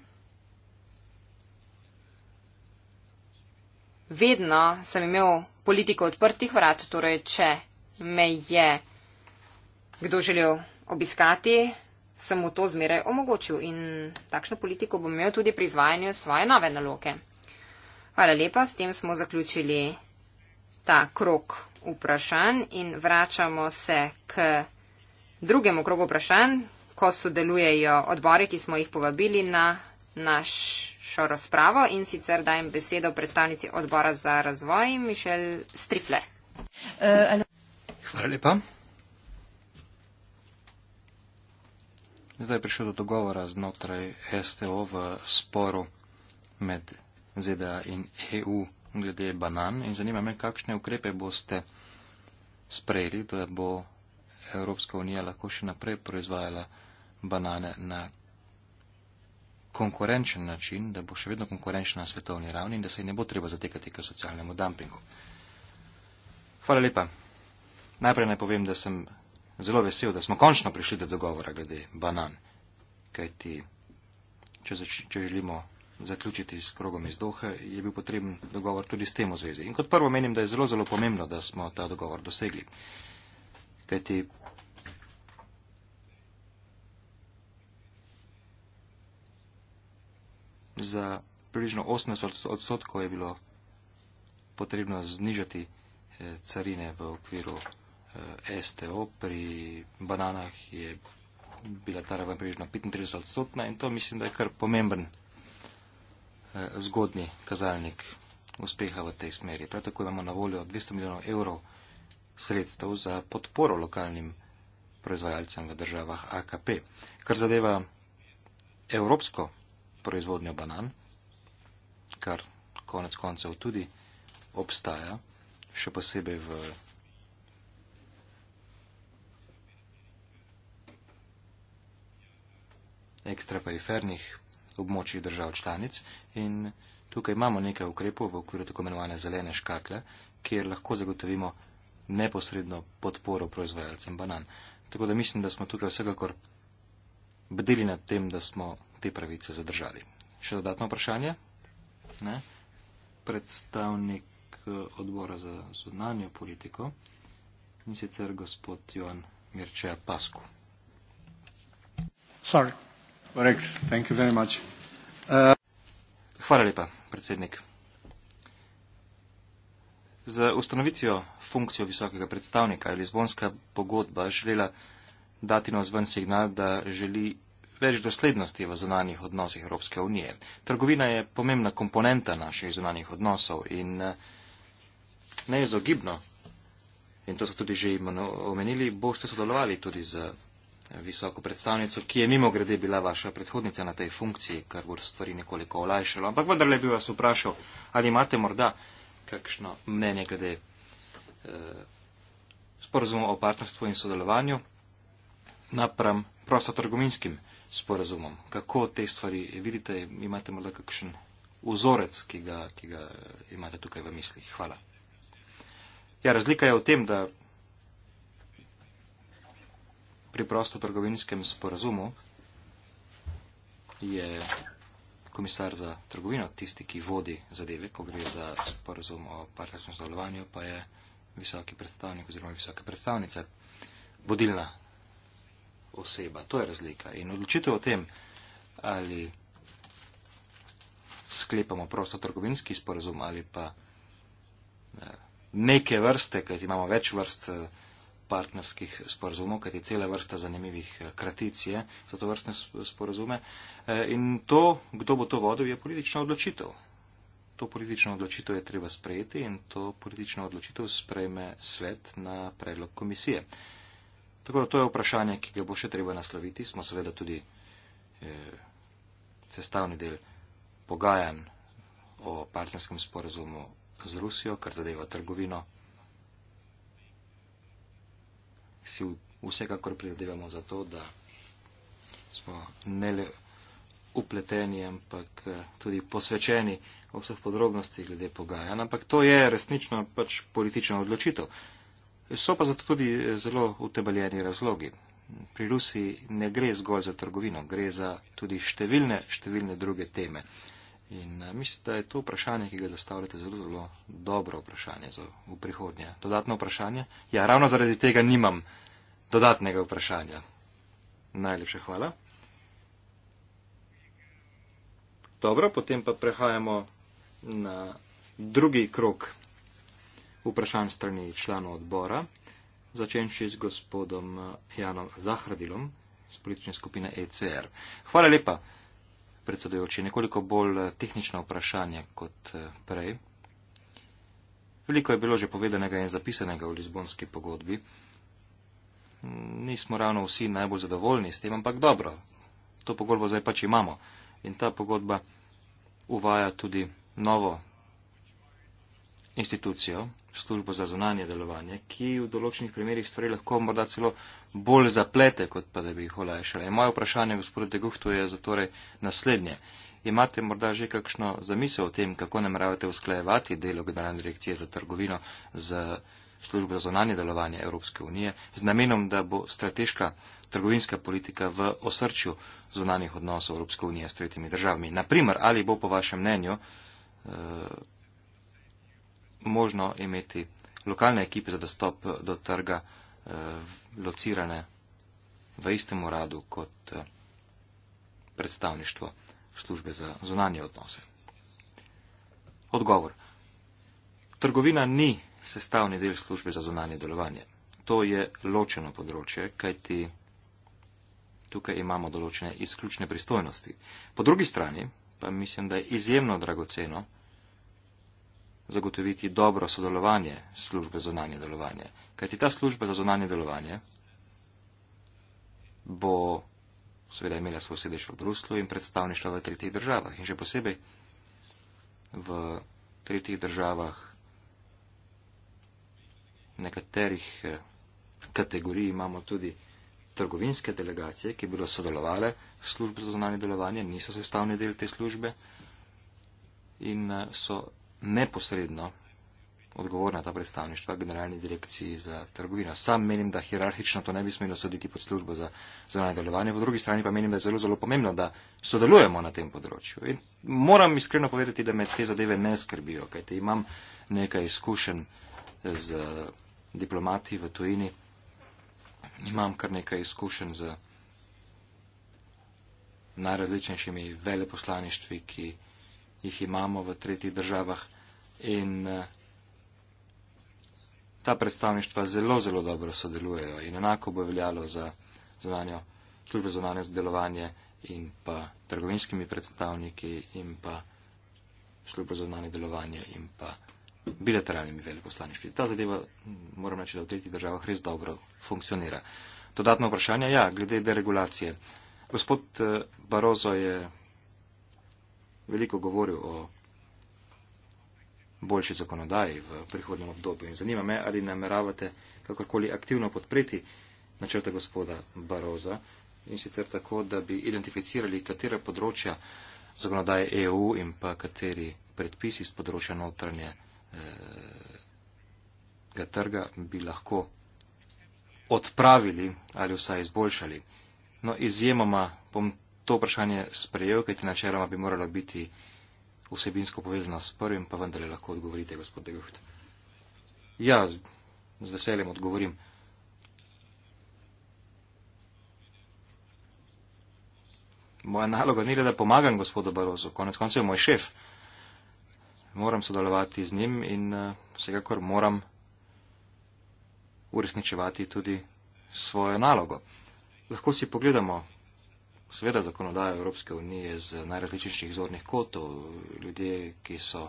vedno sem imel politiko odprtih vrat, torej če me je kdo želel obiskati, sem mu to zmeraj omogočil in takšno politiko bom imel tudi pri izvajanju svoje nove naloge. Hvala lepa, s tem smo zaključili ta krok vprašanj in vračamo se k drugemu krogu vprašanj, ko sodelujejo odbore, ki smo jih povabili na našo razpravo in sicer dajem besedo predstavnici odbora za razvoj, Mišel Strifle. Hvala lepa. Zdaj je prišel do dogovora znotraj STO v sporu med ZDA in EU glede banan in zanima me, kakšne ukrepe boste sprejeli, da bo Evropska unija lahko še naprej proizvajala banane na konkurenčen način, da bo še vedno konkurenčna na svetovni ravni in da se ji ne bo treba zatekati k socialnemu dumpingu. Hvala lepa. Najprej naj povem, da sem zelo vesel, da smo končno prišli do dogovora glede banan, kajti če, zač, če želimo zaključiti s krogom iz Doha, je bil potreben dogovor tudi s tem v zvezi. In kot prvo menim, da je zelo, zelo pomembno, da smo ta dogovor dosegli. Kajti za približno 80 odstotkov je bilo potrebno znižati eh, carine v okviru eh, STO. Pri bananah je bila ta raven približno 35 odstotna in to mislim, da je kar pomemben eh, zgodni kazalnik uspeha v tej smeri. Prav tako imamo na voljo 200 milijonov evrov sredstev za podporo lokalnim proizvajalcem v državah AKP. Kar zadeva evropsko proizvodnjo banan, kar konec koncev tudi obstaja, še posebej v ekstra perifernih območjih držav članic in tukaj imamo nekaj ukrepov v okviru tako imenovane zelene škatle, kjer lahko zagotovimo neposredno podporo proizvajalcem banan. Tako da mislim, da smo tukaj vsekakor bdeli nad tem, da smo te pravice zadržali. Še dodatno vprašanje? Ne? Predstavnik eh, odbora za zunanjo politiko in sicer gospod Joan Mirče Pasku. Sorry. Rex, thank you very much. Uh... Hvala lepa, predsednik. Z ustanovitvijo funkcijo visokega predstavnika je Lizbonska pogodba želela dati na ozven signal, da želi več doslednosti v zunanjih odnosih Evropske unije. Trgovina je pomembna komponenta naših zunanjih odnosov in eh, neizogibno, in to so tudi že omenili, boste sodelovali tudi z eh, visoko predstavnico, ki je mimo grede bila vaša predhodnica na tej funkciji, kar bo stvari nekoliko olajšalo. Ampak vendarle bi vas vprašal, ali imate morda kakšno mnenje glede eh, sporozumov o partnerstvu in sodelovanju napram prostotrgovinskim sporazumom. Kako te stvari vidite, imate morda kakšen vzorec, ki ga, ki ga imate tukaj v mislih. Hvala. Ja, razlika je v tem, da pri prostotrgovinskem sporazumu je komisar za trgovino tisti, ki vodi zadeve, ko gre za sporazum o partnerskem sodelovanju, pa je visoki predstavnik oziroma visoka predstavnica vodilna oseba. To je razlika. In odločitev o tem, ali sklepamo prosto trgovinski sporazum ali pa eh, neke vrste, kajti imamo več vrst eh, partnerskih sporazumov, kajti cela vrsta zanimivih eh, kratic je za to vrstne sporazume. In to, kdo bo to vodil, je politična odločitev. To politično odločitev je treba sprejeti in to politično odločitev sprejme svet na predlog komisije. Tako da to je vprašanje, ki ga bo še treba nasloviti. Smo seveda tudi eh, sestavni del pogajanj o partnerskem sporazumu z Rusijo, kar zadeva trgovino. Si vsekakor prizadevamo za to, da smo ne le upleteni, ampak eh, tudi posvečeni o vseh podrobnostih glede pogajanj. Ampak to je resnično pač politična odločitev. So pa zato tudi zelo utemeljeni razlogi. Pri Rusi ne gre zgolj za trgovino, gre za tudi številne, številne druge teme. In eh, mislim, da je to vprašanje, ki ga zastavljate, zelo, zelo dobro vprašanje za v prihodnje. Dodatno vprašanje? Ja, ravno zaradi tega nimam dodatnega vprašanja. Najlepše hvala. Dobro, potem pa prehajamo na drugi krok vprašanj strani članov odbora, začenši z gospodom eh, Janom Zahradilom z politične skupine ECR. Hvala lepa, predsedujoči. Nekoliko bolj eh, tehnično vprašanje kot eh, prej. Veliko je bilo že povedanega in zapisanega v Lizbonski pogodbi. Mm, nismo ravno vsi najbolj zadovoljni s tem, ampak dobro, to pogodbo zdaj pač imamo. In ta pogodba uvaja tudi novo institucijo, službo za zunanje delovanje, ki v določenih primerjih stvari lahko morda celo bolj zaplete, kot pa da bi jih olajšala. In moje vprašanje, gospod Deguhtu, je zatorej naslednje. Imate morda že kakšno zamisel o tem, kako nameravate usklajevati delo Generalne direkcije za trgovino z službo za zunanje delovanje Evropske unije z namenom, da bo strateška trgovinska politika v osrčju zunanih odnosov Evropske unije s tretjimi državami. Naprimer, ali bo po vašem mnenju eh, možno imeti lokalne ekipe za dostop do trga eh, locirane v istem uradu kot eh, predstavništvo službe za zunanje odnose. Odgovor. Trgovina ni sestavni del službe za zunanje delovanje. To je ločeno področje, kajti tukaj imamo določene izključne pristojnosti. Po drugi strani pa mislim, da je izjemno dragoceno, zagotoviti dobro sodelovanje službe za zunanje delovanje. Kajti ta služba za zunanje delovanje bo seveda imela svoj sedež v Bruslu in predstavništvo v tretjih državah. In še posebej v tretjih državah nekaterih eh, kategorij imamo tudi trgovinske delegacije, ki bodo sodelovale v službi za zunanje delovanje, niso sestavni del te službe in eh, so neposredno odgovorna ta predstavništva generalni direkciji za trgovino. Sam menim, da hierarhično to ne bi smelo soditi pod službo za zunanje delovanje, po drugi strani pa menim, da je zelo, zelo pomembno, da sodelujemo na tem področju. In moram iskreno povedati, da me te zadeve ne skrbijo, kajte imam nekaj izkušenj z diplomati v tujini, imam kar nekaj izkušenj z najrazličnejšimi veleposlaništvi, ki jih imamo v tretjih državah in eh, ta predstavništva zelo, zelo dobro sodelujejo in enako bo veljalo za zunanjo službo zunanje delovanje in pa trgovinskimi predstavniki in pa službo zunanje delovanje in pa bilateralnimi veleposlaništvi. Ta zadeva, moram reči, da v tretjih državah res dobro funkcionira. Dodatno vprašanje, ja, glede deregulacije. Gospod eh, Barozo je veliko govoril o boljši zakonodaji v prihodnem obdobju in zanima me, ali nameravate kakorkoli aktivno podpreti načrte gospoda Baroza in sicer tako, da bi identificirali, katera področja zakonodaje EU in pa kateri predpisi z področja notranjega eh, trga bi lahko odpravili ali vsaj izboljšali. No, izjemoma bom to vprašanje sprejel, kaj ti načeloma bi moralo biti vsebinsko povezano s prvim, pa vendar lahko odgovorite, gospod Degoft. Ja, z veseljem odgovorim. Moja naloga ni le, da pomagam gospodu Barozu, konec koncev je moj šef. Moram sodelovati z njim in eh, vsekakor moram uresničevati tudi svojo nalogo. Lahko si pogledamo seveda zakonodajo Evropske unije z najrazličnejših zornih kotov. Ljudje, ki so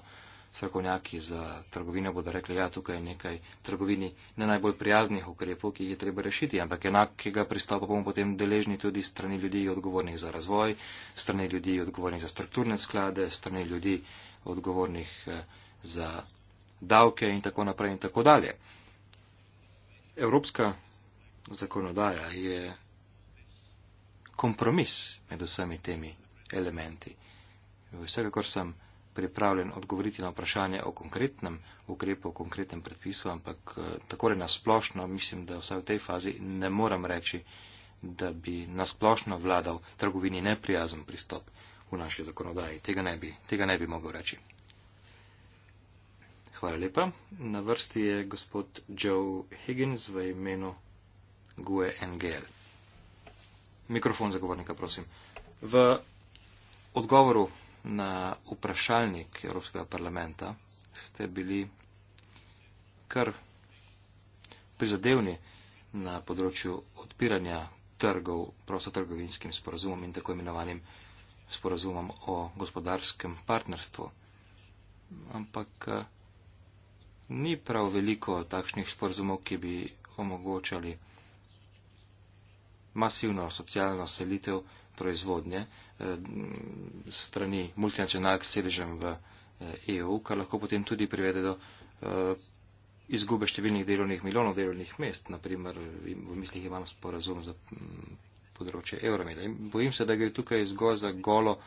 strokovnjaki za trgovino, bodo rekli, da ja, tukaj je nekaj trgovini ne najbolj prijaznih ukrepov, ki jih je treba rešiti, ampak enakega pristopa bomo potem deležni tudi strani ljudi odgovornih za razvoj, strani ljudi odgovornih za strukturne sklade, strani ljudi odgovornih eh, za davke in tako naprej in tako dalje. Evropska zakonodaja je kompromis med vsemi temi elementi. Vsekakor sem pripravljen odgovoriti na vprašanje o konkretnem ukrepu, o konkretnem predpisu, ampak eh, takore nasplošno mislim, da vsaj v tej fazi ne moram reči, da bi nasplošno vladal trgovini neprijazen pristop v naši zakonodaji. Tega ne bi, tega ne bi mogel reči. Hvala lepa. Na vrsti je gospod Joe Higgins v imenu GUE NGL. Mikrofon zagovornika, prosim. V odgovoru na vprašalnik Evropskega parlamenta ste bili kar prizadevni na področju odpiranja trgov prostotrgovinskim sporazumom in tako imenovanim sporazumom o gospodarskem partnerstvu. Ampak eh, ni prav veliko takšnih sporazumov, ki bi omogočali masivno socialno selitev proizvodnje eh, strani multinacionalk s sedežem v EU, eh, e kar lahko potem tudi privede do eh, izgube številnih delovnih milijonov delovnih mest. Naprimer, v mislih imam sporazum za mm, področje Euromeda. In bojim se, da gre tukaj zgolj za golo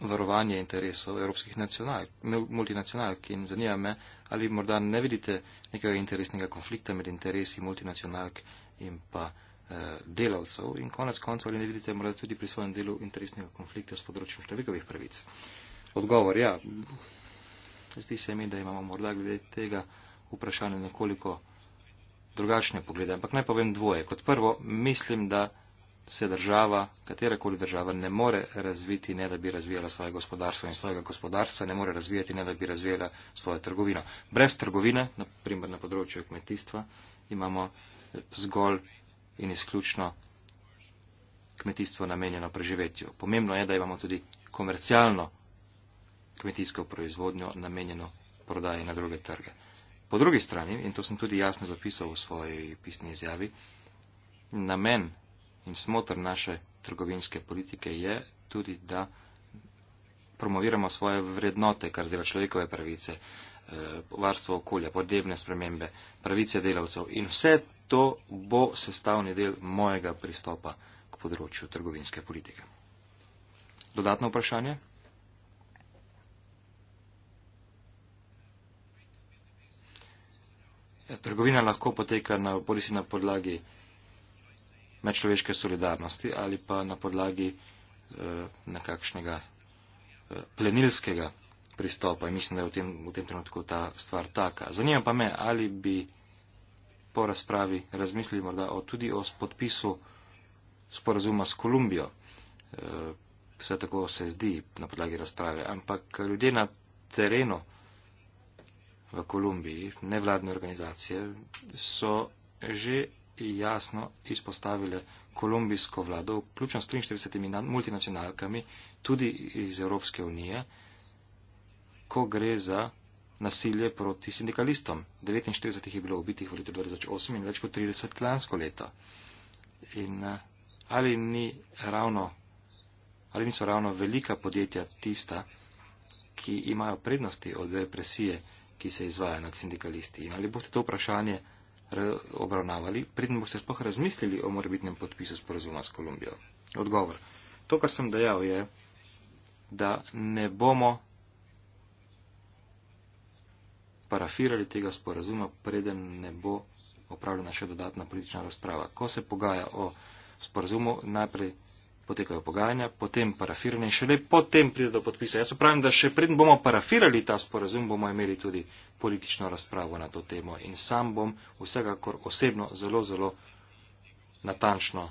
varovanje interesov evropskih nacionalk, multinacionalk in zanima me, ali morda ne vidite nekega interesnega konflikta med interesi multinacionalk in pa eh, delavcev in konec koncev ali ne vidite morda tudi pri svojem delu interesnega konflikta s področjem človekovih pravic. Odgovor, ja, zdi se mi, da imamo morda glede tega vprašanja nekoliko drugačne poglede, ampak naj povem dvoje. Kot prvo, mislim, da se država, katerakoli država, ne more razviti, ne da bi razvijala svoje gospodarstvo in svojega gospodarstva, ne more razvijati, ne da bi razvijala svojo trgovino. Brez trgovine, naprimer na področju kmetijstva, imamo eh, zgolj in izključno kmetijstvo namenjeno preživetju. Pomembno je, da imamo tudi komercialno kmetijsko proizvodnjo namenjeno prodaji na druge trge. Po drugi strani, in to sem tudi jasno zapisal v svoji pisni izjavi, namen In smotr naše trgovinske politike je tudi, da promoviramo svoje vrednote, kar zdaj človekove pravice, eh, varstvo okolja, podnebne spremembe, pravice delavcev. In vse to bo sestavni del mojega pristopa k področju trgovinske politike. Dodatno vprašanje? Ja, trgovina lahko poteka na, na podlagi medčloveške solidarnosti ali pa na podlagi eh, nekakšnega eh, plenilskega pristopa. In mislim, da je v tem, v tem trenutku ta stvar taka. Zanima pa me, ali bi po razpravi razmislili morda o, tudi o podpisu sporazuma s Kolumbijo. Eh, vse tako se zdi na podlagi razprave. Ampak ljudje na terenu v Kolumbiji, nevladne organizacije, so že jasno izpostavile kolumbijsko vlado, vključno s 43 multinacionalkami, tudi iz Evropske unije, ko gre za nasilje proti sindikalistom. 49 je bilo ubitih v letu 2008 in več kot 30 lansko leto. In eh, ali, ni ravno, ali niso ravno velika podjetja tista, ki imajo prednosti od represije, ki se izvaja nad sindikalisti? In ali boste to vprašanje? obravnavali, predtem boste sploh razmislili o morebitnem podpisu sporozuma s Kolumbijo. Odgovor. To, kar sem dejal, je, da ne bomo parafirali tega sporozuma, preden ne bo opravljena še dodatna politična razprava. Ko se pogaja o sporozumu, najprej potekajo pogajanja, potem parafiranje in šele potem pride do podpisa. Jaz pravim, da še preden bomo parafirali ta sporozum, bomo imeli tudi politično razpravo na to temo in sam bom vsekakor osebno zelo, zelo natančno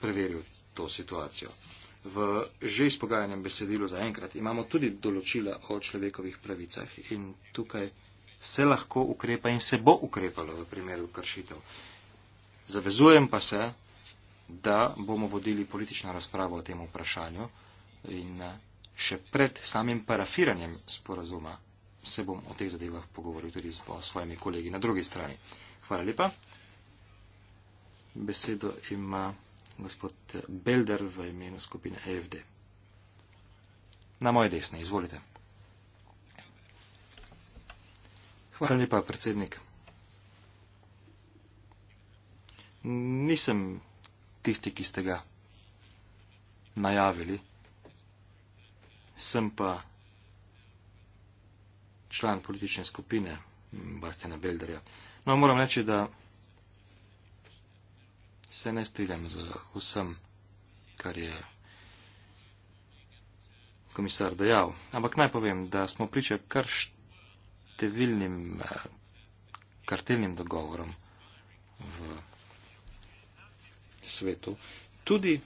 preveril to situacijo. V že izpogajanem besedilu za enkrat imamo tudi določila o človekovih pravicah in tukaj se lahko ukrepa in se bo ukrepalo v primeru kršitev. Zavezujem pa se, da bomo vodili politično razpravo o tem vprašanju in še pred samim parafiranjem sporazuma se bom o teh zadevah pogovoril tudi s svojimi kolegi na drugi strani. Hvala lepa. Besedo ima gospod Belder v imenu skupine AFD. E na moje desne, izvolite. Hvala lepa, predsednik. Nisem tisti, ki ste ga najavili. Sem pa član politične skupine mm, Bastjana Belderja. No, moram reči, da se ne strinjam z vsem, kar je komisar dejal. Ampak naj povem, da smo priča kar številnim eh, kartelnim dogovorom v svetu, tudi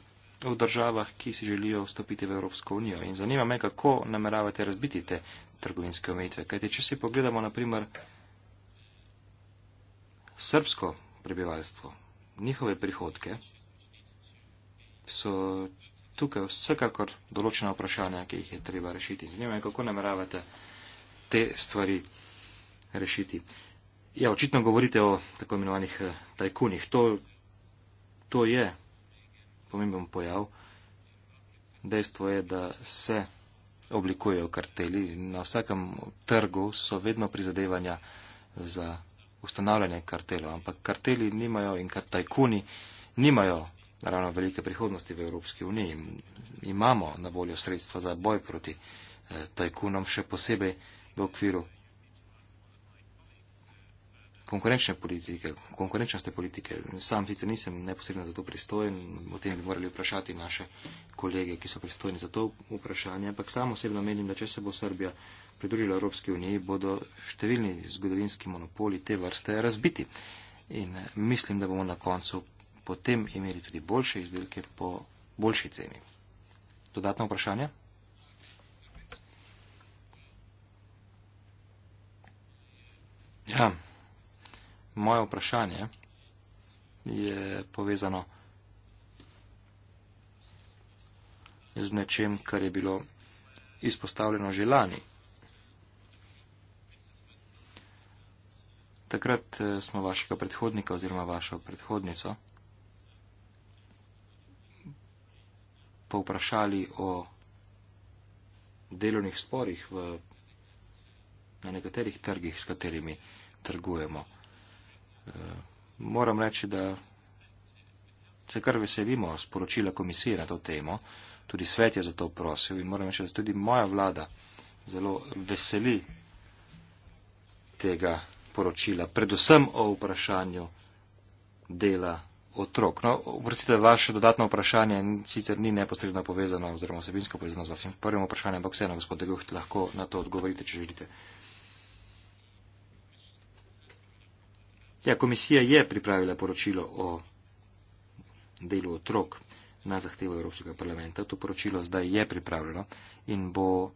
v državah, ki si želijo vstopiti v Evropsko unijo. In zanima me, kako nameravate razbiti te trgovinske omejitve. Kajti, če si pogledamo, naprimer, srbsko prebivalstvo, njihove prihodke, so tukaj vsekakor določena vprašanja, ki jih je treba rešiti. Zanima me, kako nameravate te stvari rešiti. Ja, očitno govorite o tako imenovanih eh, tajkunih. To, to je pomemben pojav. Dejstvo je, da se oblikujejo karteli. Na vsakem trgu so vedno prizadevanja za ustanavljanje kartelov, ampak karteli nimajo in kar tajkuni nimajo ravno velike prihodnosti v Evropski uniji. Imamo na voljo sredstva za boj proti eh, tajkunom, še posebej v okviru konkurenčne politike, konkurenčnosti politike. Sam sicer nisem neposredno za to pristojen, o tem bi morali vprašati naše kolege, ki so pristojni za to vprašanje, ampak sam osebno menim, da če se bo Srbija pridružila Evropski uniji, bodo številni zgodovinski monopoli te vrste razbiti. In eh, mislim, da bomo na koncu potem imeli tudi boljše izdelke po boljši ceni. Dodatno vprašanje? Ja. Yeah. Moje vprašanje je povezano z nečem, kar je bilo izpostavljeno že lani. Takrat eh, smo vašega predhodnika oziroma vašo predhodnico povprašali o delovnih sporih v, na nekaterih trgih, s katerimi trgujemo. Moram reči, da se kar veselimo sporočila komisije na to temo, tudi svet je za to prosil in moram reči, da se tudi moja vlada zelo veseli tega poročila, predvsem o vprašanju dela otrok. No, vprašite vaše dodatno vprašanje, sicer ni neposredno povezano oziroma osebinsko povezano z vašim prvim vprašanjem, ampak vseeno, gospod Deguht, lahko na to odgovorite, če želite. Ja, komisija je pripravila poročilo o delu otrok na zahtevo Evropskega parlamenta. To poročilo zdaj je pripravljeno in bo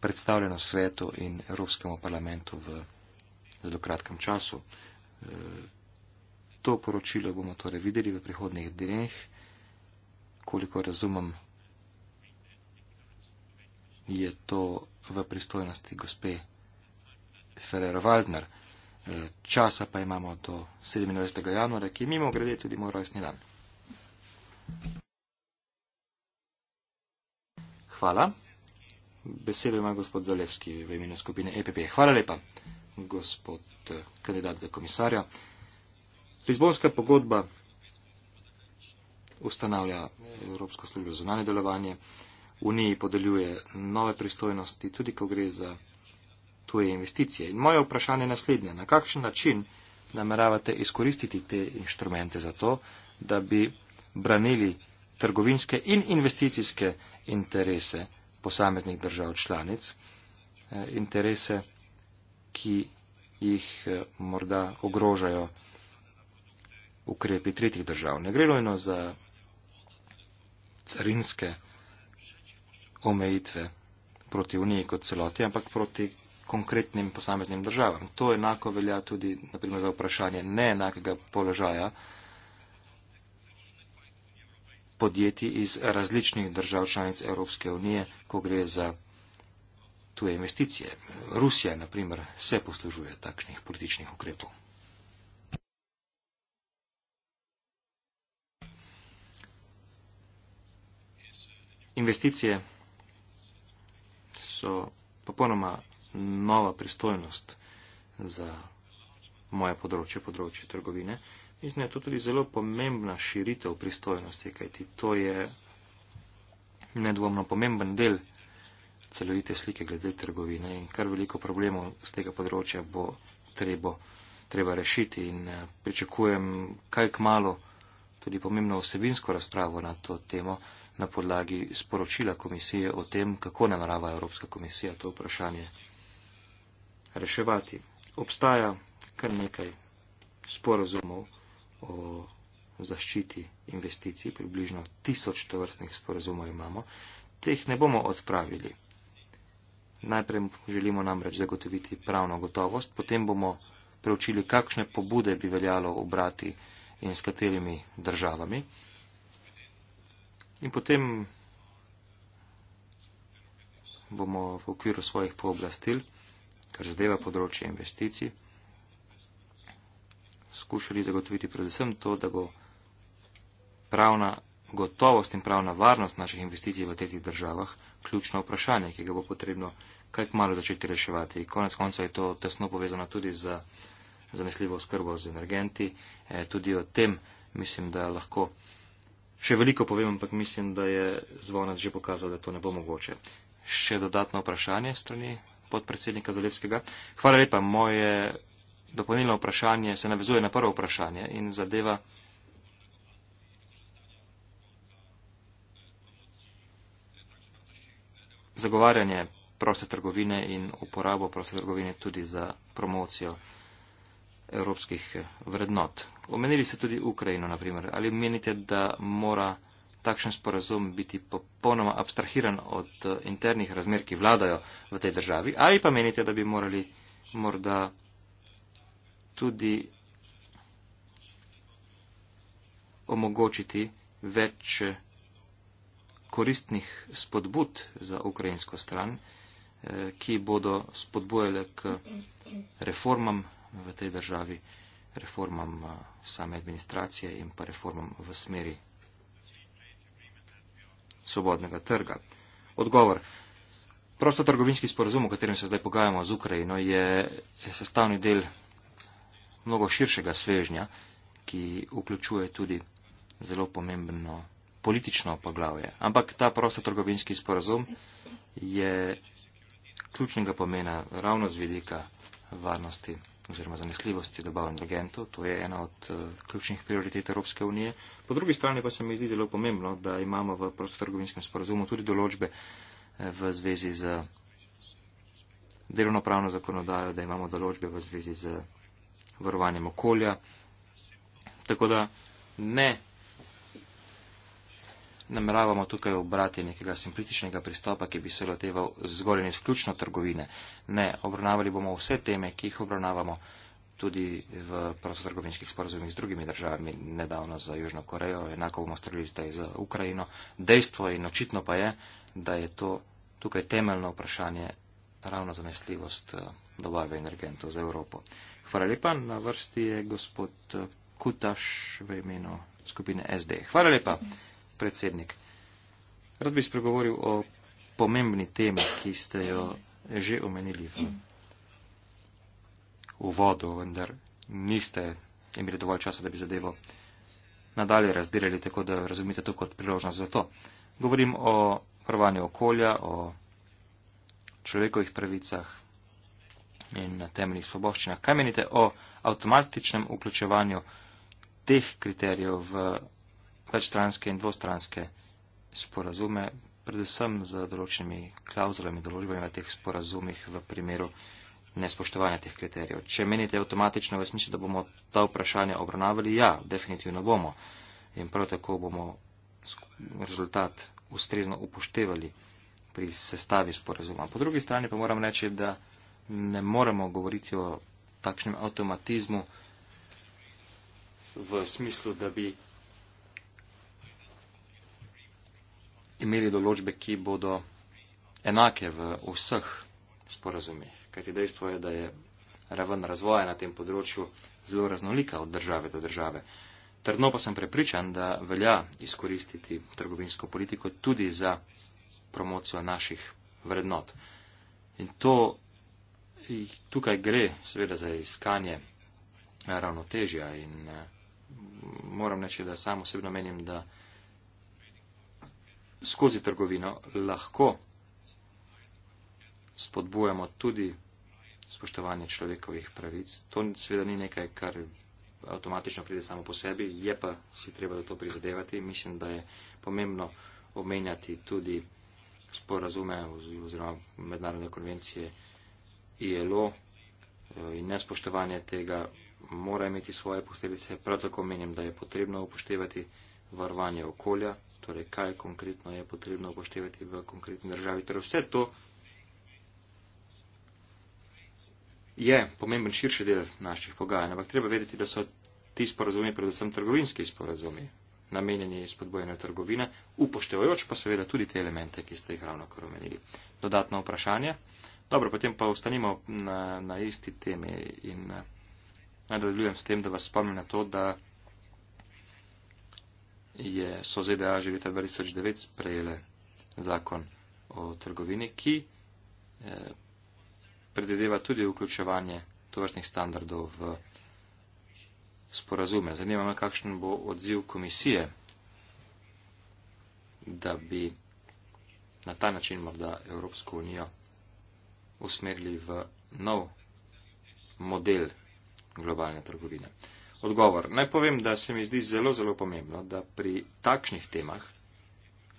predstavljeno svetu in Evropskemu parlamentu v zelo kratkem času. To poročilo bomo torej videli v prihodnih dneh. Koliko razumem, je to v pristojnosti gospe Ferrer Waldner. Eh, časa pa imamo do 27. januarja, ki mimo grede tudi moj rojstni dan. Hvala. Besedo ima gospod Zalevski v imenu skupine EPP. Hvala lepa, gospod eh, kandidat za komisarja. Lizbonska pogodba ustanavlja Evropsko službo za zunanje delovanje, Uniji podeljuje nove pristojnosti, tudi ko gre za tuje investicije. In moje vprašanje je naslednje. Na kakšen način nameravate izkoristiti te inštrumente za to, da bi branili trgovinske in investicijske interese posameznih držav članic, eh, interese, ki jih eh, morda ogrožajo ukrepi tretjih držav. Ne gre lojno za carinske omejitve proti Uniji kot celoti, ampak proti konkretnim posameznim državam. To enako velja tudi naprimer, za vprašanje neenakega položaja podjetij iz različnih držav članic Evropske unije, ko gre za tuje investicije. Rusija, naprimer, se poslužuje takšnih političnih ukrepov. Investicije so popolnoma nova pristojnost za moje področje, področje trgovine. Mislim, da je to tudi zelo pomembna širitev pristojnosti, kajti to je nedvomno pomemben del celovite slike glede trgovine in kar veliko problemov z tega področja bo trebo, treba rešiti in eh, pričakujem kaj k malo tudi pomembno vsebinsko razpravo na to temo na podlagi sporočila komisije o tem, kako namerava Evropska komisija to vprašanje reševati. Obstaja kar nekaj sporozumov o zaščiti investicij, približno tisoč tovrstnih sporozumov imamo. Teh ne bomo odpravili. Najprej želimo namreč zagotoviti pravno gotovost, potem bomo preučili, kakšne pobude bi veljalo obrati in s katerimi državami. In potem bomo v okviru svojih pooblastil kar zadeva področje investicij, skušali zagotoviti predvsem to, da bo pravna gotovost in pravna varnost naših investicij v tretjih državah ključno vprašanje, ki ga bo potrebno kaj malo začeti reševati. Konec konca je to tesno povezano tudi z zanesljivo skrbo z energenti. E, tudi o tem mislim, da lahko še veliko povem, ampak mislim, da je zvonec že pokazal, da to ne bo mogoče. Še dodatno vprašanje strani podpredsednika Zalevskega. Hvala lepa. Moje dopolnilno vprašanje se navezuje na prvo vprašanje in zadeva. Zagovarjanje proste trgovine in uporabo proste trgovine tudi za promocijo evropskih vrednot. Omenili ste tudi Ukrajino, naprimer. Ali menite, da mora takšen sporazum biti popolnoma abstrahiran od eh, internih razmer, ki vladajo v tej državi, ali pa menite, da bi morali morda tudi omogočiti več koristnih spodbud za ukrajinsko stran, eh, ki bodo spodbujale k reformam v tej državi, reformam eh, same administracije in pa reformam v smeri svobodnega trga. Odgovor. Prostotrgovinski sporazum, o katerem se zdaj pogajamo z Ukrajino, je sestavni del mnogo širšega svežnja, ki vključuje tudi zelo pomembno politično poglavje. Ampak ta prostotrgovinski sporazum je ključnega pomena ravno z vidika varnosti oziroma zanesljivosti dobav energentov. To je ena od uh, ključnih prioritet Evropske unije. Po drugi strani pa se mi zdi zelo pomembno, da imamo v prostotrgovinskem sporozumu tudi določbe eh, v zvezi z delovnopravno zakonodajo, da imamo določbe v zvezi z varovanjem okolja. Tako da ne nameravamo tukaj obrati nekega simplitičnega pristopa, ki bi se loteval zgolj in izključno trgovine. Ne, obravnavali bomo vse teme, ki jih obravnavamo tudi v prostotrgovinskih sporozumih z drugimi državami, nedavno za Južno Korejo, enako bomo strelili zdaj za Ukrajino. Dejstvo in očitno pa je, da je to tukaj temeljno vprašanje ravno zanesljivost eh, dobave energentov za Evropo. Hvala lepa, na vrsti je gospod eh, Kutaš v imenu skupine SD. Hvala lepa. Hvala predsednik. Rad bi spregovoril o pomembni temi, ki ste jo že omenili v uvodu, vendar niste imeli dovolj časa, da bi zadevo nadalje razdelili, tako da razumite to kot priložnost za to. Govorim o hrvanju okolja, o človekovih pravicah in temeljnih svoboščinah. Kaj menite o avtomatičnem vključevanju teh kriterijev v večstranske in dvostranske sporazume, predvsem z določenimi klauzulami, določbami v teh sporazumih v primeru nespoštovanja teh kriterijev. Če menite avtomatično v smislu, da bomo ta vprašanja obravnavali, ja, definitivno bomo in prav tako bomo rezultat ustrezno upoštevali pri sestavi sporazuma. Po drugi strani pa moram reči, da ne moremo govoriti o takšnem avtomatizmu v smislu, da bi imeli določbe, ki bodo enake v vseh sporazumih. Kajti dejstvo je, da je raven razvoja na tem področju zelo raznolika od države do države. Trdno pa sem prepričan, da velja izkoristiti trgovinsko politiko tudi za promocijo naših vrednot. In to tukaj gre seveda za iskanje ravnotežja in eh, moram reči, da samo osebno menim, da skozi trgovino lahko spodbujamo tudi spoštovanje človekovih pravic. To seveda ni nekaj, kar avtomatično pride samo po sebi, je pa si treba za to prizadevati. Mislim, da je pomembno omenjati tudi sporazume oziroma mednarodne konvencije ILO eh, in nespoštovanje tega mora imeti svoje posledice. Prav tako menim, da je potrebno upoštevati varovanje okolja, torej kaj konkretno je potrebno upoštevati v konkretni državi. Torej vse to je pomemben širši del naših pogajanj, ampak treba vedeti, da so ti sporazumi predvsem trgovinski sporazumi, namenjeni spodbojene trgovine, upoštevajoč pa seveda tudi te elemente, ki ste jih ravno kar omenili. Dodatno vprašanje. Dobro, potem pa ostanimo na, na isti temi in eh, nadaljujem s tem, da vas spomnim na to, da je, so ZDA že leta 2009 sprejele zakon o trgovini, ki eh, predvideva tudi vključevanje tovrstnih standardov v sporazume. Zanima me, kakšen bo odziv komisije, da bi na ta način morda Evropsko unijo usmerili v nov model globalne trgovine odgovor. Naj povem, da se mi zdi zelo, zelo pomembno, da pri takšnih temah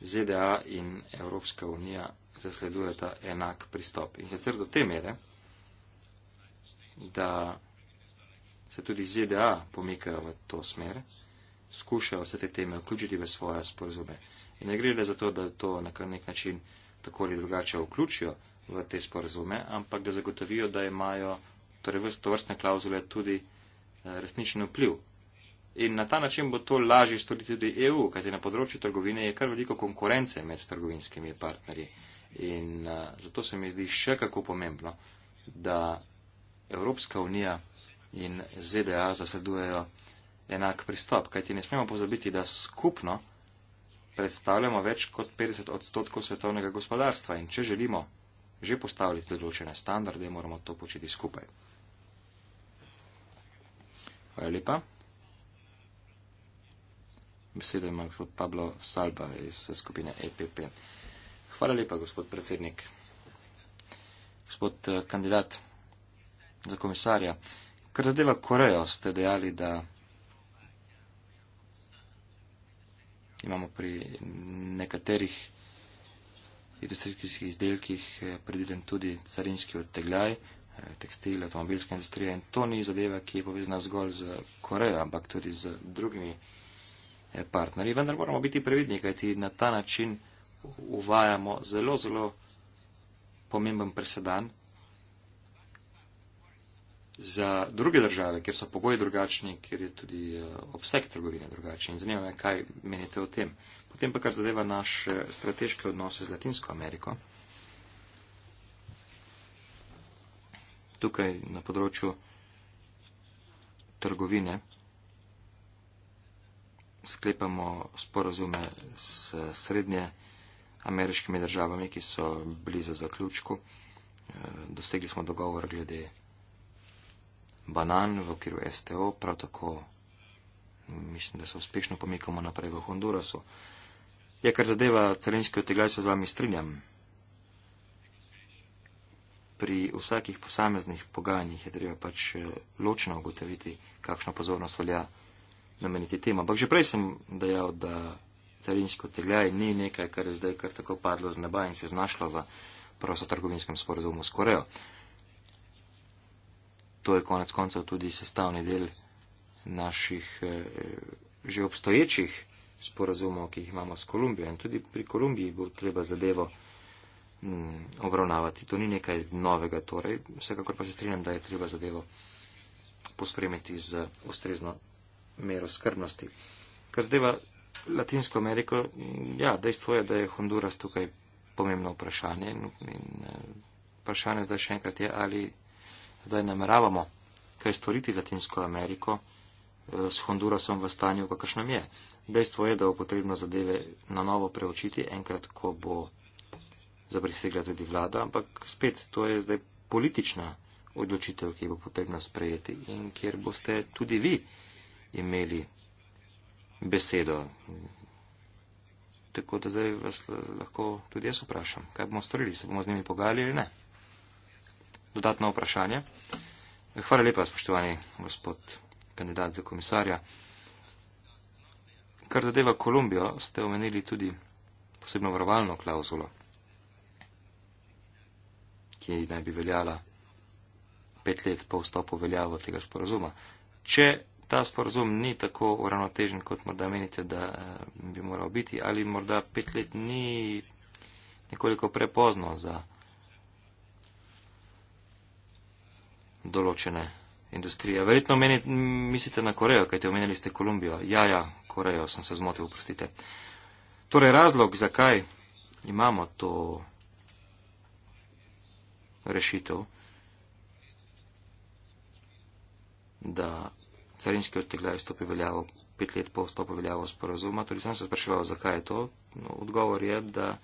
ZDA in Evropska unija zasledujeta enak pristop. In sicer do te mere, da se tudi ZDA pomikajo v to smer, skušajo vse te teme vključiti v svoje sporozume. In ne gre le za to, da to na nek način tako ali drugače vključijo v te sporozume, ampak da zagotovijo, da imajo torej vrstne klauzule tudi Eh, resničen vpliv. In na ta način bo to lažje storiti tudi EU, kajti na področju trgovine je kar veliko konkurence med trgovinskimi partnerji. In uh, zato se mi zdi še kako pomembno, da Evropska unija in ZDA zasledujejo enak pristop, kajti ne smemo pozabiti, da skupno predstavljamo več kot 50 odstotkov svetovnega gospodarstva in če želimo že postavljati določene standarde, moramo to početi skupaj. Hvala lepa. Besedo ima gospod Pablo Salba iz skupine EPP. Hvala lepa, gospod predsednik. Gospod eh, kandidat za komisarja, kar zadeva Korejo, ste dejali, da imamo pri nekaterih industrijskih izdelkih eh, predviden tudi carinski odtegljaj tekstil, avtomobilska industrija in to ni zadeva, ki je povezana zgolj z Korejo, ampak tudi z drugimi eh, partnerji. Vendar moramo biti previdni, kajti na ta način uvajamo zelo, zelo pomemben presedan za druge države, kjer so pogoji drugačni, kjer je tudi eh, obseg trgovine drugačen. In zanima me, kaj menite o tem. Potem pa kar zadeva naše strateške odnose z Latinsko Ameriko. tukaj na področju trgovine sklepamo sporazume s srednje ameriškimi državami, ki so blizu zaključku. E, dosegli smo dogovor glede banan v okviru STO, prav tako mislim, da se uspešno pomikamo naprej v Hondurasu. Je, ja, kar zadeva carinski otegaj, se z vami strinjam pri vsakih posameznih pogajanjih je treba pač eh, ločno ugotoviti, kakšno pozornost velja nameniti temu. Ampak že prej sem dejal, da carinsko tegljaj ni nekaj, kar je zdaj kar tako padlo z neba in se znašlo v prostotrgovinskem sporazumu s Korejo. To je konec koncev tudi sestavni del naših eh, že obstoječih sporazumov, ki jih imamo s Kolumbijo. In tudi pri Kolumbiji bo treba zadevo Mm, obravnavati. To ni nekaj novega, torej vsekakor pa se strinjam, da je treba zadevo pospremiti z ustrezno mero skrbnosti. Kar zdeva Latinsko Ameriko, ja, dejstvo je, da je Honduras tukaj pomembno vprašanje in eh, vprašanje zdaj še enkrat je, ali zdaj nameravamo kaj storiti Latinsko Ameriko eh, s Hondurasom v stanju, kakršnem je. Dejstvo je, da bo potrebno zadeve na novo preučiti, enkrat, ko bo zaprisegla tudi vlada, ampak spet to je zdaj politična odločitev, ki bo potrebno sprejeti in kjer boste tudi vi imeli besedo. Tako da zdaj vas lahko tudi jaz vprašam, kaj bomo storili, se bomo z njimi pogajali ali ne. Dodatno vprašanje. Hvala lepa, spoštovani gospod kandidat za komisarja. Kar zadeva Kolumbijo, ste omenili tudi posebno varovalno klauzulo ki naj bi veljala pet let po vstopu veljavo tega sporazuma. Če ta sporazum ni tako uravnotežen, kot morda menite, da eh, bi moral biti, ali morda pet let ni nekoliko prepozno za določene industrije. Verjetno meni, mislite na Korejo, kajte omenili ste Kolumbijo. Ja, ja, Korejo sem se zmotil, oprostite. Torej, razlog, zakaj imamo to rešitev, da carinski odtegljaj stopi veljavo pet let po vstopu veljavo sporazuma. Torej sem se spraševal, zakaj je to. No, odgovor je, da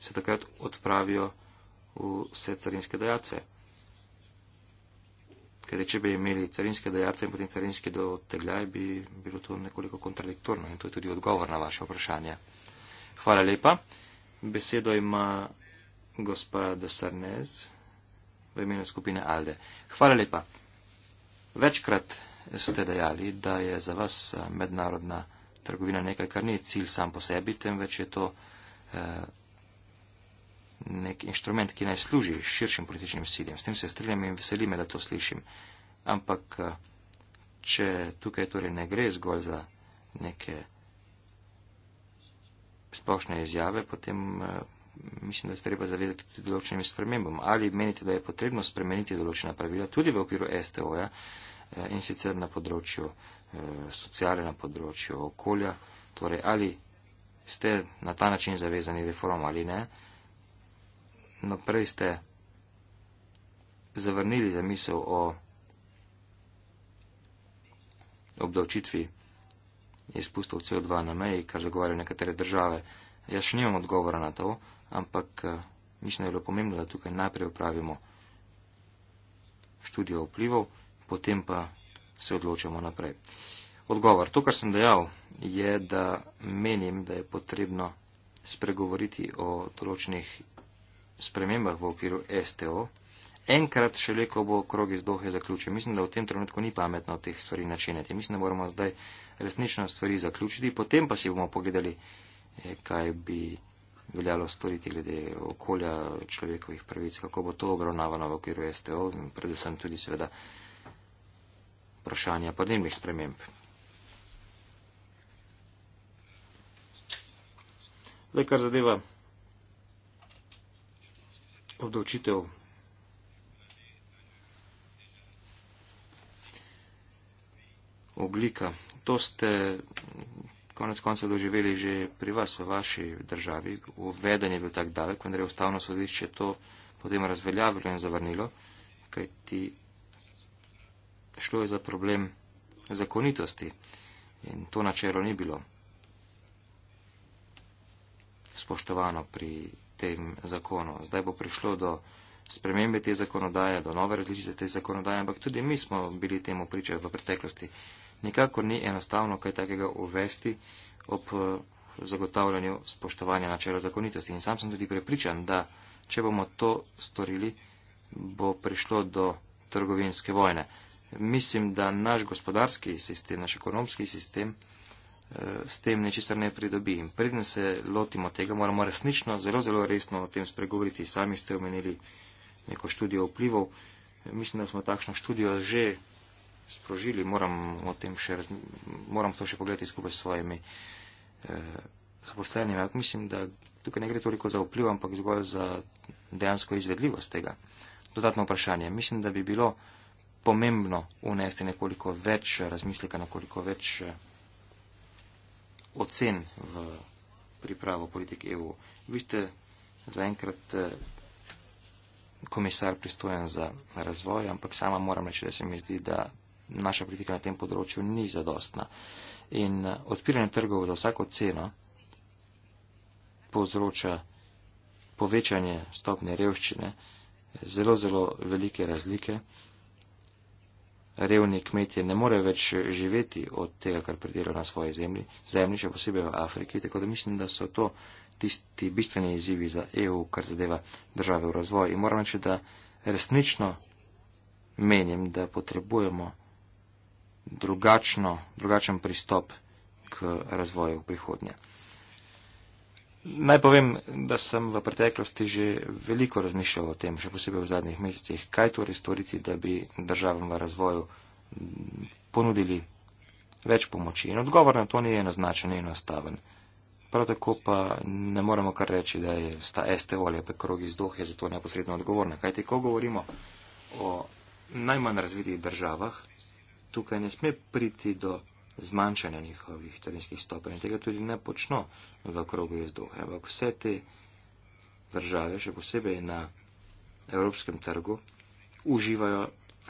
se takrat odpravijo vse carinske dajatve. Ker če bi imeli carinske dajatve in potem carinski do odtegljaj, bi bilo to nekoliko kontradiktorno. In to je tudi odgovor na vaše vprašanje. Hvala lepa. Besedo ima gospa Desarnez v imenu skupine Alde. Hvala lepa. Večkrat ste dejali, da je za vas eh, mednarodna trgovina nekaj, kar ni cilj sam po sebi, temveč je to eh, nek inštrument, ki naj služi širšim političnim ciljem. S tem se strinjam in veselime, da to slišim. Ampak, eh, če tukaj torej ne gre zgolj za neke splošne izjave, potem mislim, da se treba zavedati tudi določenim spremembam. Ali menite, da je potrebno spremeniti določena pravila tudi v okviru STO-ja eh, in sicer na področju eh, socijale, na področju okolja, torej ali ste na ta način zavezani reformom ali ne, no prej ste zavrnili zamisel o obdavčitvi izpustov CO2 na meji, kar zagovarjajo nekatere države. Jaz še nimam odgovora na to ampak eh, mislim, da je bilo pomembno, da tukaj najprej upravimo študijo vplivov, potem pa se odločamo naprej. Odgovor. To, kar sem dejal, je, da menim, da je potrebno spregovoriti o določenih spremembah v okviru STO. Enkrat še le, ko bo krog iz dohe zaključen. Mislim, da v tem trenutku ni pametno teh stvari načenjati. Mislim, da moramo zdaj resnično stvari zaključiti, potem pa si bomo pogledali, eh, kaj bi veljalo storiti glede okolja človekovih pravic, kako bo to obravnavano v okviru STO in predvsem tudi seveda vprašanja podnebnih sprememb. Zdaj, kar zadeva obdavčitev oglika. To ste konec konca doživeli že pri vas, v vaši državi. Uveden je bil tak davek, vendar je ustavno sodišče to potem razveljavilo in zavrnilo, kajti šlo je za problem zakonitosti in to načelo ni bilo spoštovano pri tem zakonu. Zdaj bo prišlo do spremembe te zakonodaje, do nove različice te zakonodaje, ampak tudi mi smo bili temu priča v preteklosti. Nikakor ni enostavno kaj takega uvesti ob eh, zagotavljanju spoštovanja načela zakonitosti. In sam sem tudi prepričan, da če bomo to storili, bo prišlo do trgovinske vojne. Mislim, da naš gospodarski sistem, naš ekonomski sistem eh, s tem nečistar ne pridobi. In preden se lotimo tega, moramo resnično, zelo, zelo resno o tem spregovoriti. Sami ste omenili neko študijo vplivov. Mislim, da smo takšno študijo že sprožili, moram, o tem še, moram to še pogledati skupaj s svojimi eh, zaposlenimi. Mislim, da tukaj ne gre toliko za vpliv, ampak zgolj za dejansko izvedljivost tega. Dodatno vprašanje. Mislim, da bi bilo pomembno unesti nekoliko več razmisleka, nekoliko več eh, ocen v pripravo politik EU. Vi ste zaenkrat eh, komisar pristojen za razvoj, ampak sama moram reči, da se mi zdi, da naša politika na tem področju ni zadostna. In eh, odpiranje trgov za vsako ceno povzroča povečanje stopne revščine, zelo, zelo velike razlike. Revni kmetje ne morejo več živeti od tega, kar pridelajo na svoji zemlji, zemlji še posebej v Afriki, tako da mislim, da so to tisti bistveni izzivi za EU, kar zadeva države v razvoju. In moram reči, da resnično menim, da potrebujemo drugačno, drugačen pristop k razvoju prihodnje. Naj povem, da sem v preteklosti že veliko razmišljal o tem, še posebej v zadnjih mesecih, kaj torej storiti, da bi državam v razvoju ponudili več pomoči. In odgovor na to ni enoznačen, ni enostaven. Prav tako pa ne moremo kar reči, da je sta este volje pe krog iz dohe za to neposredno odgovorna. Kajti, ko govorimo o najmanj razvitih državah, tukaj ne sme priti do zmanjšanja njihovih carinskih stopenj. Tega tudi ne počno v krogu jezdoha. Ampak vse te države, še posebej na evropskem trgu, uživajo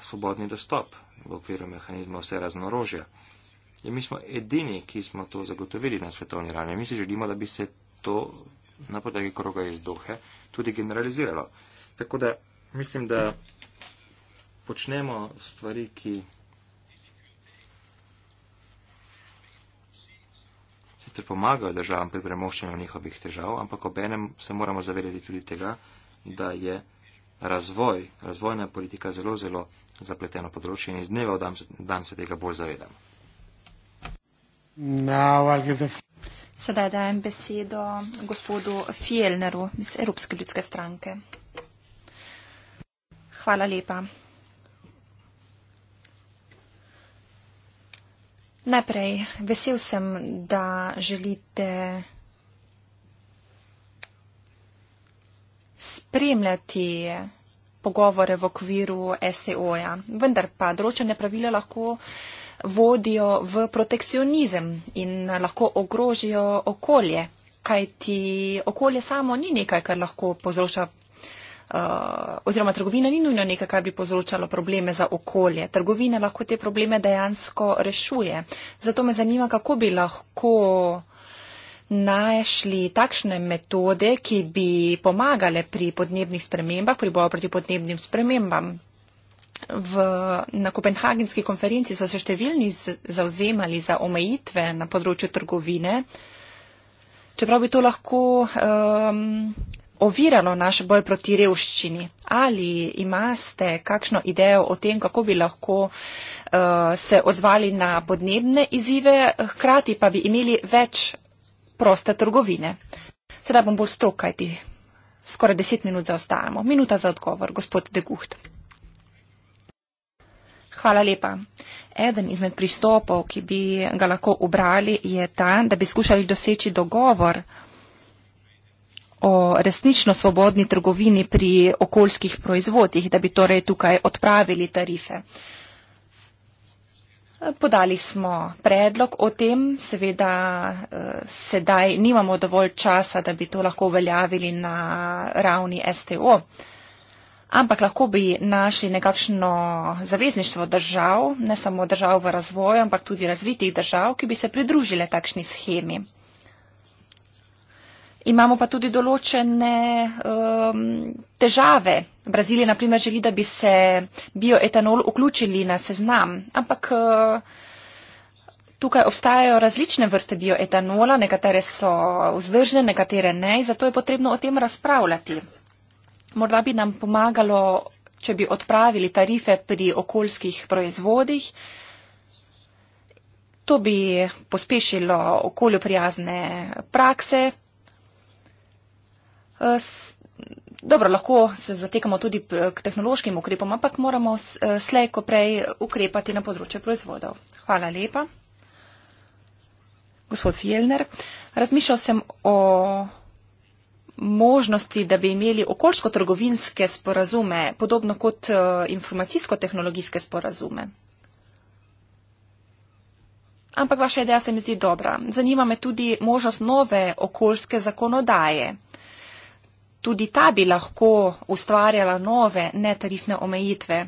svobodni dostop v okviru mehanizma vse raznorožja. In mi smo edini, ki smo to zagotovili na svetovni ravni. Mi si želimo, da bi se to na podlagi kroga jezdohe tudi generaliziralo. Tako da mislim, da počnemo stvari, ki. ter pomagajo državam pri premoščanju njihovih težav, ampak obenem se moramo zavedati tudi tega, da je razvoj, razvojna politika zelo, zelo zapleteno področje in iz dneva v dan se tega bolj zavedamo. Sedaj dajem besedo gospodu Fjellneru iz Evropske ljudske stranke. Hvala lepa. Najprej, vesel sem, da želite spremljati pogovore v okviru STO-ja, vendar pa določene pravile lahko vodijo v protekcionizem in lahko ogrožijo okolje, kajti okolje samo ni nekaj, kar lahko povzroča Eh, oziroma trgovina ni nujno nekaj, kar bi povzročalo probleme za okolje. Trgovina lahko te probleme dejansko rešuje. Zato me zanima, kako bi lahko našli takšne metode, ki bi pomagale pri podnebnih spremembah, pri boju proti podnebnim spremembam. V, na kopenhagenski konferenci so se številni z, zauzemali za omejitve na področju trgovine, čeprav bi to lahko um, oviralo naš boj proti revščini? Ali imate kakšno idejo o tem, kako bi lahko uh, se odzvali na podnebne izzive, hkrati pa bi imeli več proste trgovine? Sedaj bom bolj strokajti. Skoraj deset minut zaostajamo. Minuta za odgovor, gospod Degucht. Hvala lepa. Eden izmed pristopov, ki bi ga lahko obrali, je ta, da bi skušali doseči dogovor o resnično svobodni trgovini pri okoljskih proizvodih, da bi torej tukaj odpravili tarife. Podali smo predlog o tem, seveda eh, sedaj nimamo dovolj časa, da bi to lahko uveljavili na ravni STO, ampak lahko bi našli nekakšno zavezništvo držav, ne samo držav v razvoju, ampak tudi razvitih držav, ki bi se pridružile takšni schemi. Imamo pa tudi določene um, težave. Brazilija, na primer, želi, da bi se bioetanol vključili na seznam, ampak uh, Tukaj obstajajo različne vrste bioetanola, nekatere so vzdržne, nekatere ne, zato je potrebno o tem razpravljati. Morda bi nam pomagalo, če bi odpravili tarife pri okoljskih proizvodih. To bi pospešilo okolju prijazne prakse, Eh, dobro, lahko se zatekamo tudi k tehnološkim ukrepom, ampak moramo eh, slej, ko prej ukrepati na področju proizvodov. Hvala lepa. Gospod Fjellner, razmišljal sem o možnosti, da bi imeli okoljsko-trgovinske sporazume, podobno kot eh, informacijsko-tehnologijske sporazume. Ampak vaša ideja se mi zdi dobra. Zanima me tudi možnost nove okoljske zakonodaje tudi ta bi lahko ustvarjala nove netarifne omejitve.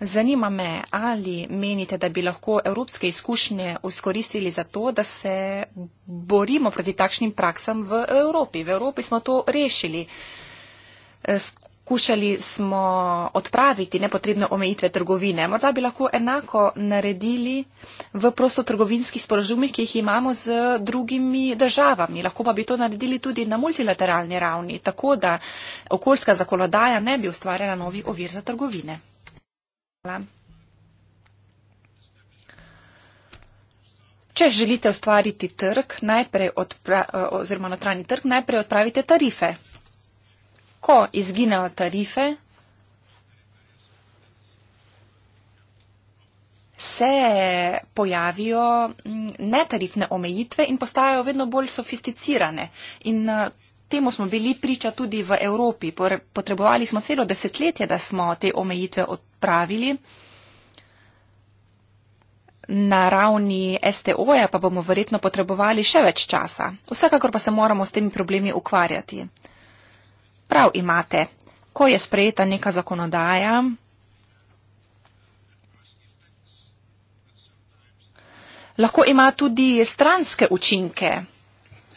Zanima me, ali menite, da bi lahko evropske izkušnje uskoristili za to, da se borimo proti takšnim praksam v Evropi. V Evropi smo to rešili poskušali smo odpraviti nepotrebne omejitve trgovine. Morda bi lahko enako naredili v prostotrgovinskih sporožumih, ki jih imamo z drugimi državami. Lahko pa bi to naredili tudi na multilateralni ravni, tako da okoljska zakonodaja ne bi ustvarjala novih ovir za trgovine. Hvala. Če želite ustvariti trg, najprej, odpra, trg, najprej odpravite tarife ko izginejo tarife, se pojavijo mm, netarifne omejitve in postajajo vedno bolj sofisticirane. In eh, temu smo bili priča tudi v Evropi. Potrebovali smo celo desetletje, da smo te omejitve odpravili. Na ravni STO-ja pa bomo verjetno potrebovali še več časa. Vsekakor pa se moramo s temi problemi ukvarjati. Prav imate. Ko je sprejeta neka zakonodaja, lahko ima tudi stranske učinke.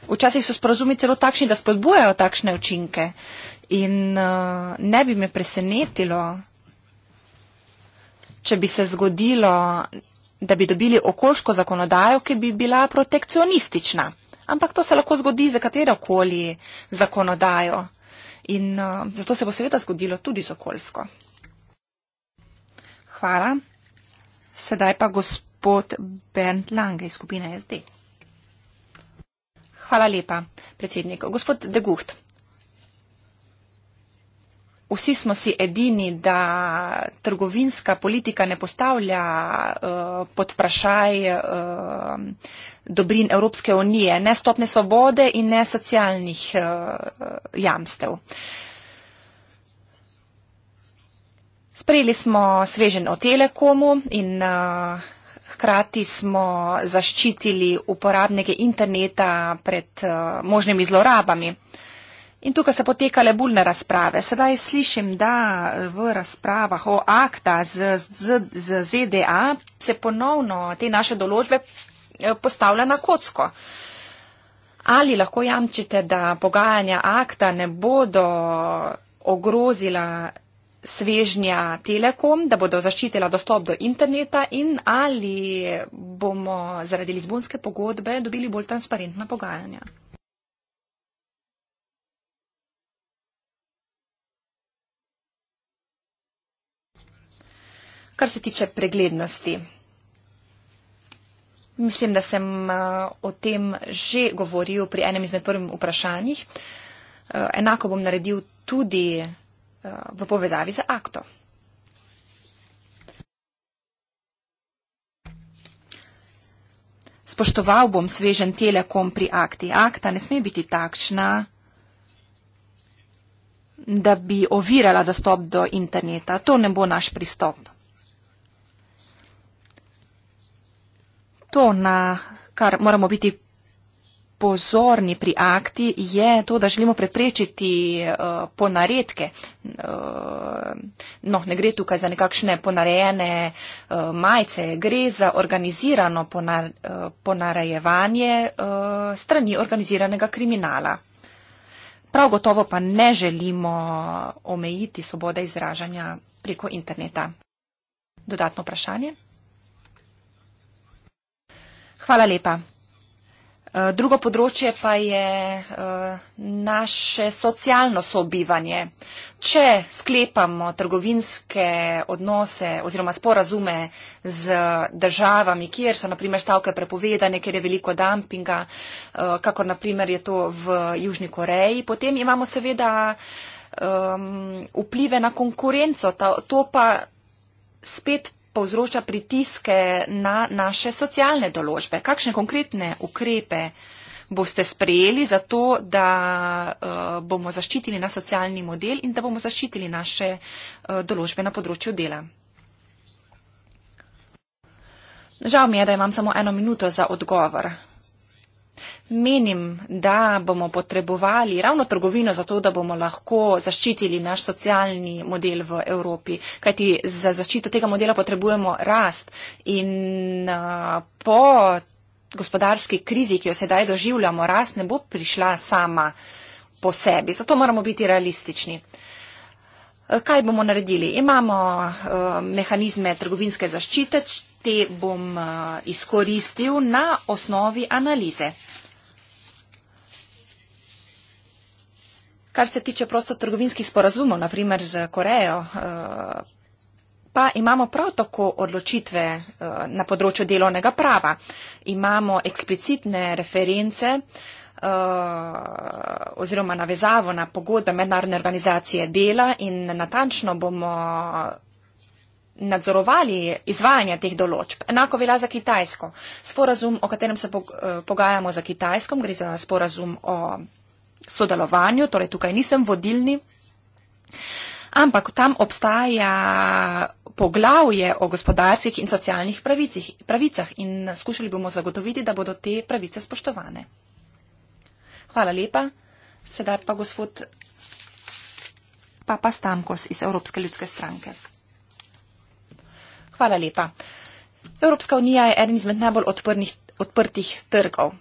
Včasih so sporozumi celo takšni, da spodbujajo takšne učinke. In uh, ne bi me presenetilo, če bi se zgodilo, da bi dobili okoljsko zakonodajo, ki bi bila protekcionistična. Ampak to se lahko zgodi za katero koli zakonodajo in uh, zato se bo seveda zgodilo tudi z okoljsko. Hvala. Sedaj pa gospod Bernd Lange iz skupine SD. Hvala lepa, predsednik. Gospod Degucht vsi smo si edini, da trgovinska politika ne postavlja uh, pod vprašaj uh, dobrin Evropske unije, ne stopne svobode in ne socialnih uh, jamstev. Sprejeli smo svežen o telekomu in uh, hkrati smo zaščitili uporabnike interneta pred uh, možnimi zlorabami. In tukaj so potekale buljne razprave. Sedaj slišim, da eh, v razpravah o akta z, z, z ZDA se ponovno te naše določbe eh, postavlja na kocko. Ali lahko jamčite, da pogajanja akta ne bodo ogrozila svežnja Telekom, da bodo zaščitila dostop do interneta in ali bomo zaradi Lizbonske pogodbe dobili bolj transparentna pogajanja? kar se tiče preglednosti. Mislim, da sem eh, o tem že govoril pri enem izmed prvih vprašanj. Eh, enako bom naredil tudi eh, v povezavi z akto. Spoštoval bom svežen telekom pri akti. Akta ne sme biti takšna, da bi ovirala dostop do interneta. To ne bo naš pristop. to, na kar moramo biti pozorni pri akti, je to, da želimo preprečiti uh, ponaredke. Uh, no, ne gre tukaj za nekakšne ponarejene uh, eh, majce, gre za organizirano ponar, uh, ponarejevanje uh, strani organiziranega kriminala. Prav gotovo pa ne želimo omejiti svobode izražanja preko interneta. Dodatno vprašanje? Hvala lepa. Eh, drugo področje pa je eh, naše socialno sobivanje. Če sklepamo trgovinske odnose oziroma sporazume z državami, kjer so naprimer stavke prepovedane, kjer je veliko dumpinga, eh, kakor naprimer je to v Južni Koreji, potem imamo seveda um, vplive na konkurenco. Ta, to pa spet povzroča pritiske na naše socialne določbe. Kakšne konkretne ukrepe boste sprejeli za to, da uh, bomo zaščitili naš socialni model in da bomo zaščitili naše uh, določbe na področju dela? Žal mi je, da imam samo eno minuto za odgovor. Menim, da bomo potrebovali ravno trgovino za to, da bomo lahko zaščitili naš socialni model v Evropi. Kajti za zaščito tega modela potrebujemo rast in po gospodarski krizi, ki jo sedaj doživljamo, rast ne bo prišla sama po sebi. Zato moramo biti realistični. Kaj bomo naredili? Imamo mehanizme trgovinske zaščite, te bom izkoristil na osnovi analize. kar se tiče prostotrgovinskih sporazumov, naprimer z Korejo, eh, pa imamo prav tako odločitve eh, na področju delovnega prava. Imamo eksplicitne reference eh, oziroma navezavo na pogodbe mednarodne organizacije dela in natančno bomo nadzorovali izvajanje teh določb. Enako velja za Kitajsko. Sporazum, o katerem se pogajamo za Kitajsko, gre za sporazum o sodelovanju, torej tukaj nisem vodilni, ampak tam obstaja poglavje o gospodarskih in socialnih pravicih, pravicah in skušali bomo zagotoviti, da bodo te pravice spoštovane. Hvala lepa. Sedaj pa gospod Papa Stamkos iz Evropske ljudske stranke. Hvala lepa. Evropska unija je eden izmed najbolj odprnih, odprtih trgov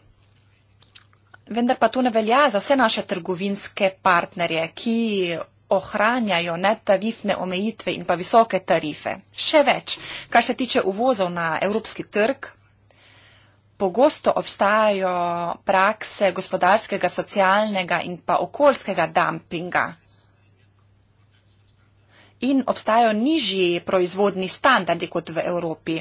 vendar pa to ne velja za vse naše trgovinske partnerje, ki ohranjajo netarifne omejitve in pa visoke tarife. Še več, kar se tiče uvozov na evropski trg, pogosto obstajajo prakse gospodarskega, socialnega in pa okoljskega dumpinga. In obstajajo nižji proizvodni standardi kot v Evropi.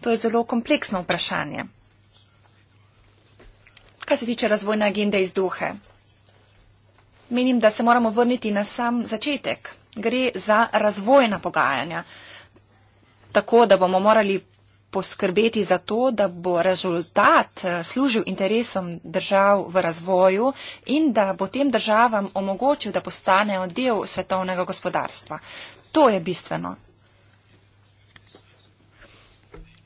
To je zelo kompleksno vprašanje. Kaj se tiče razvojne agende iz duhe? Menim, da se moramo vrniti na sam začetek. Gre za razvojna pogajanja. Tako, da bomo morali poskrbeti za to, da bo rezultat eh, služil interesom držav v razvoju in da bo tem državam omogočil, da postanejo del svetovnega gospodarstva. To je bistveno.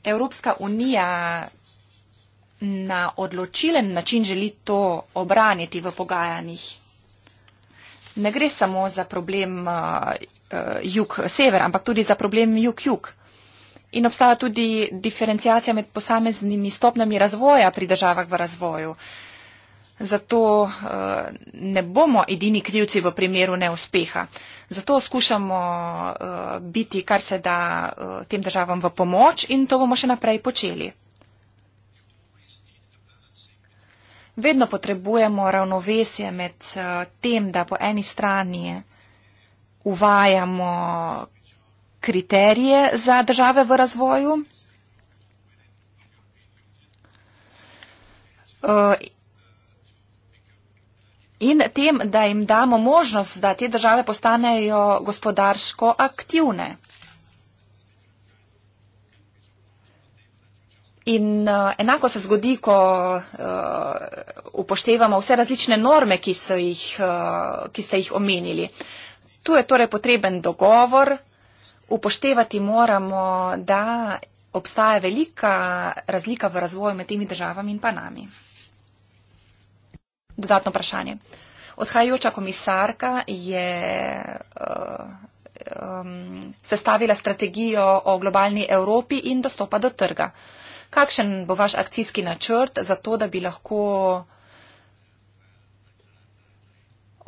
Evropska unija na odločilen način želi to obraniti v pogajanjih. Ne gre samo za problem uh, uh jug-sever, ampak tudi za problem jug-jug. In obstaja tudi diferencijacija med posameznimi stopnjami razvoja pri državah v razvoju. Zato uh, ne bomo edini krivci v primeru neuspeha. Uh, Zato skušamo eh, biti kar se da eh, tem državam v pomoč in to bomo še naprej počeli. Vedno potrebujemo ravnovesje med eh, tem, da po eni strani uvajamo kriterije za države v razvoju in tem, da jim damo možnost, da te države postanejo gospodarsko aktivne. In uh, enako se zgodi, ko uh, upoštevamo vse različne norme, ki, jih, uh, ki ste jih omenili. Tu je torej potreben dogovor. Upoštevati moramo, da obstaja velika razlika v razvoju med temi državami in pa nami dodatno vprašanje. Odhajajoča komisarka je eh, um, sestavila strategijo o globalni Evropi in dostopa do trga. Kakšen bo vaš akcijski načrt za to, da bi lahko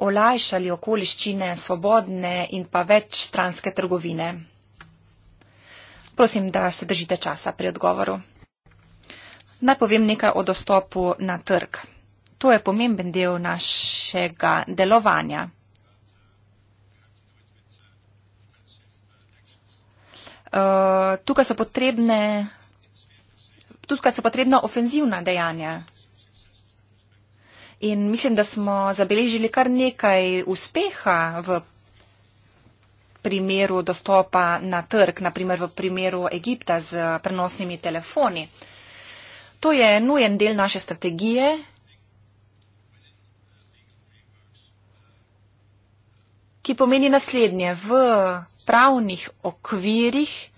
olajšali okoliščine svobodne in pa večstranske trgovine? Prosim, da se držite časa pri odgovoru. Naj povem nekaj o dostopu na trg. To je pomemben del našega delovanja. Eh, tukaj so potrebne. Tukaj so potrebna ofenzivna dejanja. In mislim, da smo zabeležili kar nekaj uspeha v primeru dostopa na trg, naprimer v primeru Egipta z prenosnimi telefoni. To je nujen del naše strategije, ki pomeni naslednje. V pravnih okvirih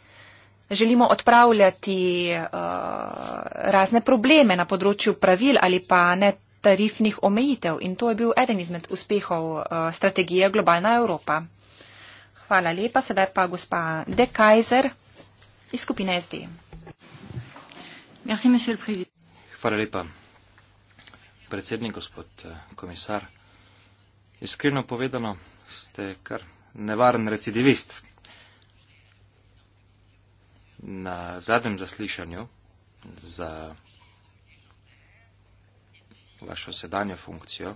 želimo odpravljati uh, razne probleme na področju pravil ali pa ne tarifnih omejitev. In to je bil eden izmed uspehov uh, strategije Globalna Evropa. Hvala lepa. Sedaj pa gospa De Kajzer iz skupine SD. Merci, Hvala lepa. Predsednik, gospod eh, komisar. Iskreno povedano, ste kar nevaren recidivist. Na zadnjem zaslišanju za vašo sedanjo funkcijo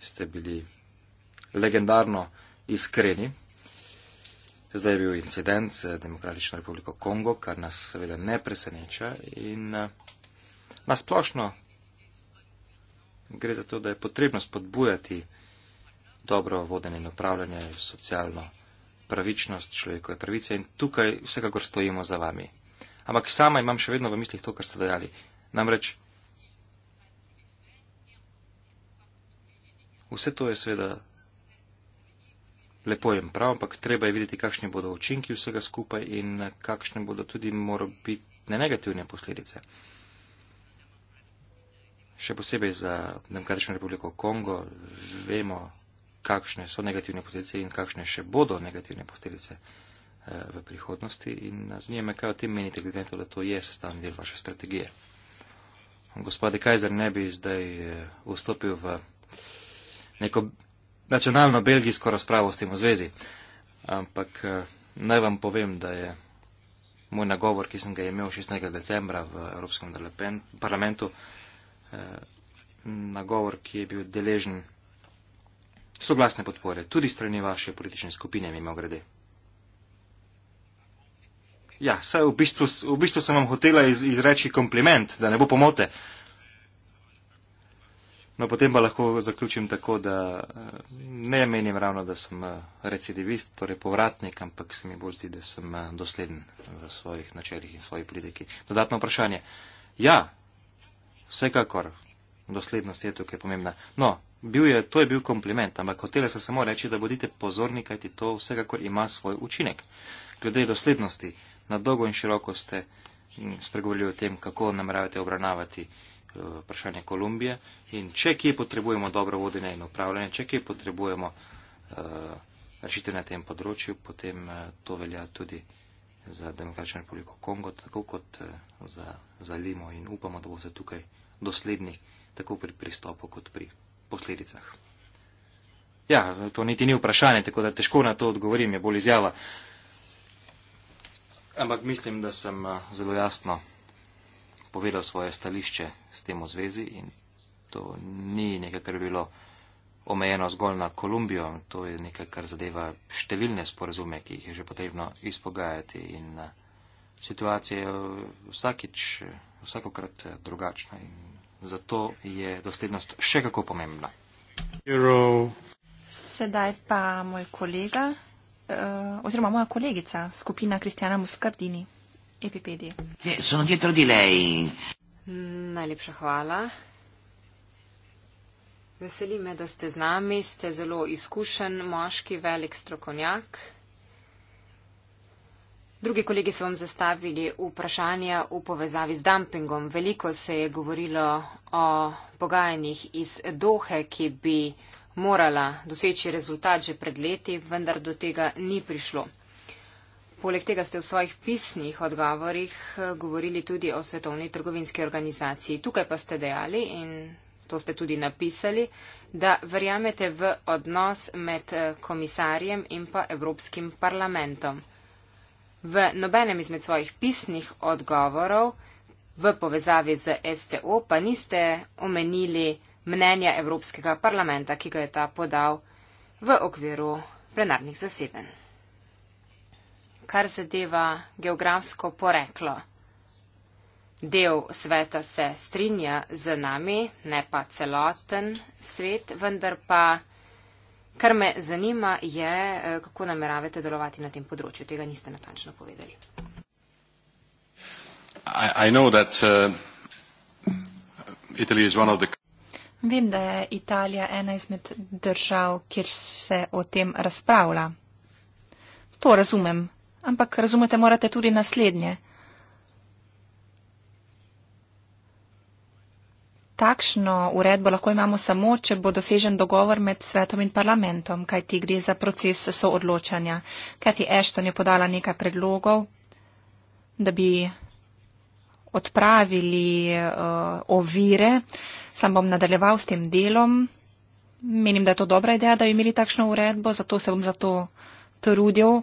ste bili legendarno iskreni. Zdaj je bil incident z Demokratično republiko Kongo, kar nas seveda ne preseneča in eh, nasplošno gre za to, da je potrebno spodbujati dobro vodenje in upravljanje, socialno pravičnost človekove pravice in tukaj vsekakor stojimo za vami. Ampak sama imam še vedno v mislih to, kar ste dejali. Namreč vse to je seveda lepo in prav, ampak treba je videti, kakšni bodo učinki vsega skupaj in kakšne bodo tudi morbitne negativne posledice še posebej za Demokratično republiko Kongo, vemo, kakšne so negativne posledice in kakšne še bodo negativne posledice eh, v prihodnosti. In zanima me, kaj o tem menite, glede na to, da to je sestavni del vaše strategije. Gospode Kajzer ne bi zdaj eh, vstopil v neko nacionalno-belgijsko razpravo s tem v zvezi, ampak eh, naj vam povem, da je moj nagovor, ki sem ga imel 16. decembra v Evropskem parlamentu, Eh, nagovor, ki je bil deležen soglasne podpore, tudi strani vaše politične skupine, mimo grede. Ja, saj v bistvu, v bistvu sem vam hotela iz, izreči kompliment, da ne bo pomote. No, potem pa lahko zaključim tako, da eh, ne menim ravno, da sem eh, recidivist, torej povratnik, ampak se mi bolj zdi, da sem dosleden v svojih načeljih in svoji politiki. Dodatno vprašanje. Ja, Vsekakor, doslednost je tukaj pomembna. No, bil je, to je bil kompliment, ampak hotela sem samo reči, da bodite pozorni, kajti to vsekakor ima svoj učinek. Glede doslednosti, na dolgo in široko ste mm, spregovorili o tem, kako nameravate obravnavati eh, vprašanje Kolumbije in če kje potrebujemo dobro vodenje in upravljanje, če kje potrebujemo uh, eh, rešitev na tem področju, potem uh, to velja tudi za Demokratično republiko Kongo, tako kot eh, za, za Limo in upamo, da bo se tukaj dosledni tako pri pristopu kot pri posledicah. Ja, to niti ni vprašanje, tako da težko na to odgovorim, je bolj izjava. Ampak mislim, da sem eh, zelo jasno povedal svoje stališče s tem v zvezi in to ni nekaj, kar bi bilo omejeno zgolj na Kolumbijo, to je nekaj, kar zadeva številne sporazume, ki jih je že potrebno izpogajati in eh, situacija je vsakič, vsakokrat eh, drugačna in zato je doslednost še kako pomembna. Hero. Sedaj pa moj kolega, eh, oziroma moja kolegica, skupina Kristjana Muskardini, EPPD. Najlepša hvala. Veseli me, da ste z nami, ste zelo izkušen, moški, velik strokovnjak. Drugi kolegi so vam zastavili vprašanja v povezavi z dumpingom. Veliko se je govorilo o pogajanjih iz Dohe, ki bi morala doseči rezultat že pred leti, vendar do tega ni prišlo. Poleg tega ste v svojih pisnih odgovorih eh, govorili tudi o svetovni trgovinski organizaciji. Tukaj pa ste dejali in to ste tudi napisali, da verjamete v odnos med eh, komisarjem in pa Evropskim parlamentom. V nobenem izmed svojih pisnih odgovorov v povezavi z STO pa niste omenili mnenja Evropskega parlamenta, ki ga je ta podal v okviru plenarnih zaseden. Kar zadeva geografsko poreklo. Del sveta se strinja z nami, ne pa celoten svet, vendar pa, kar me zanima, je, eh, kako nameravate delovati na tem področju. Tega niste natančno povedali. I, I uh, Vem, da je Italija ena izmed držav, kjer se o tem razpravlja. To razumem. Ampak razumete, morate tudi naslednje. Takšno uredbo lahko imamo samo, če bo dosežen dogovor med svetom in parlamentom, kaj ti gre za proces soodločanja. Kajti Ashton je podala nekaj predlogov, da bi odpravili uh, ovire. Sam bom nadaljeval s tem delom. Menim, da je to dobra ideja, da bi imeli takšno uredbo, zato se bom za to trudil,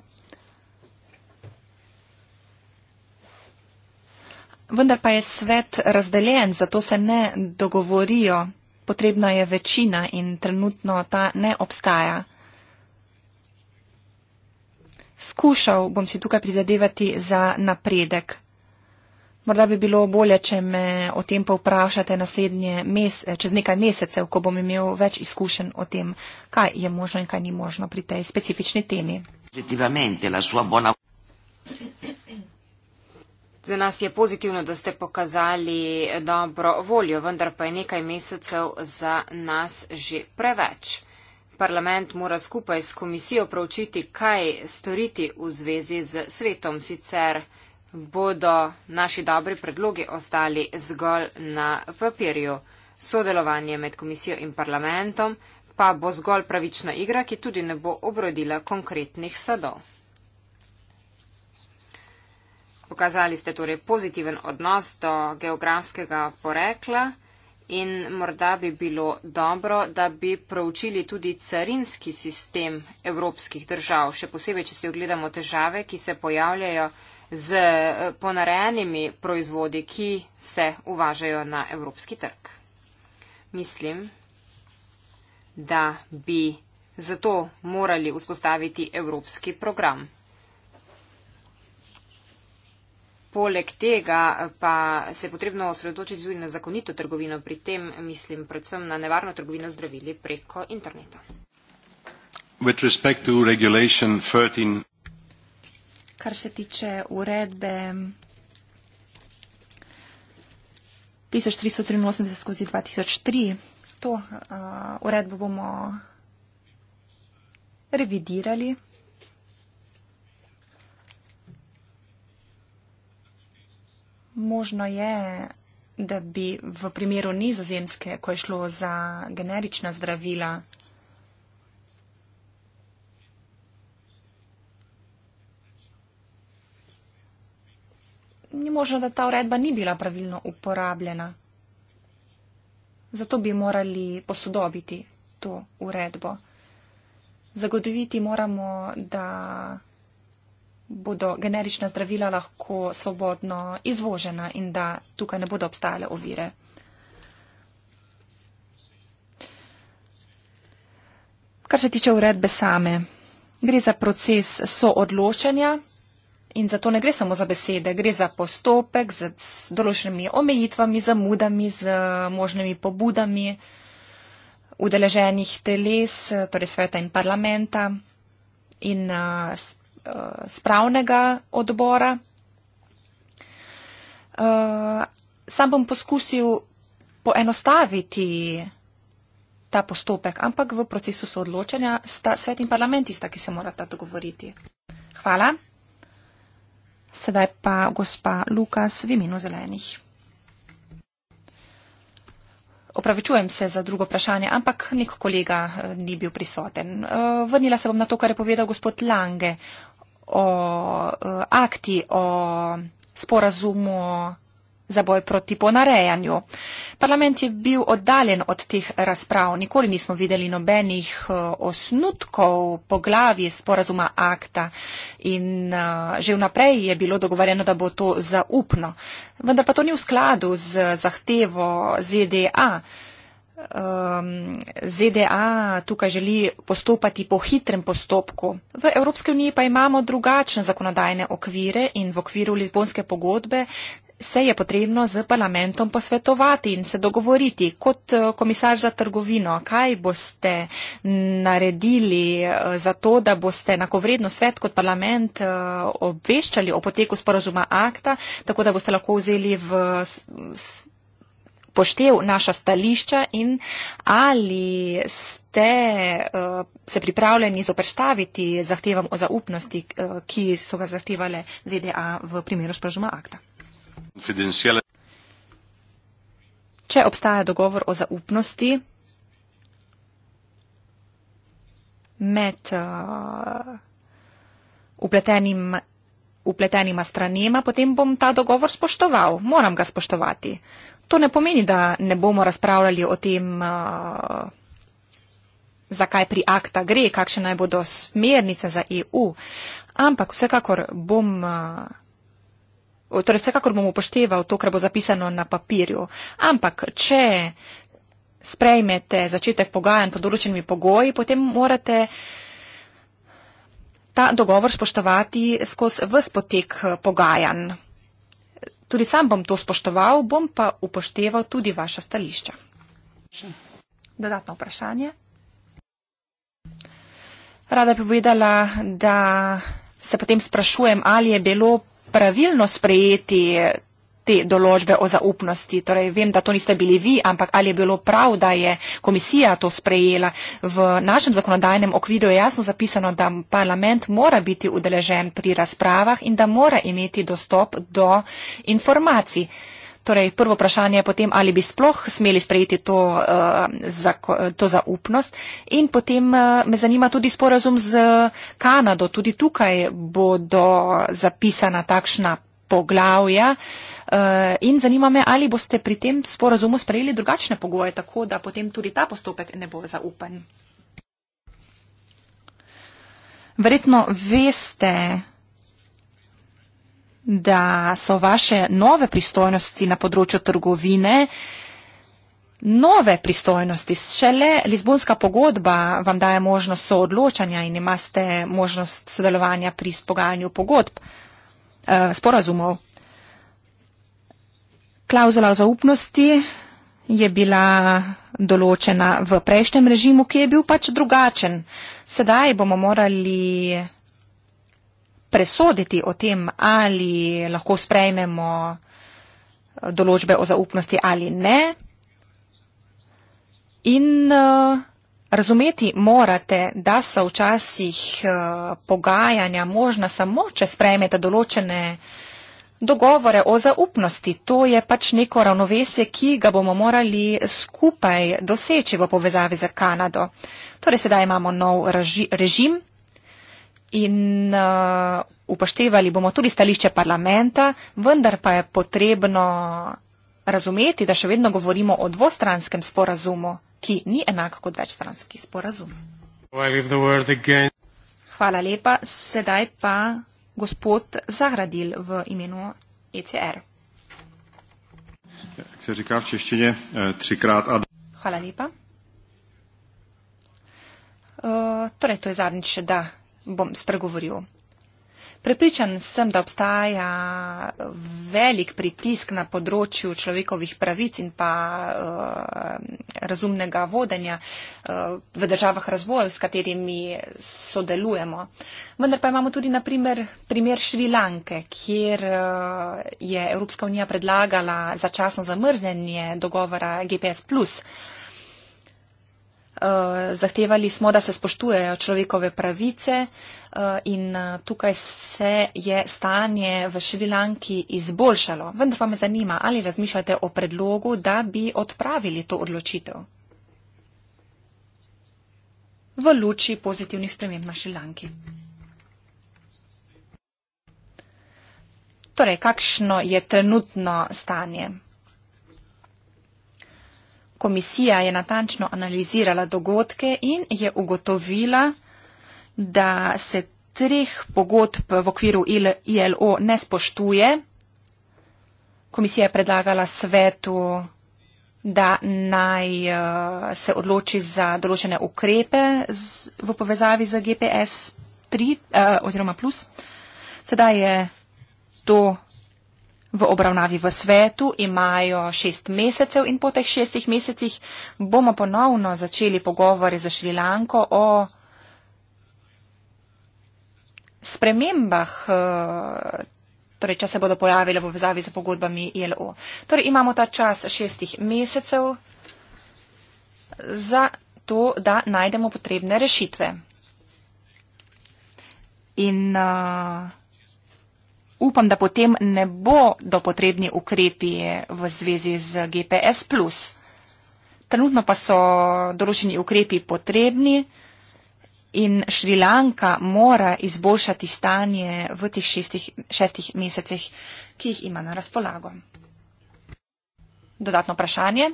Vendar pa je svet razdeljen, zato se ne dogovorijo. Potrebna je večina in trenutno ta ne obstaja. Skušal bom si tukaj prizadevati za napredek. Morda bi bilo bolje, če me o tem povprašate čez nekaj mesecev, ko bom imel več izkušenj o tem, kaj je možno in kaj ni možno pri tej specifični temi. Za nas je pozitivno, da ste pokazali dobro voljo, vendar pa je nekaj mesecev za nas že preveč. Parlament mora skupaj s komisijo pravčiti, kaj storiti v zvezi z svetom, sicer bodo naši dobri predlogi ostali zgolj na papirju. Sodelovanje med komisijo in parlamentom pa bo zgolj pravična igra, ki tudi ne bo obrodila konkretnih sadov. Pokazali ste torej pozitiven odnos do geografskega porekla in morda bi bilo dobro, da bi proučili tudi carinski sistem evropskih držav, še posebej, če si ogledamo težave, ki se pojavljajo z eh, ponarejenimi proizvodi, ki se uvažajo na evropski trg. Mislim, da bi zato morali vzpostaviti evropski program. Poleg tega pa se je potrebno osredotočiti tudi na zakonito trgovino, pri tem mislim predvsem na nevarno trgovino zdravili preko interneta. Kar se tiče uredbe 1383 skozi 2003, to uh, uredbo bomo revidirali možno je, da bi v primeru nizozemske, ko je šlo za generična zdravila, ni možno, da ta uredba ni bila pravilno uporabljena. Zato bi morali posodobiti to uredbo. Zagotoviti moramo, da bodo generična zdravila lahko svobodno izvožena in da tukaj ne bodo obstajale ovire. Kar se tiče uredbe same, gre za proces soodločanja in zato ne gre samo za besede, gre za postopek z določenimi omejitvami, zamudami, z možnimi pobudami udeleženih teles, torej sveta in parlamenta in eh, Eh, spravnega odbora. Eh, sam bom poskusil poenostaviti ta postopek, ampak v procesu soodločanja sta svet in parlament tista, ki se morata dogovoriti. Hvala. Sedaj pa gospa Lukas v imenu zelenih. Opravičujem se za drugo vprašanje, ampak nek kolega eh, ni bil prisoten. Vrnila se bom na to, kar je povedal gospod Lange o uh, akti, o sporazumu za boj proti ponarejanju. Parlament je bil oddaljen od teh razprav. Nikoli nismo videli nobenih uh, osnutkov po glavi sporazuma akta in uh, že vnaprej je bilo dogovarjeno, da bo to zaupno. Vendar pa to ni v skladu z zahtevo ZDA. Uh, um, ZDA tukaj želi postopati po hitrem postopku. V Evropske unije pa imamo drugačne zakonodajne okvire in v okviru Lizbonske pogodbe se je potrebno z parlamentom posvetovati in se dogovoriti. Kot uh, komisar za trgovino, kaj boste naredili uh, za to, da boste nakovredno svet kot parlament uh, obveščali o poteku sporožuma akta, tako da boste lahko vzeli v poštev naša stališča in ali ste eh, se pripravljeni zoprstaviti zahtevam o zaupnosti, eh, ki so ga zahtevale ZDA v primeru sporožuma akta. Če obstaja dogovor o zaupnosti med uh, upletenim, upletenima stranima, potem bom ta dogovor spoštoval. Moram ga spoštovati. To ne pomeni, da ne bomo razpravljali o tem, uh, zakaj pri akta gre, kakšne naj bodo smernice za EU, ampak vsekakor bom. Uh, torej, vsekakor bom upošteval to, kar bo zapisano na papirju. Ampak, če sprejmete začetek pogajanj pod določenimi pogoji, potem morate ta dogovor spoštovati skozi vse potek uh, pogajanj. Tudi sam bom to spoštoval, bom pa upošteval tudi vaša stališča. Dodatno vprašanje. Rada bi povedala, da se potem sprašujem, ali je bilo pravilno sprejeti te določbe o zaupnosti. Torej, vem, da to niste bili vi, ampak ali je bilo prav, da je komisija to sprejela. V našem zakonodajnem okviru je jasno zapisano, da parlament mora biti udeležen pri razpravah in da mora imeti dostop do informacij. Torej, prvo vprašanje je potem, ali bi sploh smeli sprejeti to, uh, eh, za, to zaupnost. In potem uh, me zanima tudi sporazum z Kanado. Tudi tukaj bodo zapisana takšna poglavja. Uh, Eh, in zanima me, ali boste pri tem sporazumu sprejeli drugačne pogoje, tako da potem tudi ta postopek ne bo zaupen. Verjetno veste, da so vaše nove pristojnosti na področju trgovine. Nove pristojnosti, šele Lizbonska pogodba vam daje možnost soodločanja in imate možnost sodelovanja pri spogajanju pogodb, eh, sporazumov klauzula zaupnosti je bila določena v prejšnjem režimu, ki je bil pač drugačen. Sedaj bomo morali presoditi o tem, ali lahko sprejmemo določbe o zaupnosti ali ne. In eh, razumeti morate, da so včasih eh, pogajanja možna samo, če sprejmete določene dogovore o zaupnosti. To je pač neko ravnovesje, ki ga bomo morali skupaj doseči v povezavi za Kanado. Torej, sedaj imamo nov režim in uh, upoštevali bomo tudi stališče parlamenta, vendar pa je potrebno razumeti, da še vedno govorimo o dvostranskem sporazumu, ki ni enak kot večstranski sporazum. Hvala lepa, sedaj pa gospod Zahradil v imenu ECR. Jak se říká v češtině, eh, třikrát a... Hvala lepa. Uh, torej, to je zadnjič, da bom spregovoril. Prepričan sem, da obstaja velik pritisk na področju človekovih pravic in pa uh, razumnega vodenja uh, v državah razvoja, s katerimi sodelujemo. Vendar pa imamo tudi naprimer, primer Šrilanke, kjer uh, je Evropska unija predlagala začasno zamrznjenje dogovora GPS. Uh, Eh, zahtevali smo, da se spoštujejo človekove pravice eh, in eh, tukaj se je stanje v Šrilanki izboljšalo. Vendar pa me zanima, ali razmišljate o predlogu, da bi odpravili to odločitev v luči pozitivnih sprememb na Šrilanki. Torej, kakšno je trenutno stanje? komisija je natančno analizirala dogodke in je ugotovila, da se treh pogodb v okviru ILO ne spoštuje. Komisija je predlagala svetu, da naj eh, se odloči za določene ukrepe v povezavi z GPS 3 eh, oziroma plus. Sedaj je to v obravnavi v svetu, imajo šest mesecev in po teh šestih mesecih bomo ponovno začeli pogovore za Šrilanko o spremembah, eh, torej če se bodo pojavile v vezavi z pogodbami ILO. Torej imamo ta čas šestih mesecev za to, da najdemo potrebne rešitve. In uh, upam, da potem ne bo do potrebni ukrepi v zvezi z GPS. Trenutno pa so določeni ukrepi potrebni in Šrilanka mora izboljšati stanje v teh šestih, šestih mesecih, ki jih ima na razpolago. Dodatno vprašanje.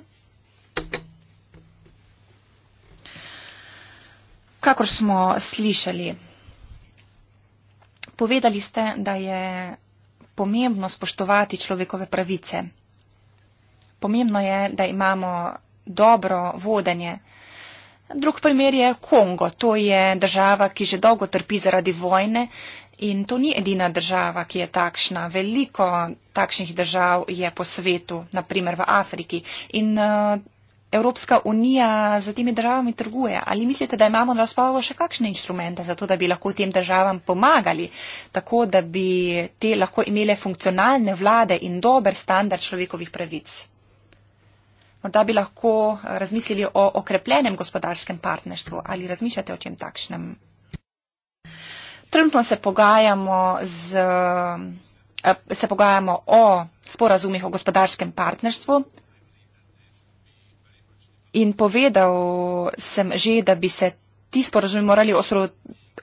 Kakor smo slišali, Povedali ste, da je pomembno spoštovati človekove pravice. Pomembno je, da imamo dobro vodenje. Drug primer je Kongo. To je država, ki že dolgo trpi zaradi vojne in to ni edina država, ki je takšna. Veliko takšnih držav je po svetu, naprimer v Afriki. In, uh, Evropska unija z temi državami trguje? Ali mislite, da imamo na razpolago še kakšne inštrumente za to, da bi lahko tem državam pomagali, tako da bi te lahko imele funkcionalne vlade in dober standard človekovih pravic? Morda bi lahko eh, razmislili o okrepljenem gospodarskem partnerstvu ali razmišljate o čem takšnem? Trenutno se pogajamo z eh, se pogajamo o sporazumih o gospodarskem partnerstvu, In povedal sem že, da bi se ti sporožni morali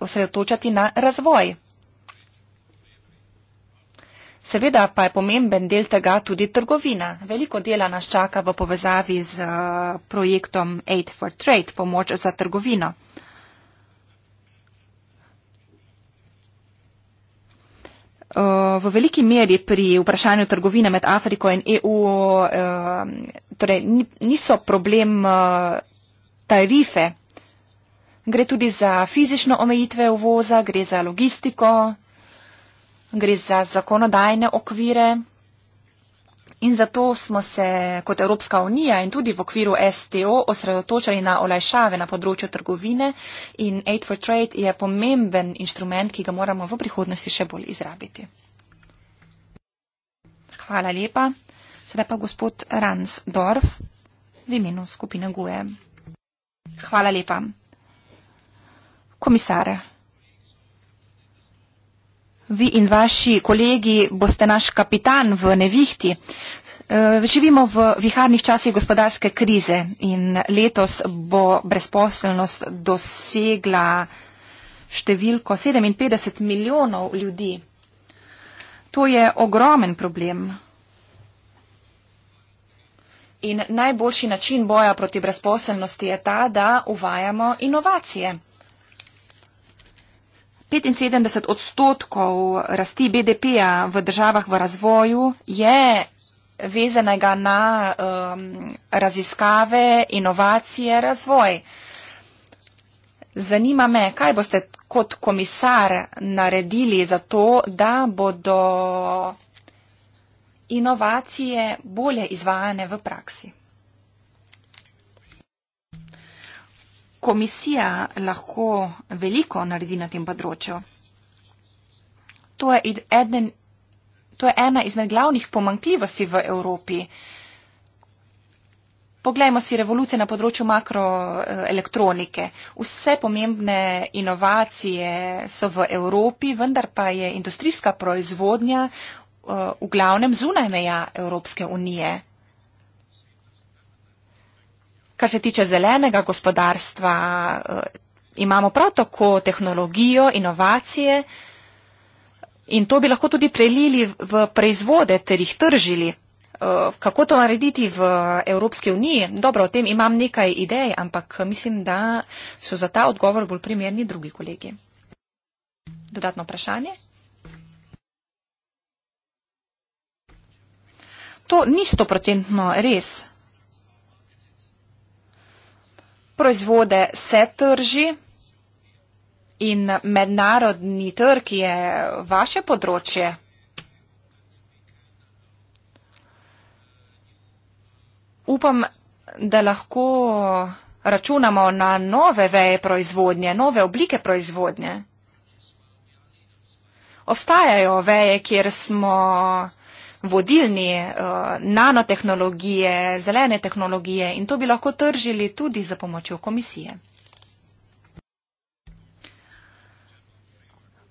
osredotočati na razvoj. Seveda pa je pomemben del tega tudi trgovina. Veliko dela nas čaka v povezavi z eh, projektom Aid for Trade, pomoč za trgovino. Eh, v veliki meri pri vprašanju trgovine med Afriko in EU eh, torej niso problem uh, tarife. Gre tudi za fizične omejitve uvoza, gre za logistiko, gre za zakonodajne okvire. In zato smo se kot Evropska unija in tudi v okviru STO osredotočali na olajšave na področju trgovine in Aid for Trade je pomemben inštrument, ki ga moramo v prihodnosti še bolj izrabiti. Hvala lepa. Sedaj pa gospod Ransdorf v imenu skupine Guje. Hvala lepa. Komisar, vi in vaši kolegi boste naš kapitan v nevihti. Eh, živimo v viharnih časih gospodarske krize in letos bo brezposelnost dosegla številko 57 milijonov ljudi. To je ogromen problem. In najboljši način boja proti brezposelnosti je ta, da uvajamo inovacije. 75 odstotkov rasti BDP-ja v državah v razvoju je vezanega na um, raziskave, inovacije, razvoj. Zanima me, kaj boste kot komisar naredili za to, da bodo inovacije bolje izvajane v praksi. Komisija lahko veliko naredi na tem področju. To je, eden, to je ena izmed glavnih pomankljivosti v Evropi. Poglejmo si revolucije na področju makroelektronike. Vse pomembne inovacije so v Evropi, vendar pa je industrijska proizvodnja Eh, v glavnem zunaj meja Evropske unije. Kar se tiče zelenega gospodarstva, eh, imamo prav tako tehnologijo, inovacije in to bi lahko tudi prelili v proizvode ter jih tržili. Eh, kako to narediti v Evropski uniji? Dobro, o tem imam nekaj idej, ampak mislim, da so za ta odgovor bolj primerni drugi kolegi. Dodatno vprašanje? To ni stoprocentno res. Proizvode se trži in mednarodni trg je vaše področje. Upam, da lahko računamo na nove veje proizvodnje, nove oblike proizvodnje. Obstajajo veje, kjer smo vodilni eh, nanotehnologije, zelene tehnologije in to bi lahko tržili tudi za pomočjo komisije.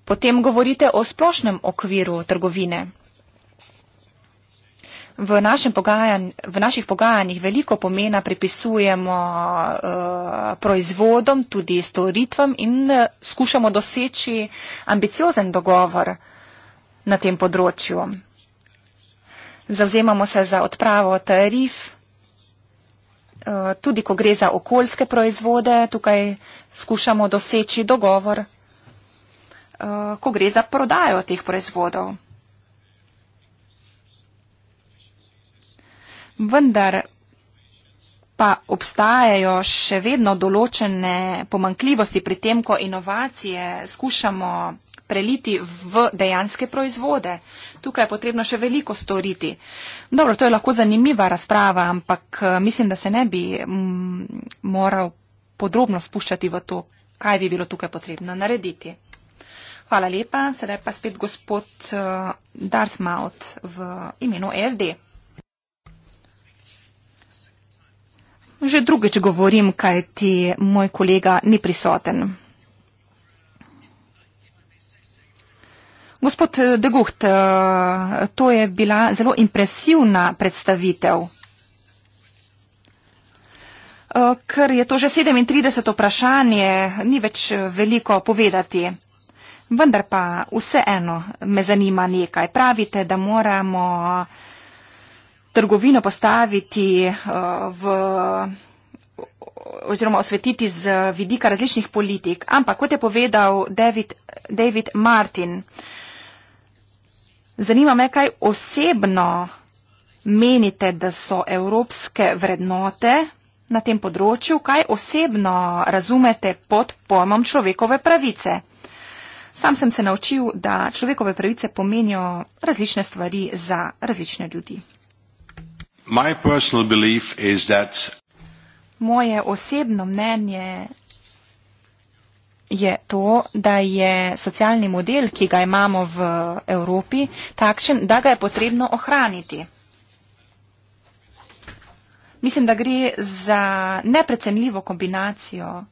Potem govorite o splošnem okviru trgovine. V, pogajan, v naših pogajanjih veliko pomena pripisujemo uh, proizvodom, tudi storitvam in uh, skušamo doseči ambiciozen dogovor na tem področju. Zauzemamo se za odpravo tarif, eh, tudi ko gre za okoljske proizvode, tukaj skušamo doseči dogovor, eh, ko gre za prodajo teh proizvodov. Vendar pa obstajajo še vedno določene pomankljivosti pri tem, ko inovacije skušamo prodajati preliti v dejanske proizvode. Tukaj je potrebno še veliko storiti. Dobro, to je lahko zanimiva razprava, ampak eh, mislim, da se ne bi mm, moral podrobno spuščati v to, kaj bi bilo tukaj potrebno narediti. Hvala lepa. Sedaj pa spet gospod eh, Darth Maut v imenu EFD. Že drugič govorim, kaj ti moj kolega ni prisoten. Gospod eh, Deguht, eh, to je bila zelo impresivna predstavitev. Eh, ker je to že 37 vprašanje, ni več veliko povedati. Vendar pa vseeno me zanima nekaj. Pravite, da moramo trgovino postaviti v oziroma osvetiti z vidika različnih politik. Ampak, kot je povedal David, David Martin, uh, Zanima me, kaj osebno menite, da so evropske vrednote na tem področju, kaj osebno razumete pod pojmom človekove pravice. Sam sem se naučil, da človekove pravice pomenijo različne stvari za različne ljudi. Moje osebno mnenje je to, da je socialni model, ki ga imamo v Evropi, takšen, da ga je potrebno ohraniti. Mislim, da gre za neprecenljivo kombinacijo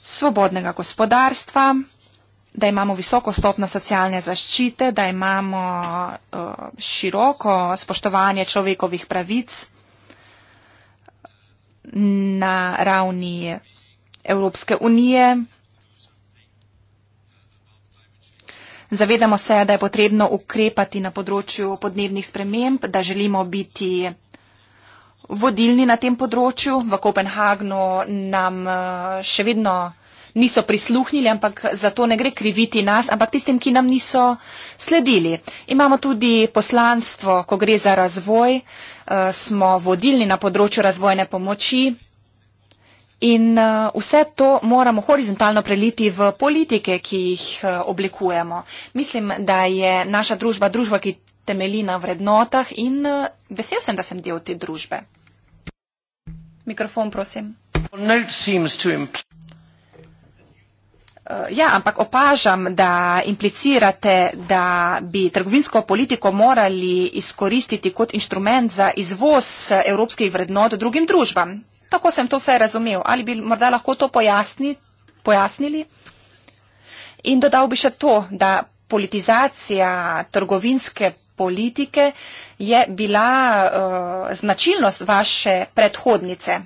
svobodnega gospodarstva, da imamo visoko stopno socialne zaščite, da imamo eh, široko spoštovanje človekovih pravic na ravni Evropske unije. Zavedamo se, da je potrebno ukrepati na področju podnebnih sprememb, da želimo biti vodilni na tem področju. V Kopenhagnu nam eh, še vedno niso prisluhnili, ampak zato ne gre kriviti nas, ampak tistim, ki nam niso sledili. Imamo tudi poslanstvo, ko gre za razvoj, eh, smo vodilni na področju razvojne pomoči. In eh, vse to moramo horizontalno preliti v politike, ki jih eh, oblikujemo. Mislim, da je naša družba družba, ki temeli na vrednotah in eh, vesel sem, da sem del te družbe. Mikrofon, prosim. Ja, ampak opažam, da implicirate, da bi trgovinsko politiko morali izkoristiti kot inštrument za izvoz evropskih vrednot drugim družbam. Tako sem to vse razumel. Ali bi morda lahko to pojasni, pojasnili? In dodal bi še to, da politizacija trgovinske politike je bila uh, značilnost vaše predhodnice.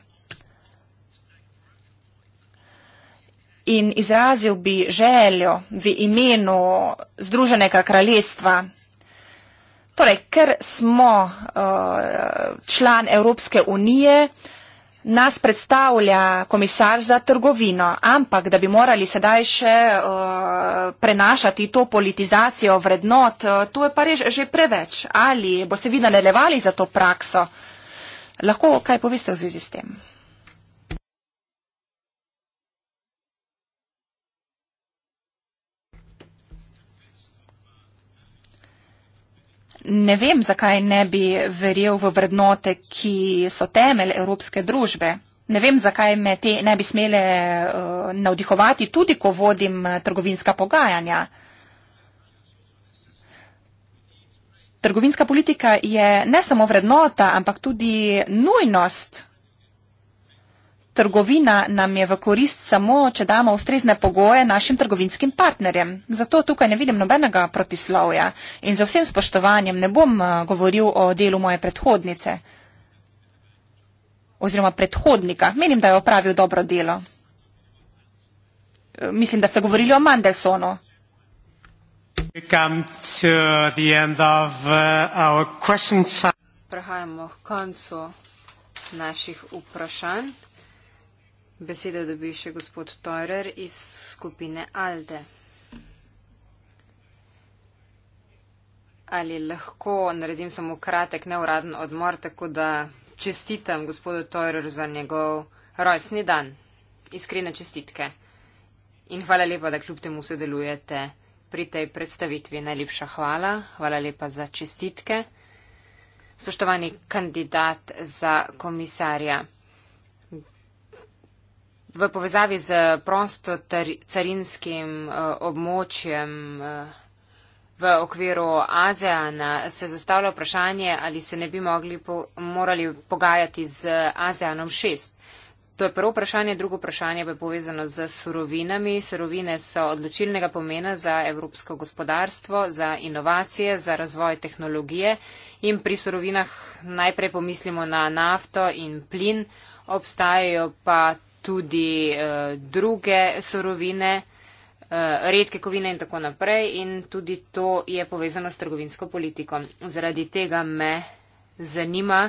In izrazil bi željo v imenu Združenega kraljestva. Torej, ker smo uh, član Evropske unije, uh, nas predstavlja komisar za trgovino, ampak da bi morali sedaj še uh, prenašati to politizacijo vrednot, uh, to je pa res že preveč. Ali boste vi nadaljevali za to prakso? Lahko kaj poveste v zvezi s tem? ne vem, zakaj ne bi verjel v vrednote, ki so temelj evropske družbe. Ne vem, zakaj me te ne bi smele uh, navdihovati, tudi ko vodim eh, trgovinska pogajanja. Trgovinska politika je ne samo vrednota, ampak tudi nujnost trgovina nam je v korist samo, če damo ustrezne pogoje našim trgovinskim partnerjem. Zato tukaj ne vidim nobenega protislovja in za vsem spoštovanjem ne bom eh, govoril o delu moje predhodnice oziroma predhodnika. Menim, da je opravil dobro delo. Eh, mislim, da ste govorili o Mandelsonu. Eh, Prehajamo k koncu naših vprašanj. Besedo dobi še gospod Teurer iz skupine Alde. Ali lahko naredim samo kratek neuraden odmor, tako da čestitam gospodu Teurer za njegov rojstni dan. Iskrene čestitke. In hvala lepa, da kljub temu sodelujete pri tej predstavitvi. Najlepša hvala. Hvala lepa za čestitke. Spoštovani kandidat za komisarja v povezavi z prostotarinskim eh, območjem eh, v okviru ASEAN-a se zastavlja vprašanje, ali se ne bi mogli po, morali pogajati z ASEAN-om 6. To je prvo vprašanje. Drugo vprašanje pa je povezano z surovinami. Surovine so odločilnega pomena za evropsko gospodarstvo, za inovacije, za razvoj tehnologije in pri surovinah najprej pomislimo na nafto in plin, obstajajo pa tudi uh, druge sorovine, uh, redke kovine in tako naprej. In tudi to je povezano s trgovinsko politiko. Zaradi tega me zanima,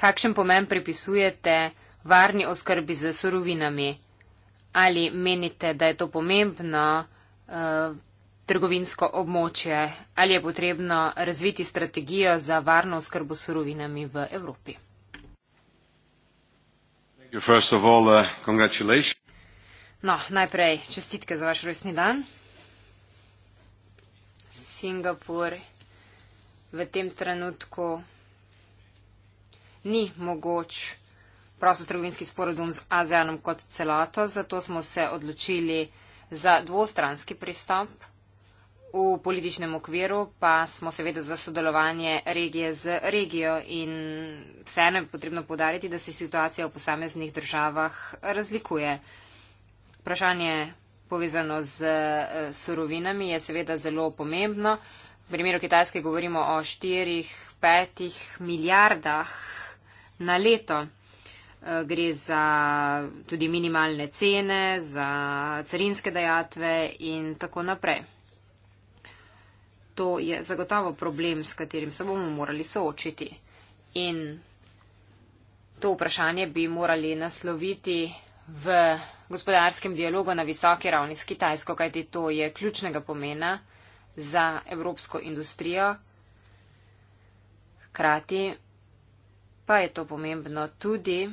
kakšen pomen pripisujete varni oskrbi z sorovinami. Ali menite, da je to pomembno uh, trgovinsko območje, ali je potrebno razviti strategijo za varno oskrbo s sorovinami v Evropi? Uh, no, najprej čestitke za vaš rojstni dan. Singapur v tem trenutku ni mogoč prostotrgovinski sporozum z ASEANom kot celoto, zato smo se odločili za dvostranski pristop v političnem okviru, pa smo seveda za sodelovanje regije z regijo in vseeno je potrebno podariti, da se situacija v posameznih državah razlikuje. Vprašanje povezano z eh, surovinami je seveda zelo pomembno. V primeru Kitajske govorimo o 4-5 milijardah na leto. Eh, gre za tudi minimalne cene, za carinske dejatve in tako naprej to je zagotovo problem, s katerim se bomo morali soočiti. In to vprašanje bi morali nasloviti v gospodarskem dialogu na visoki ravni s Kitajsko, kajti to je ključnega pomena za evropsko industrijo. Hkrati pa je to pomembno tudi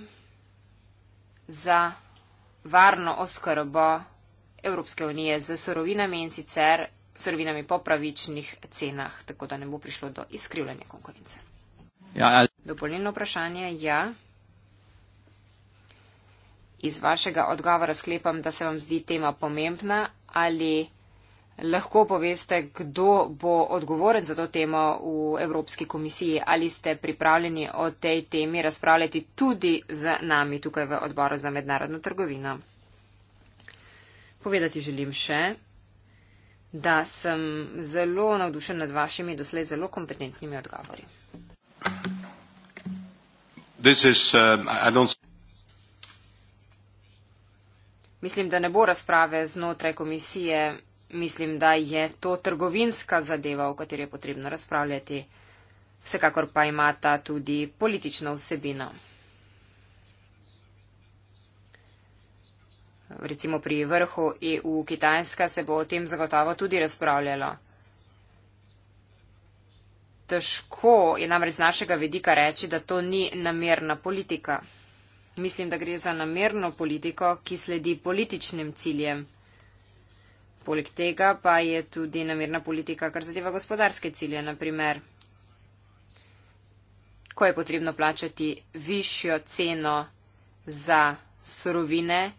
za varno oskrbo Evropske unije z sorovinami in sicer surovinami po pravičnih cenah, tako da ne bo prišlo do izkrivljanja konkurence. Ja, ali... Dopolnilno vprašanje je. Ja. Iz vašega odgovora sklepam, da se vam zdi tema pomembna ali lahko poveste, kdo bo odgovoren za to temo v Evropski komisiji ali ste pripravljeni o tej temi razpravljati tudi z nami tukaj v odboru za mednarodno trgovino. Povedati želim še, da sem zelo navdušen nad vašimi doslej zelo kompetentnimi odgovori. Um, Mislim, da ne bo razprave znotraj komisije. Mislim, da je to trgovinska zadeva, o kateri je potrebno razpravljati. Vsekakor pa imata tudi politično vsebino. recimo pri vrhu EU Kitajska, se bo o tem zagotovo tudi razpravljalo. Težko je namreč z našega vidika reči, da to ni namerna politika. Mislim, da gre za namerno politiko, ki sledi političnim ciljem. Poleg tega pa je tudi namerna politika, kar zadeva gospodarske cilje, naprimer, ko je potrebno plačati višjo ceno za surovine,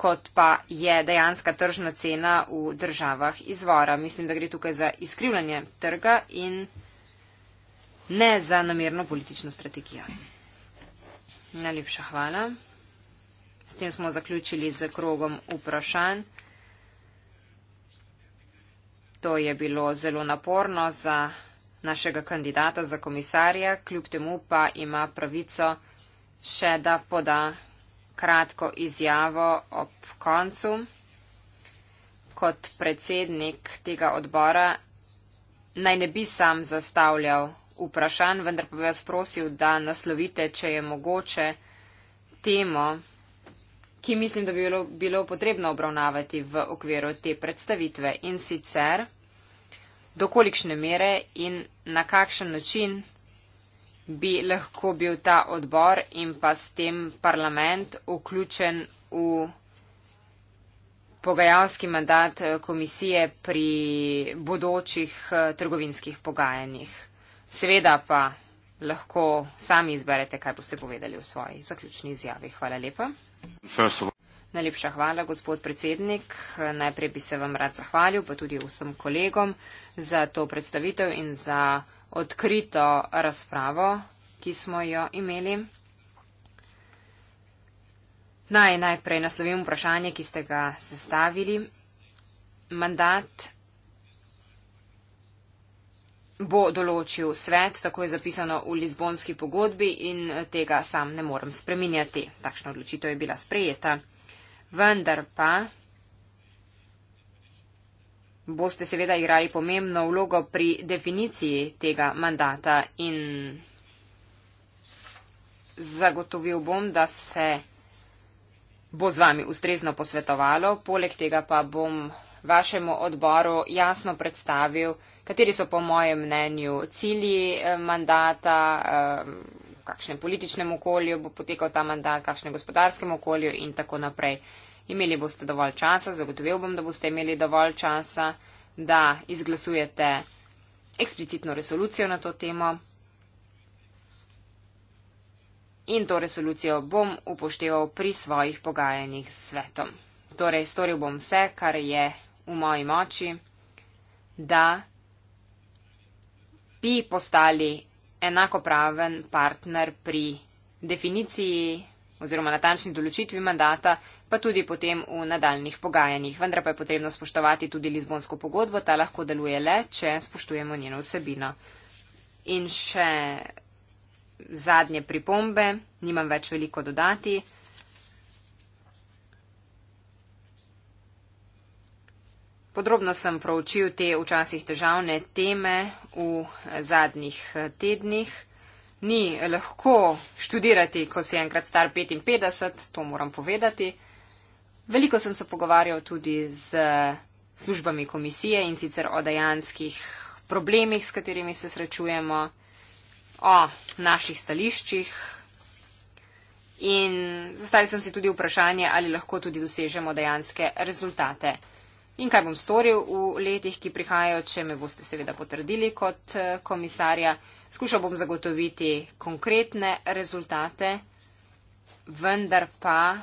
kot pa je dejanska tržna cena v državah izvora. Mislim, da gre tukaj za izkrivljanje trga in ne za namerno politično strategijo. Najlepša hvala. S tem smo zaključili z krogom vprašanj. To je bilo zelo naporno za našega kandidata za komisarja, kljub temu pa ima pravico še da poda kratko izjavo ob koncu. Kot predsednik tega odbora naj ne bi sam zastavljal vprašanj, vendar pa bi vas prosil, da naslovite, če je mogoče, temo, ki mislim, da bi bilo, bilo potrebno obravnavati v okviru te predstavitve in sicer, dokolikšne mere in na kakšen način bi lahko bil ta odbor in pa s tem parlament vključen v pogajalski mandat eh, komisije pri bodočih eh, trgovinskih pogajanjih. Seveda pa lahko sami izberete, kaj boste povedali v svoji zaključni izjavi. Hvala lepa. Najlepša hvala, gospod predsednik. Najprej bi se vam rad zahvalil, pa tudi vsem kolegom, za to predstavitev in za odkrito razpravo, ki smo jo imeli. Naj najprej naslovim vprašanje, ki ste ga sestavili. Mandat bo določil svet, tako je zapisano v Lizbonski pogodbi in tega sam ne morem spreminjati. Takšna odločitev je bila sprejeta. Vendar pa boste seveda igrali pomembno vlogo pri definiciji tega mandata in zagotovil bom, da se bo z vami ustrezno posvetovalo. Poleg tega pa bom vašemu odboru jasno predstavil, kateri so po mojem mnenju cilji eh, mandata, eh, v kakšnem političnem okolju bo potekal ta mandat, v kakšnem gospodarskem okolju in tako naprej. Imeli boste dovolj časa, zagotovil bom, da boste imeli dovolj časa, da izglasujete eksplicitno resolucijo na to temo. In to resolucijo bom upošteval pri svojih pogajanjih s svetom. Torej, storil bom vse, kar je v moji moči, da bi postali enakopraven partner pri definiciji oziroma natančni določitvi mandata, pa tudi potem v nadaljnih pogajanjih. Vendar pa je potrebno spoštovati tudi Lizbonsko pogodbo, ta lahko deluje le, če spoštujemo njeno vsebino. In še zadnje pripombe, nimam več veliko dodati. Podrobno sem proučil te včasih težavne teme v zadnjih tednih ni lahko študirati, ko si enkrat star 55, to moram povedati. Veliko sem se pogovarjal tudi z službami komisije in sicer o dejanskih problemih, s katerimi se srečujemo, o naših stališčih. In zastavil sem si tudi vprašanje, ali lahko tudi dosežemo dejanske rezultate. In kaj bom storil v letih, ki prihajajo, če me boste seveda potrdili kot eh, komisarja. Skušal bom zagotoviti konkretne rezultate, vendar pa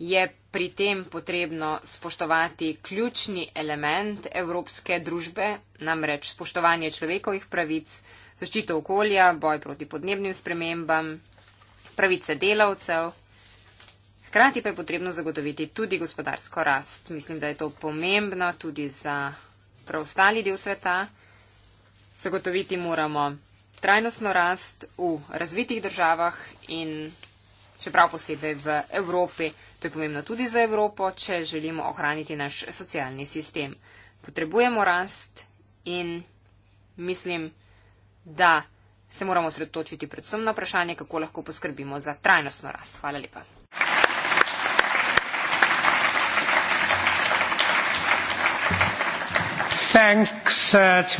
je pri tem potrebno spoštovati ključni element evropske družbe, namreč spoštovanje človekovih pravic, zaščito okolja, boj proti podnebnim spremembam, pravice delavcev. Hkrati pa je potrebno zagotoviti tudi gospodarsko rast. Mislim, da je to pomembno tudi za preostali del sveta zagotoviti moramo trajnostno rast v razvitih državah in čeprav posebej v Evropi. To je pomembno tudi za Evropo, če želimo ohraniti naš socialni sistem. Potrebujemo rast in mislim, da se moramo sredotočiti predvsem na vprašanje, kako lahko poskrbimo za trajnostno rast. Hvala lepa. Thanks, uh,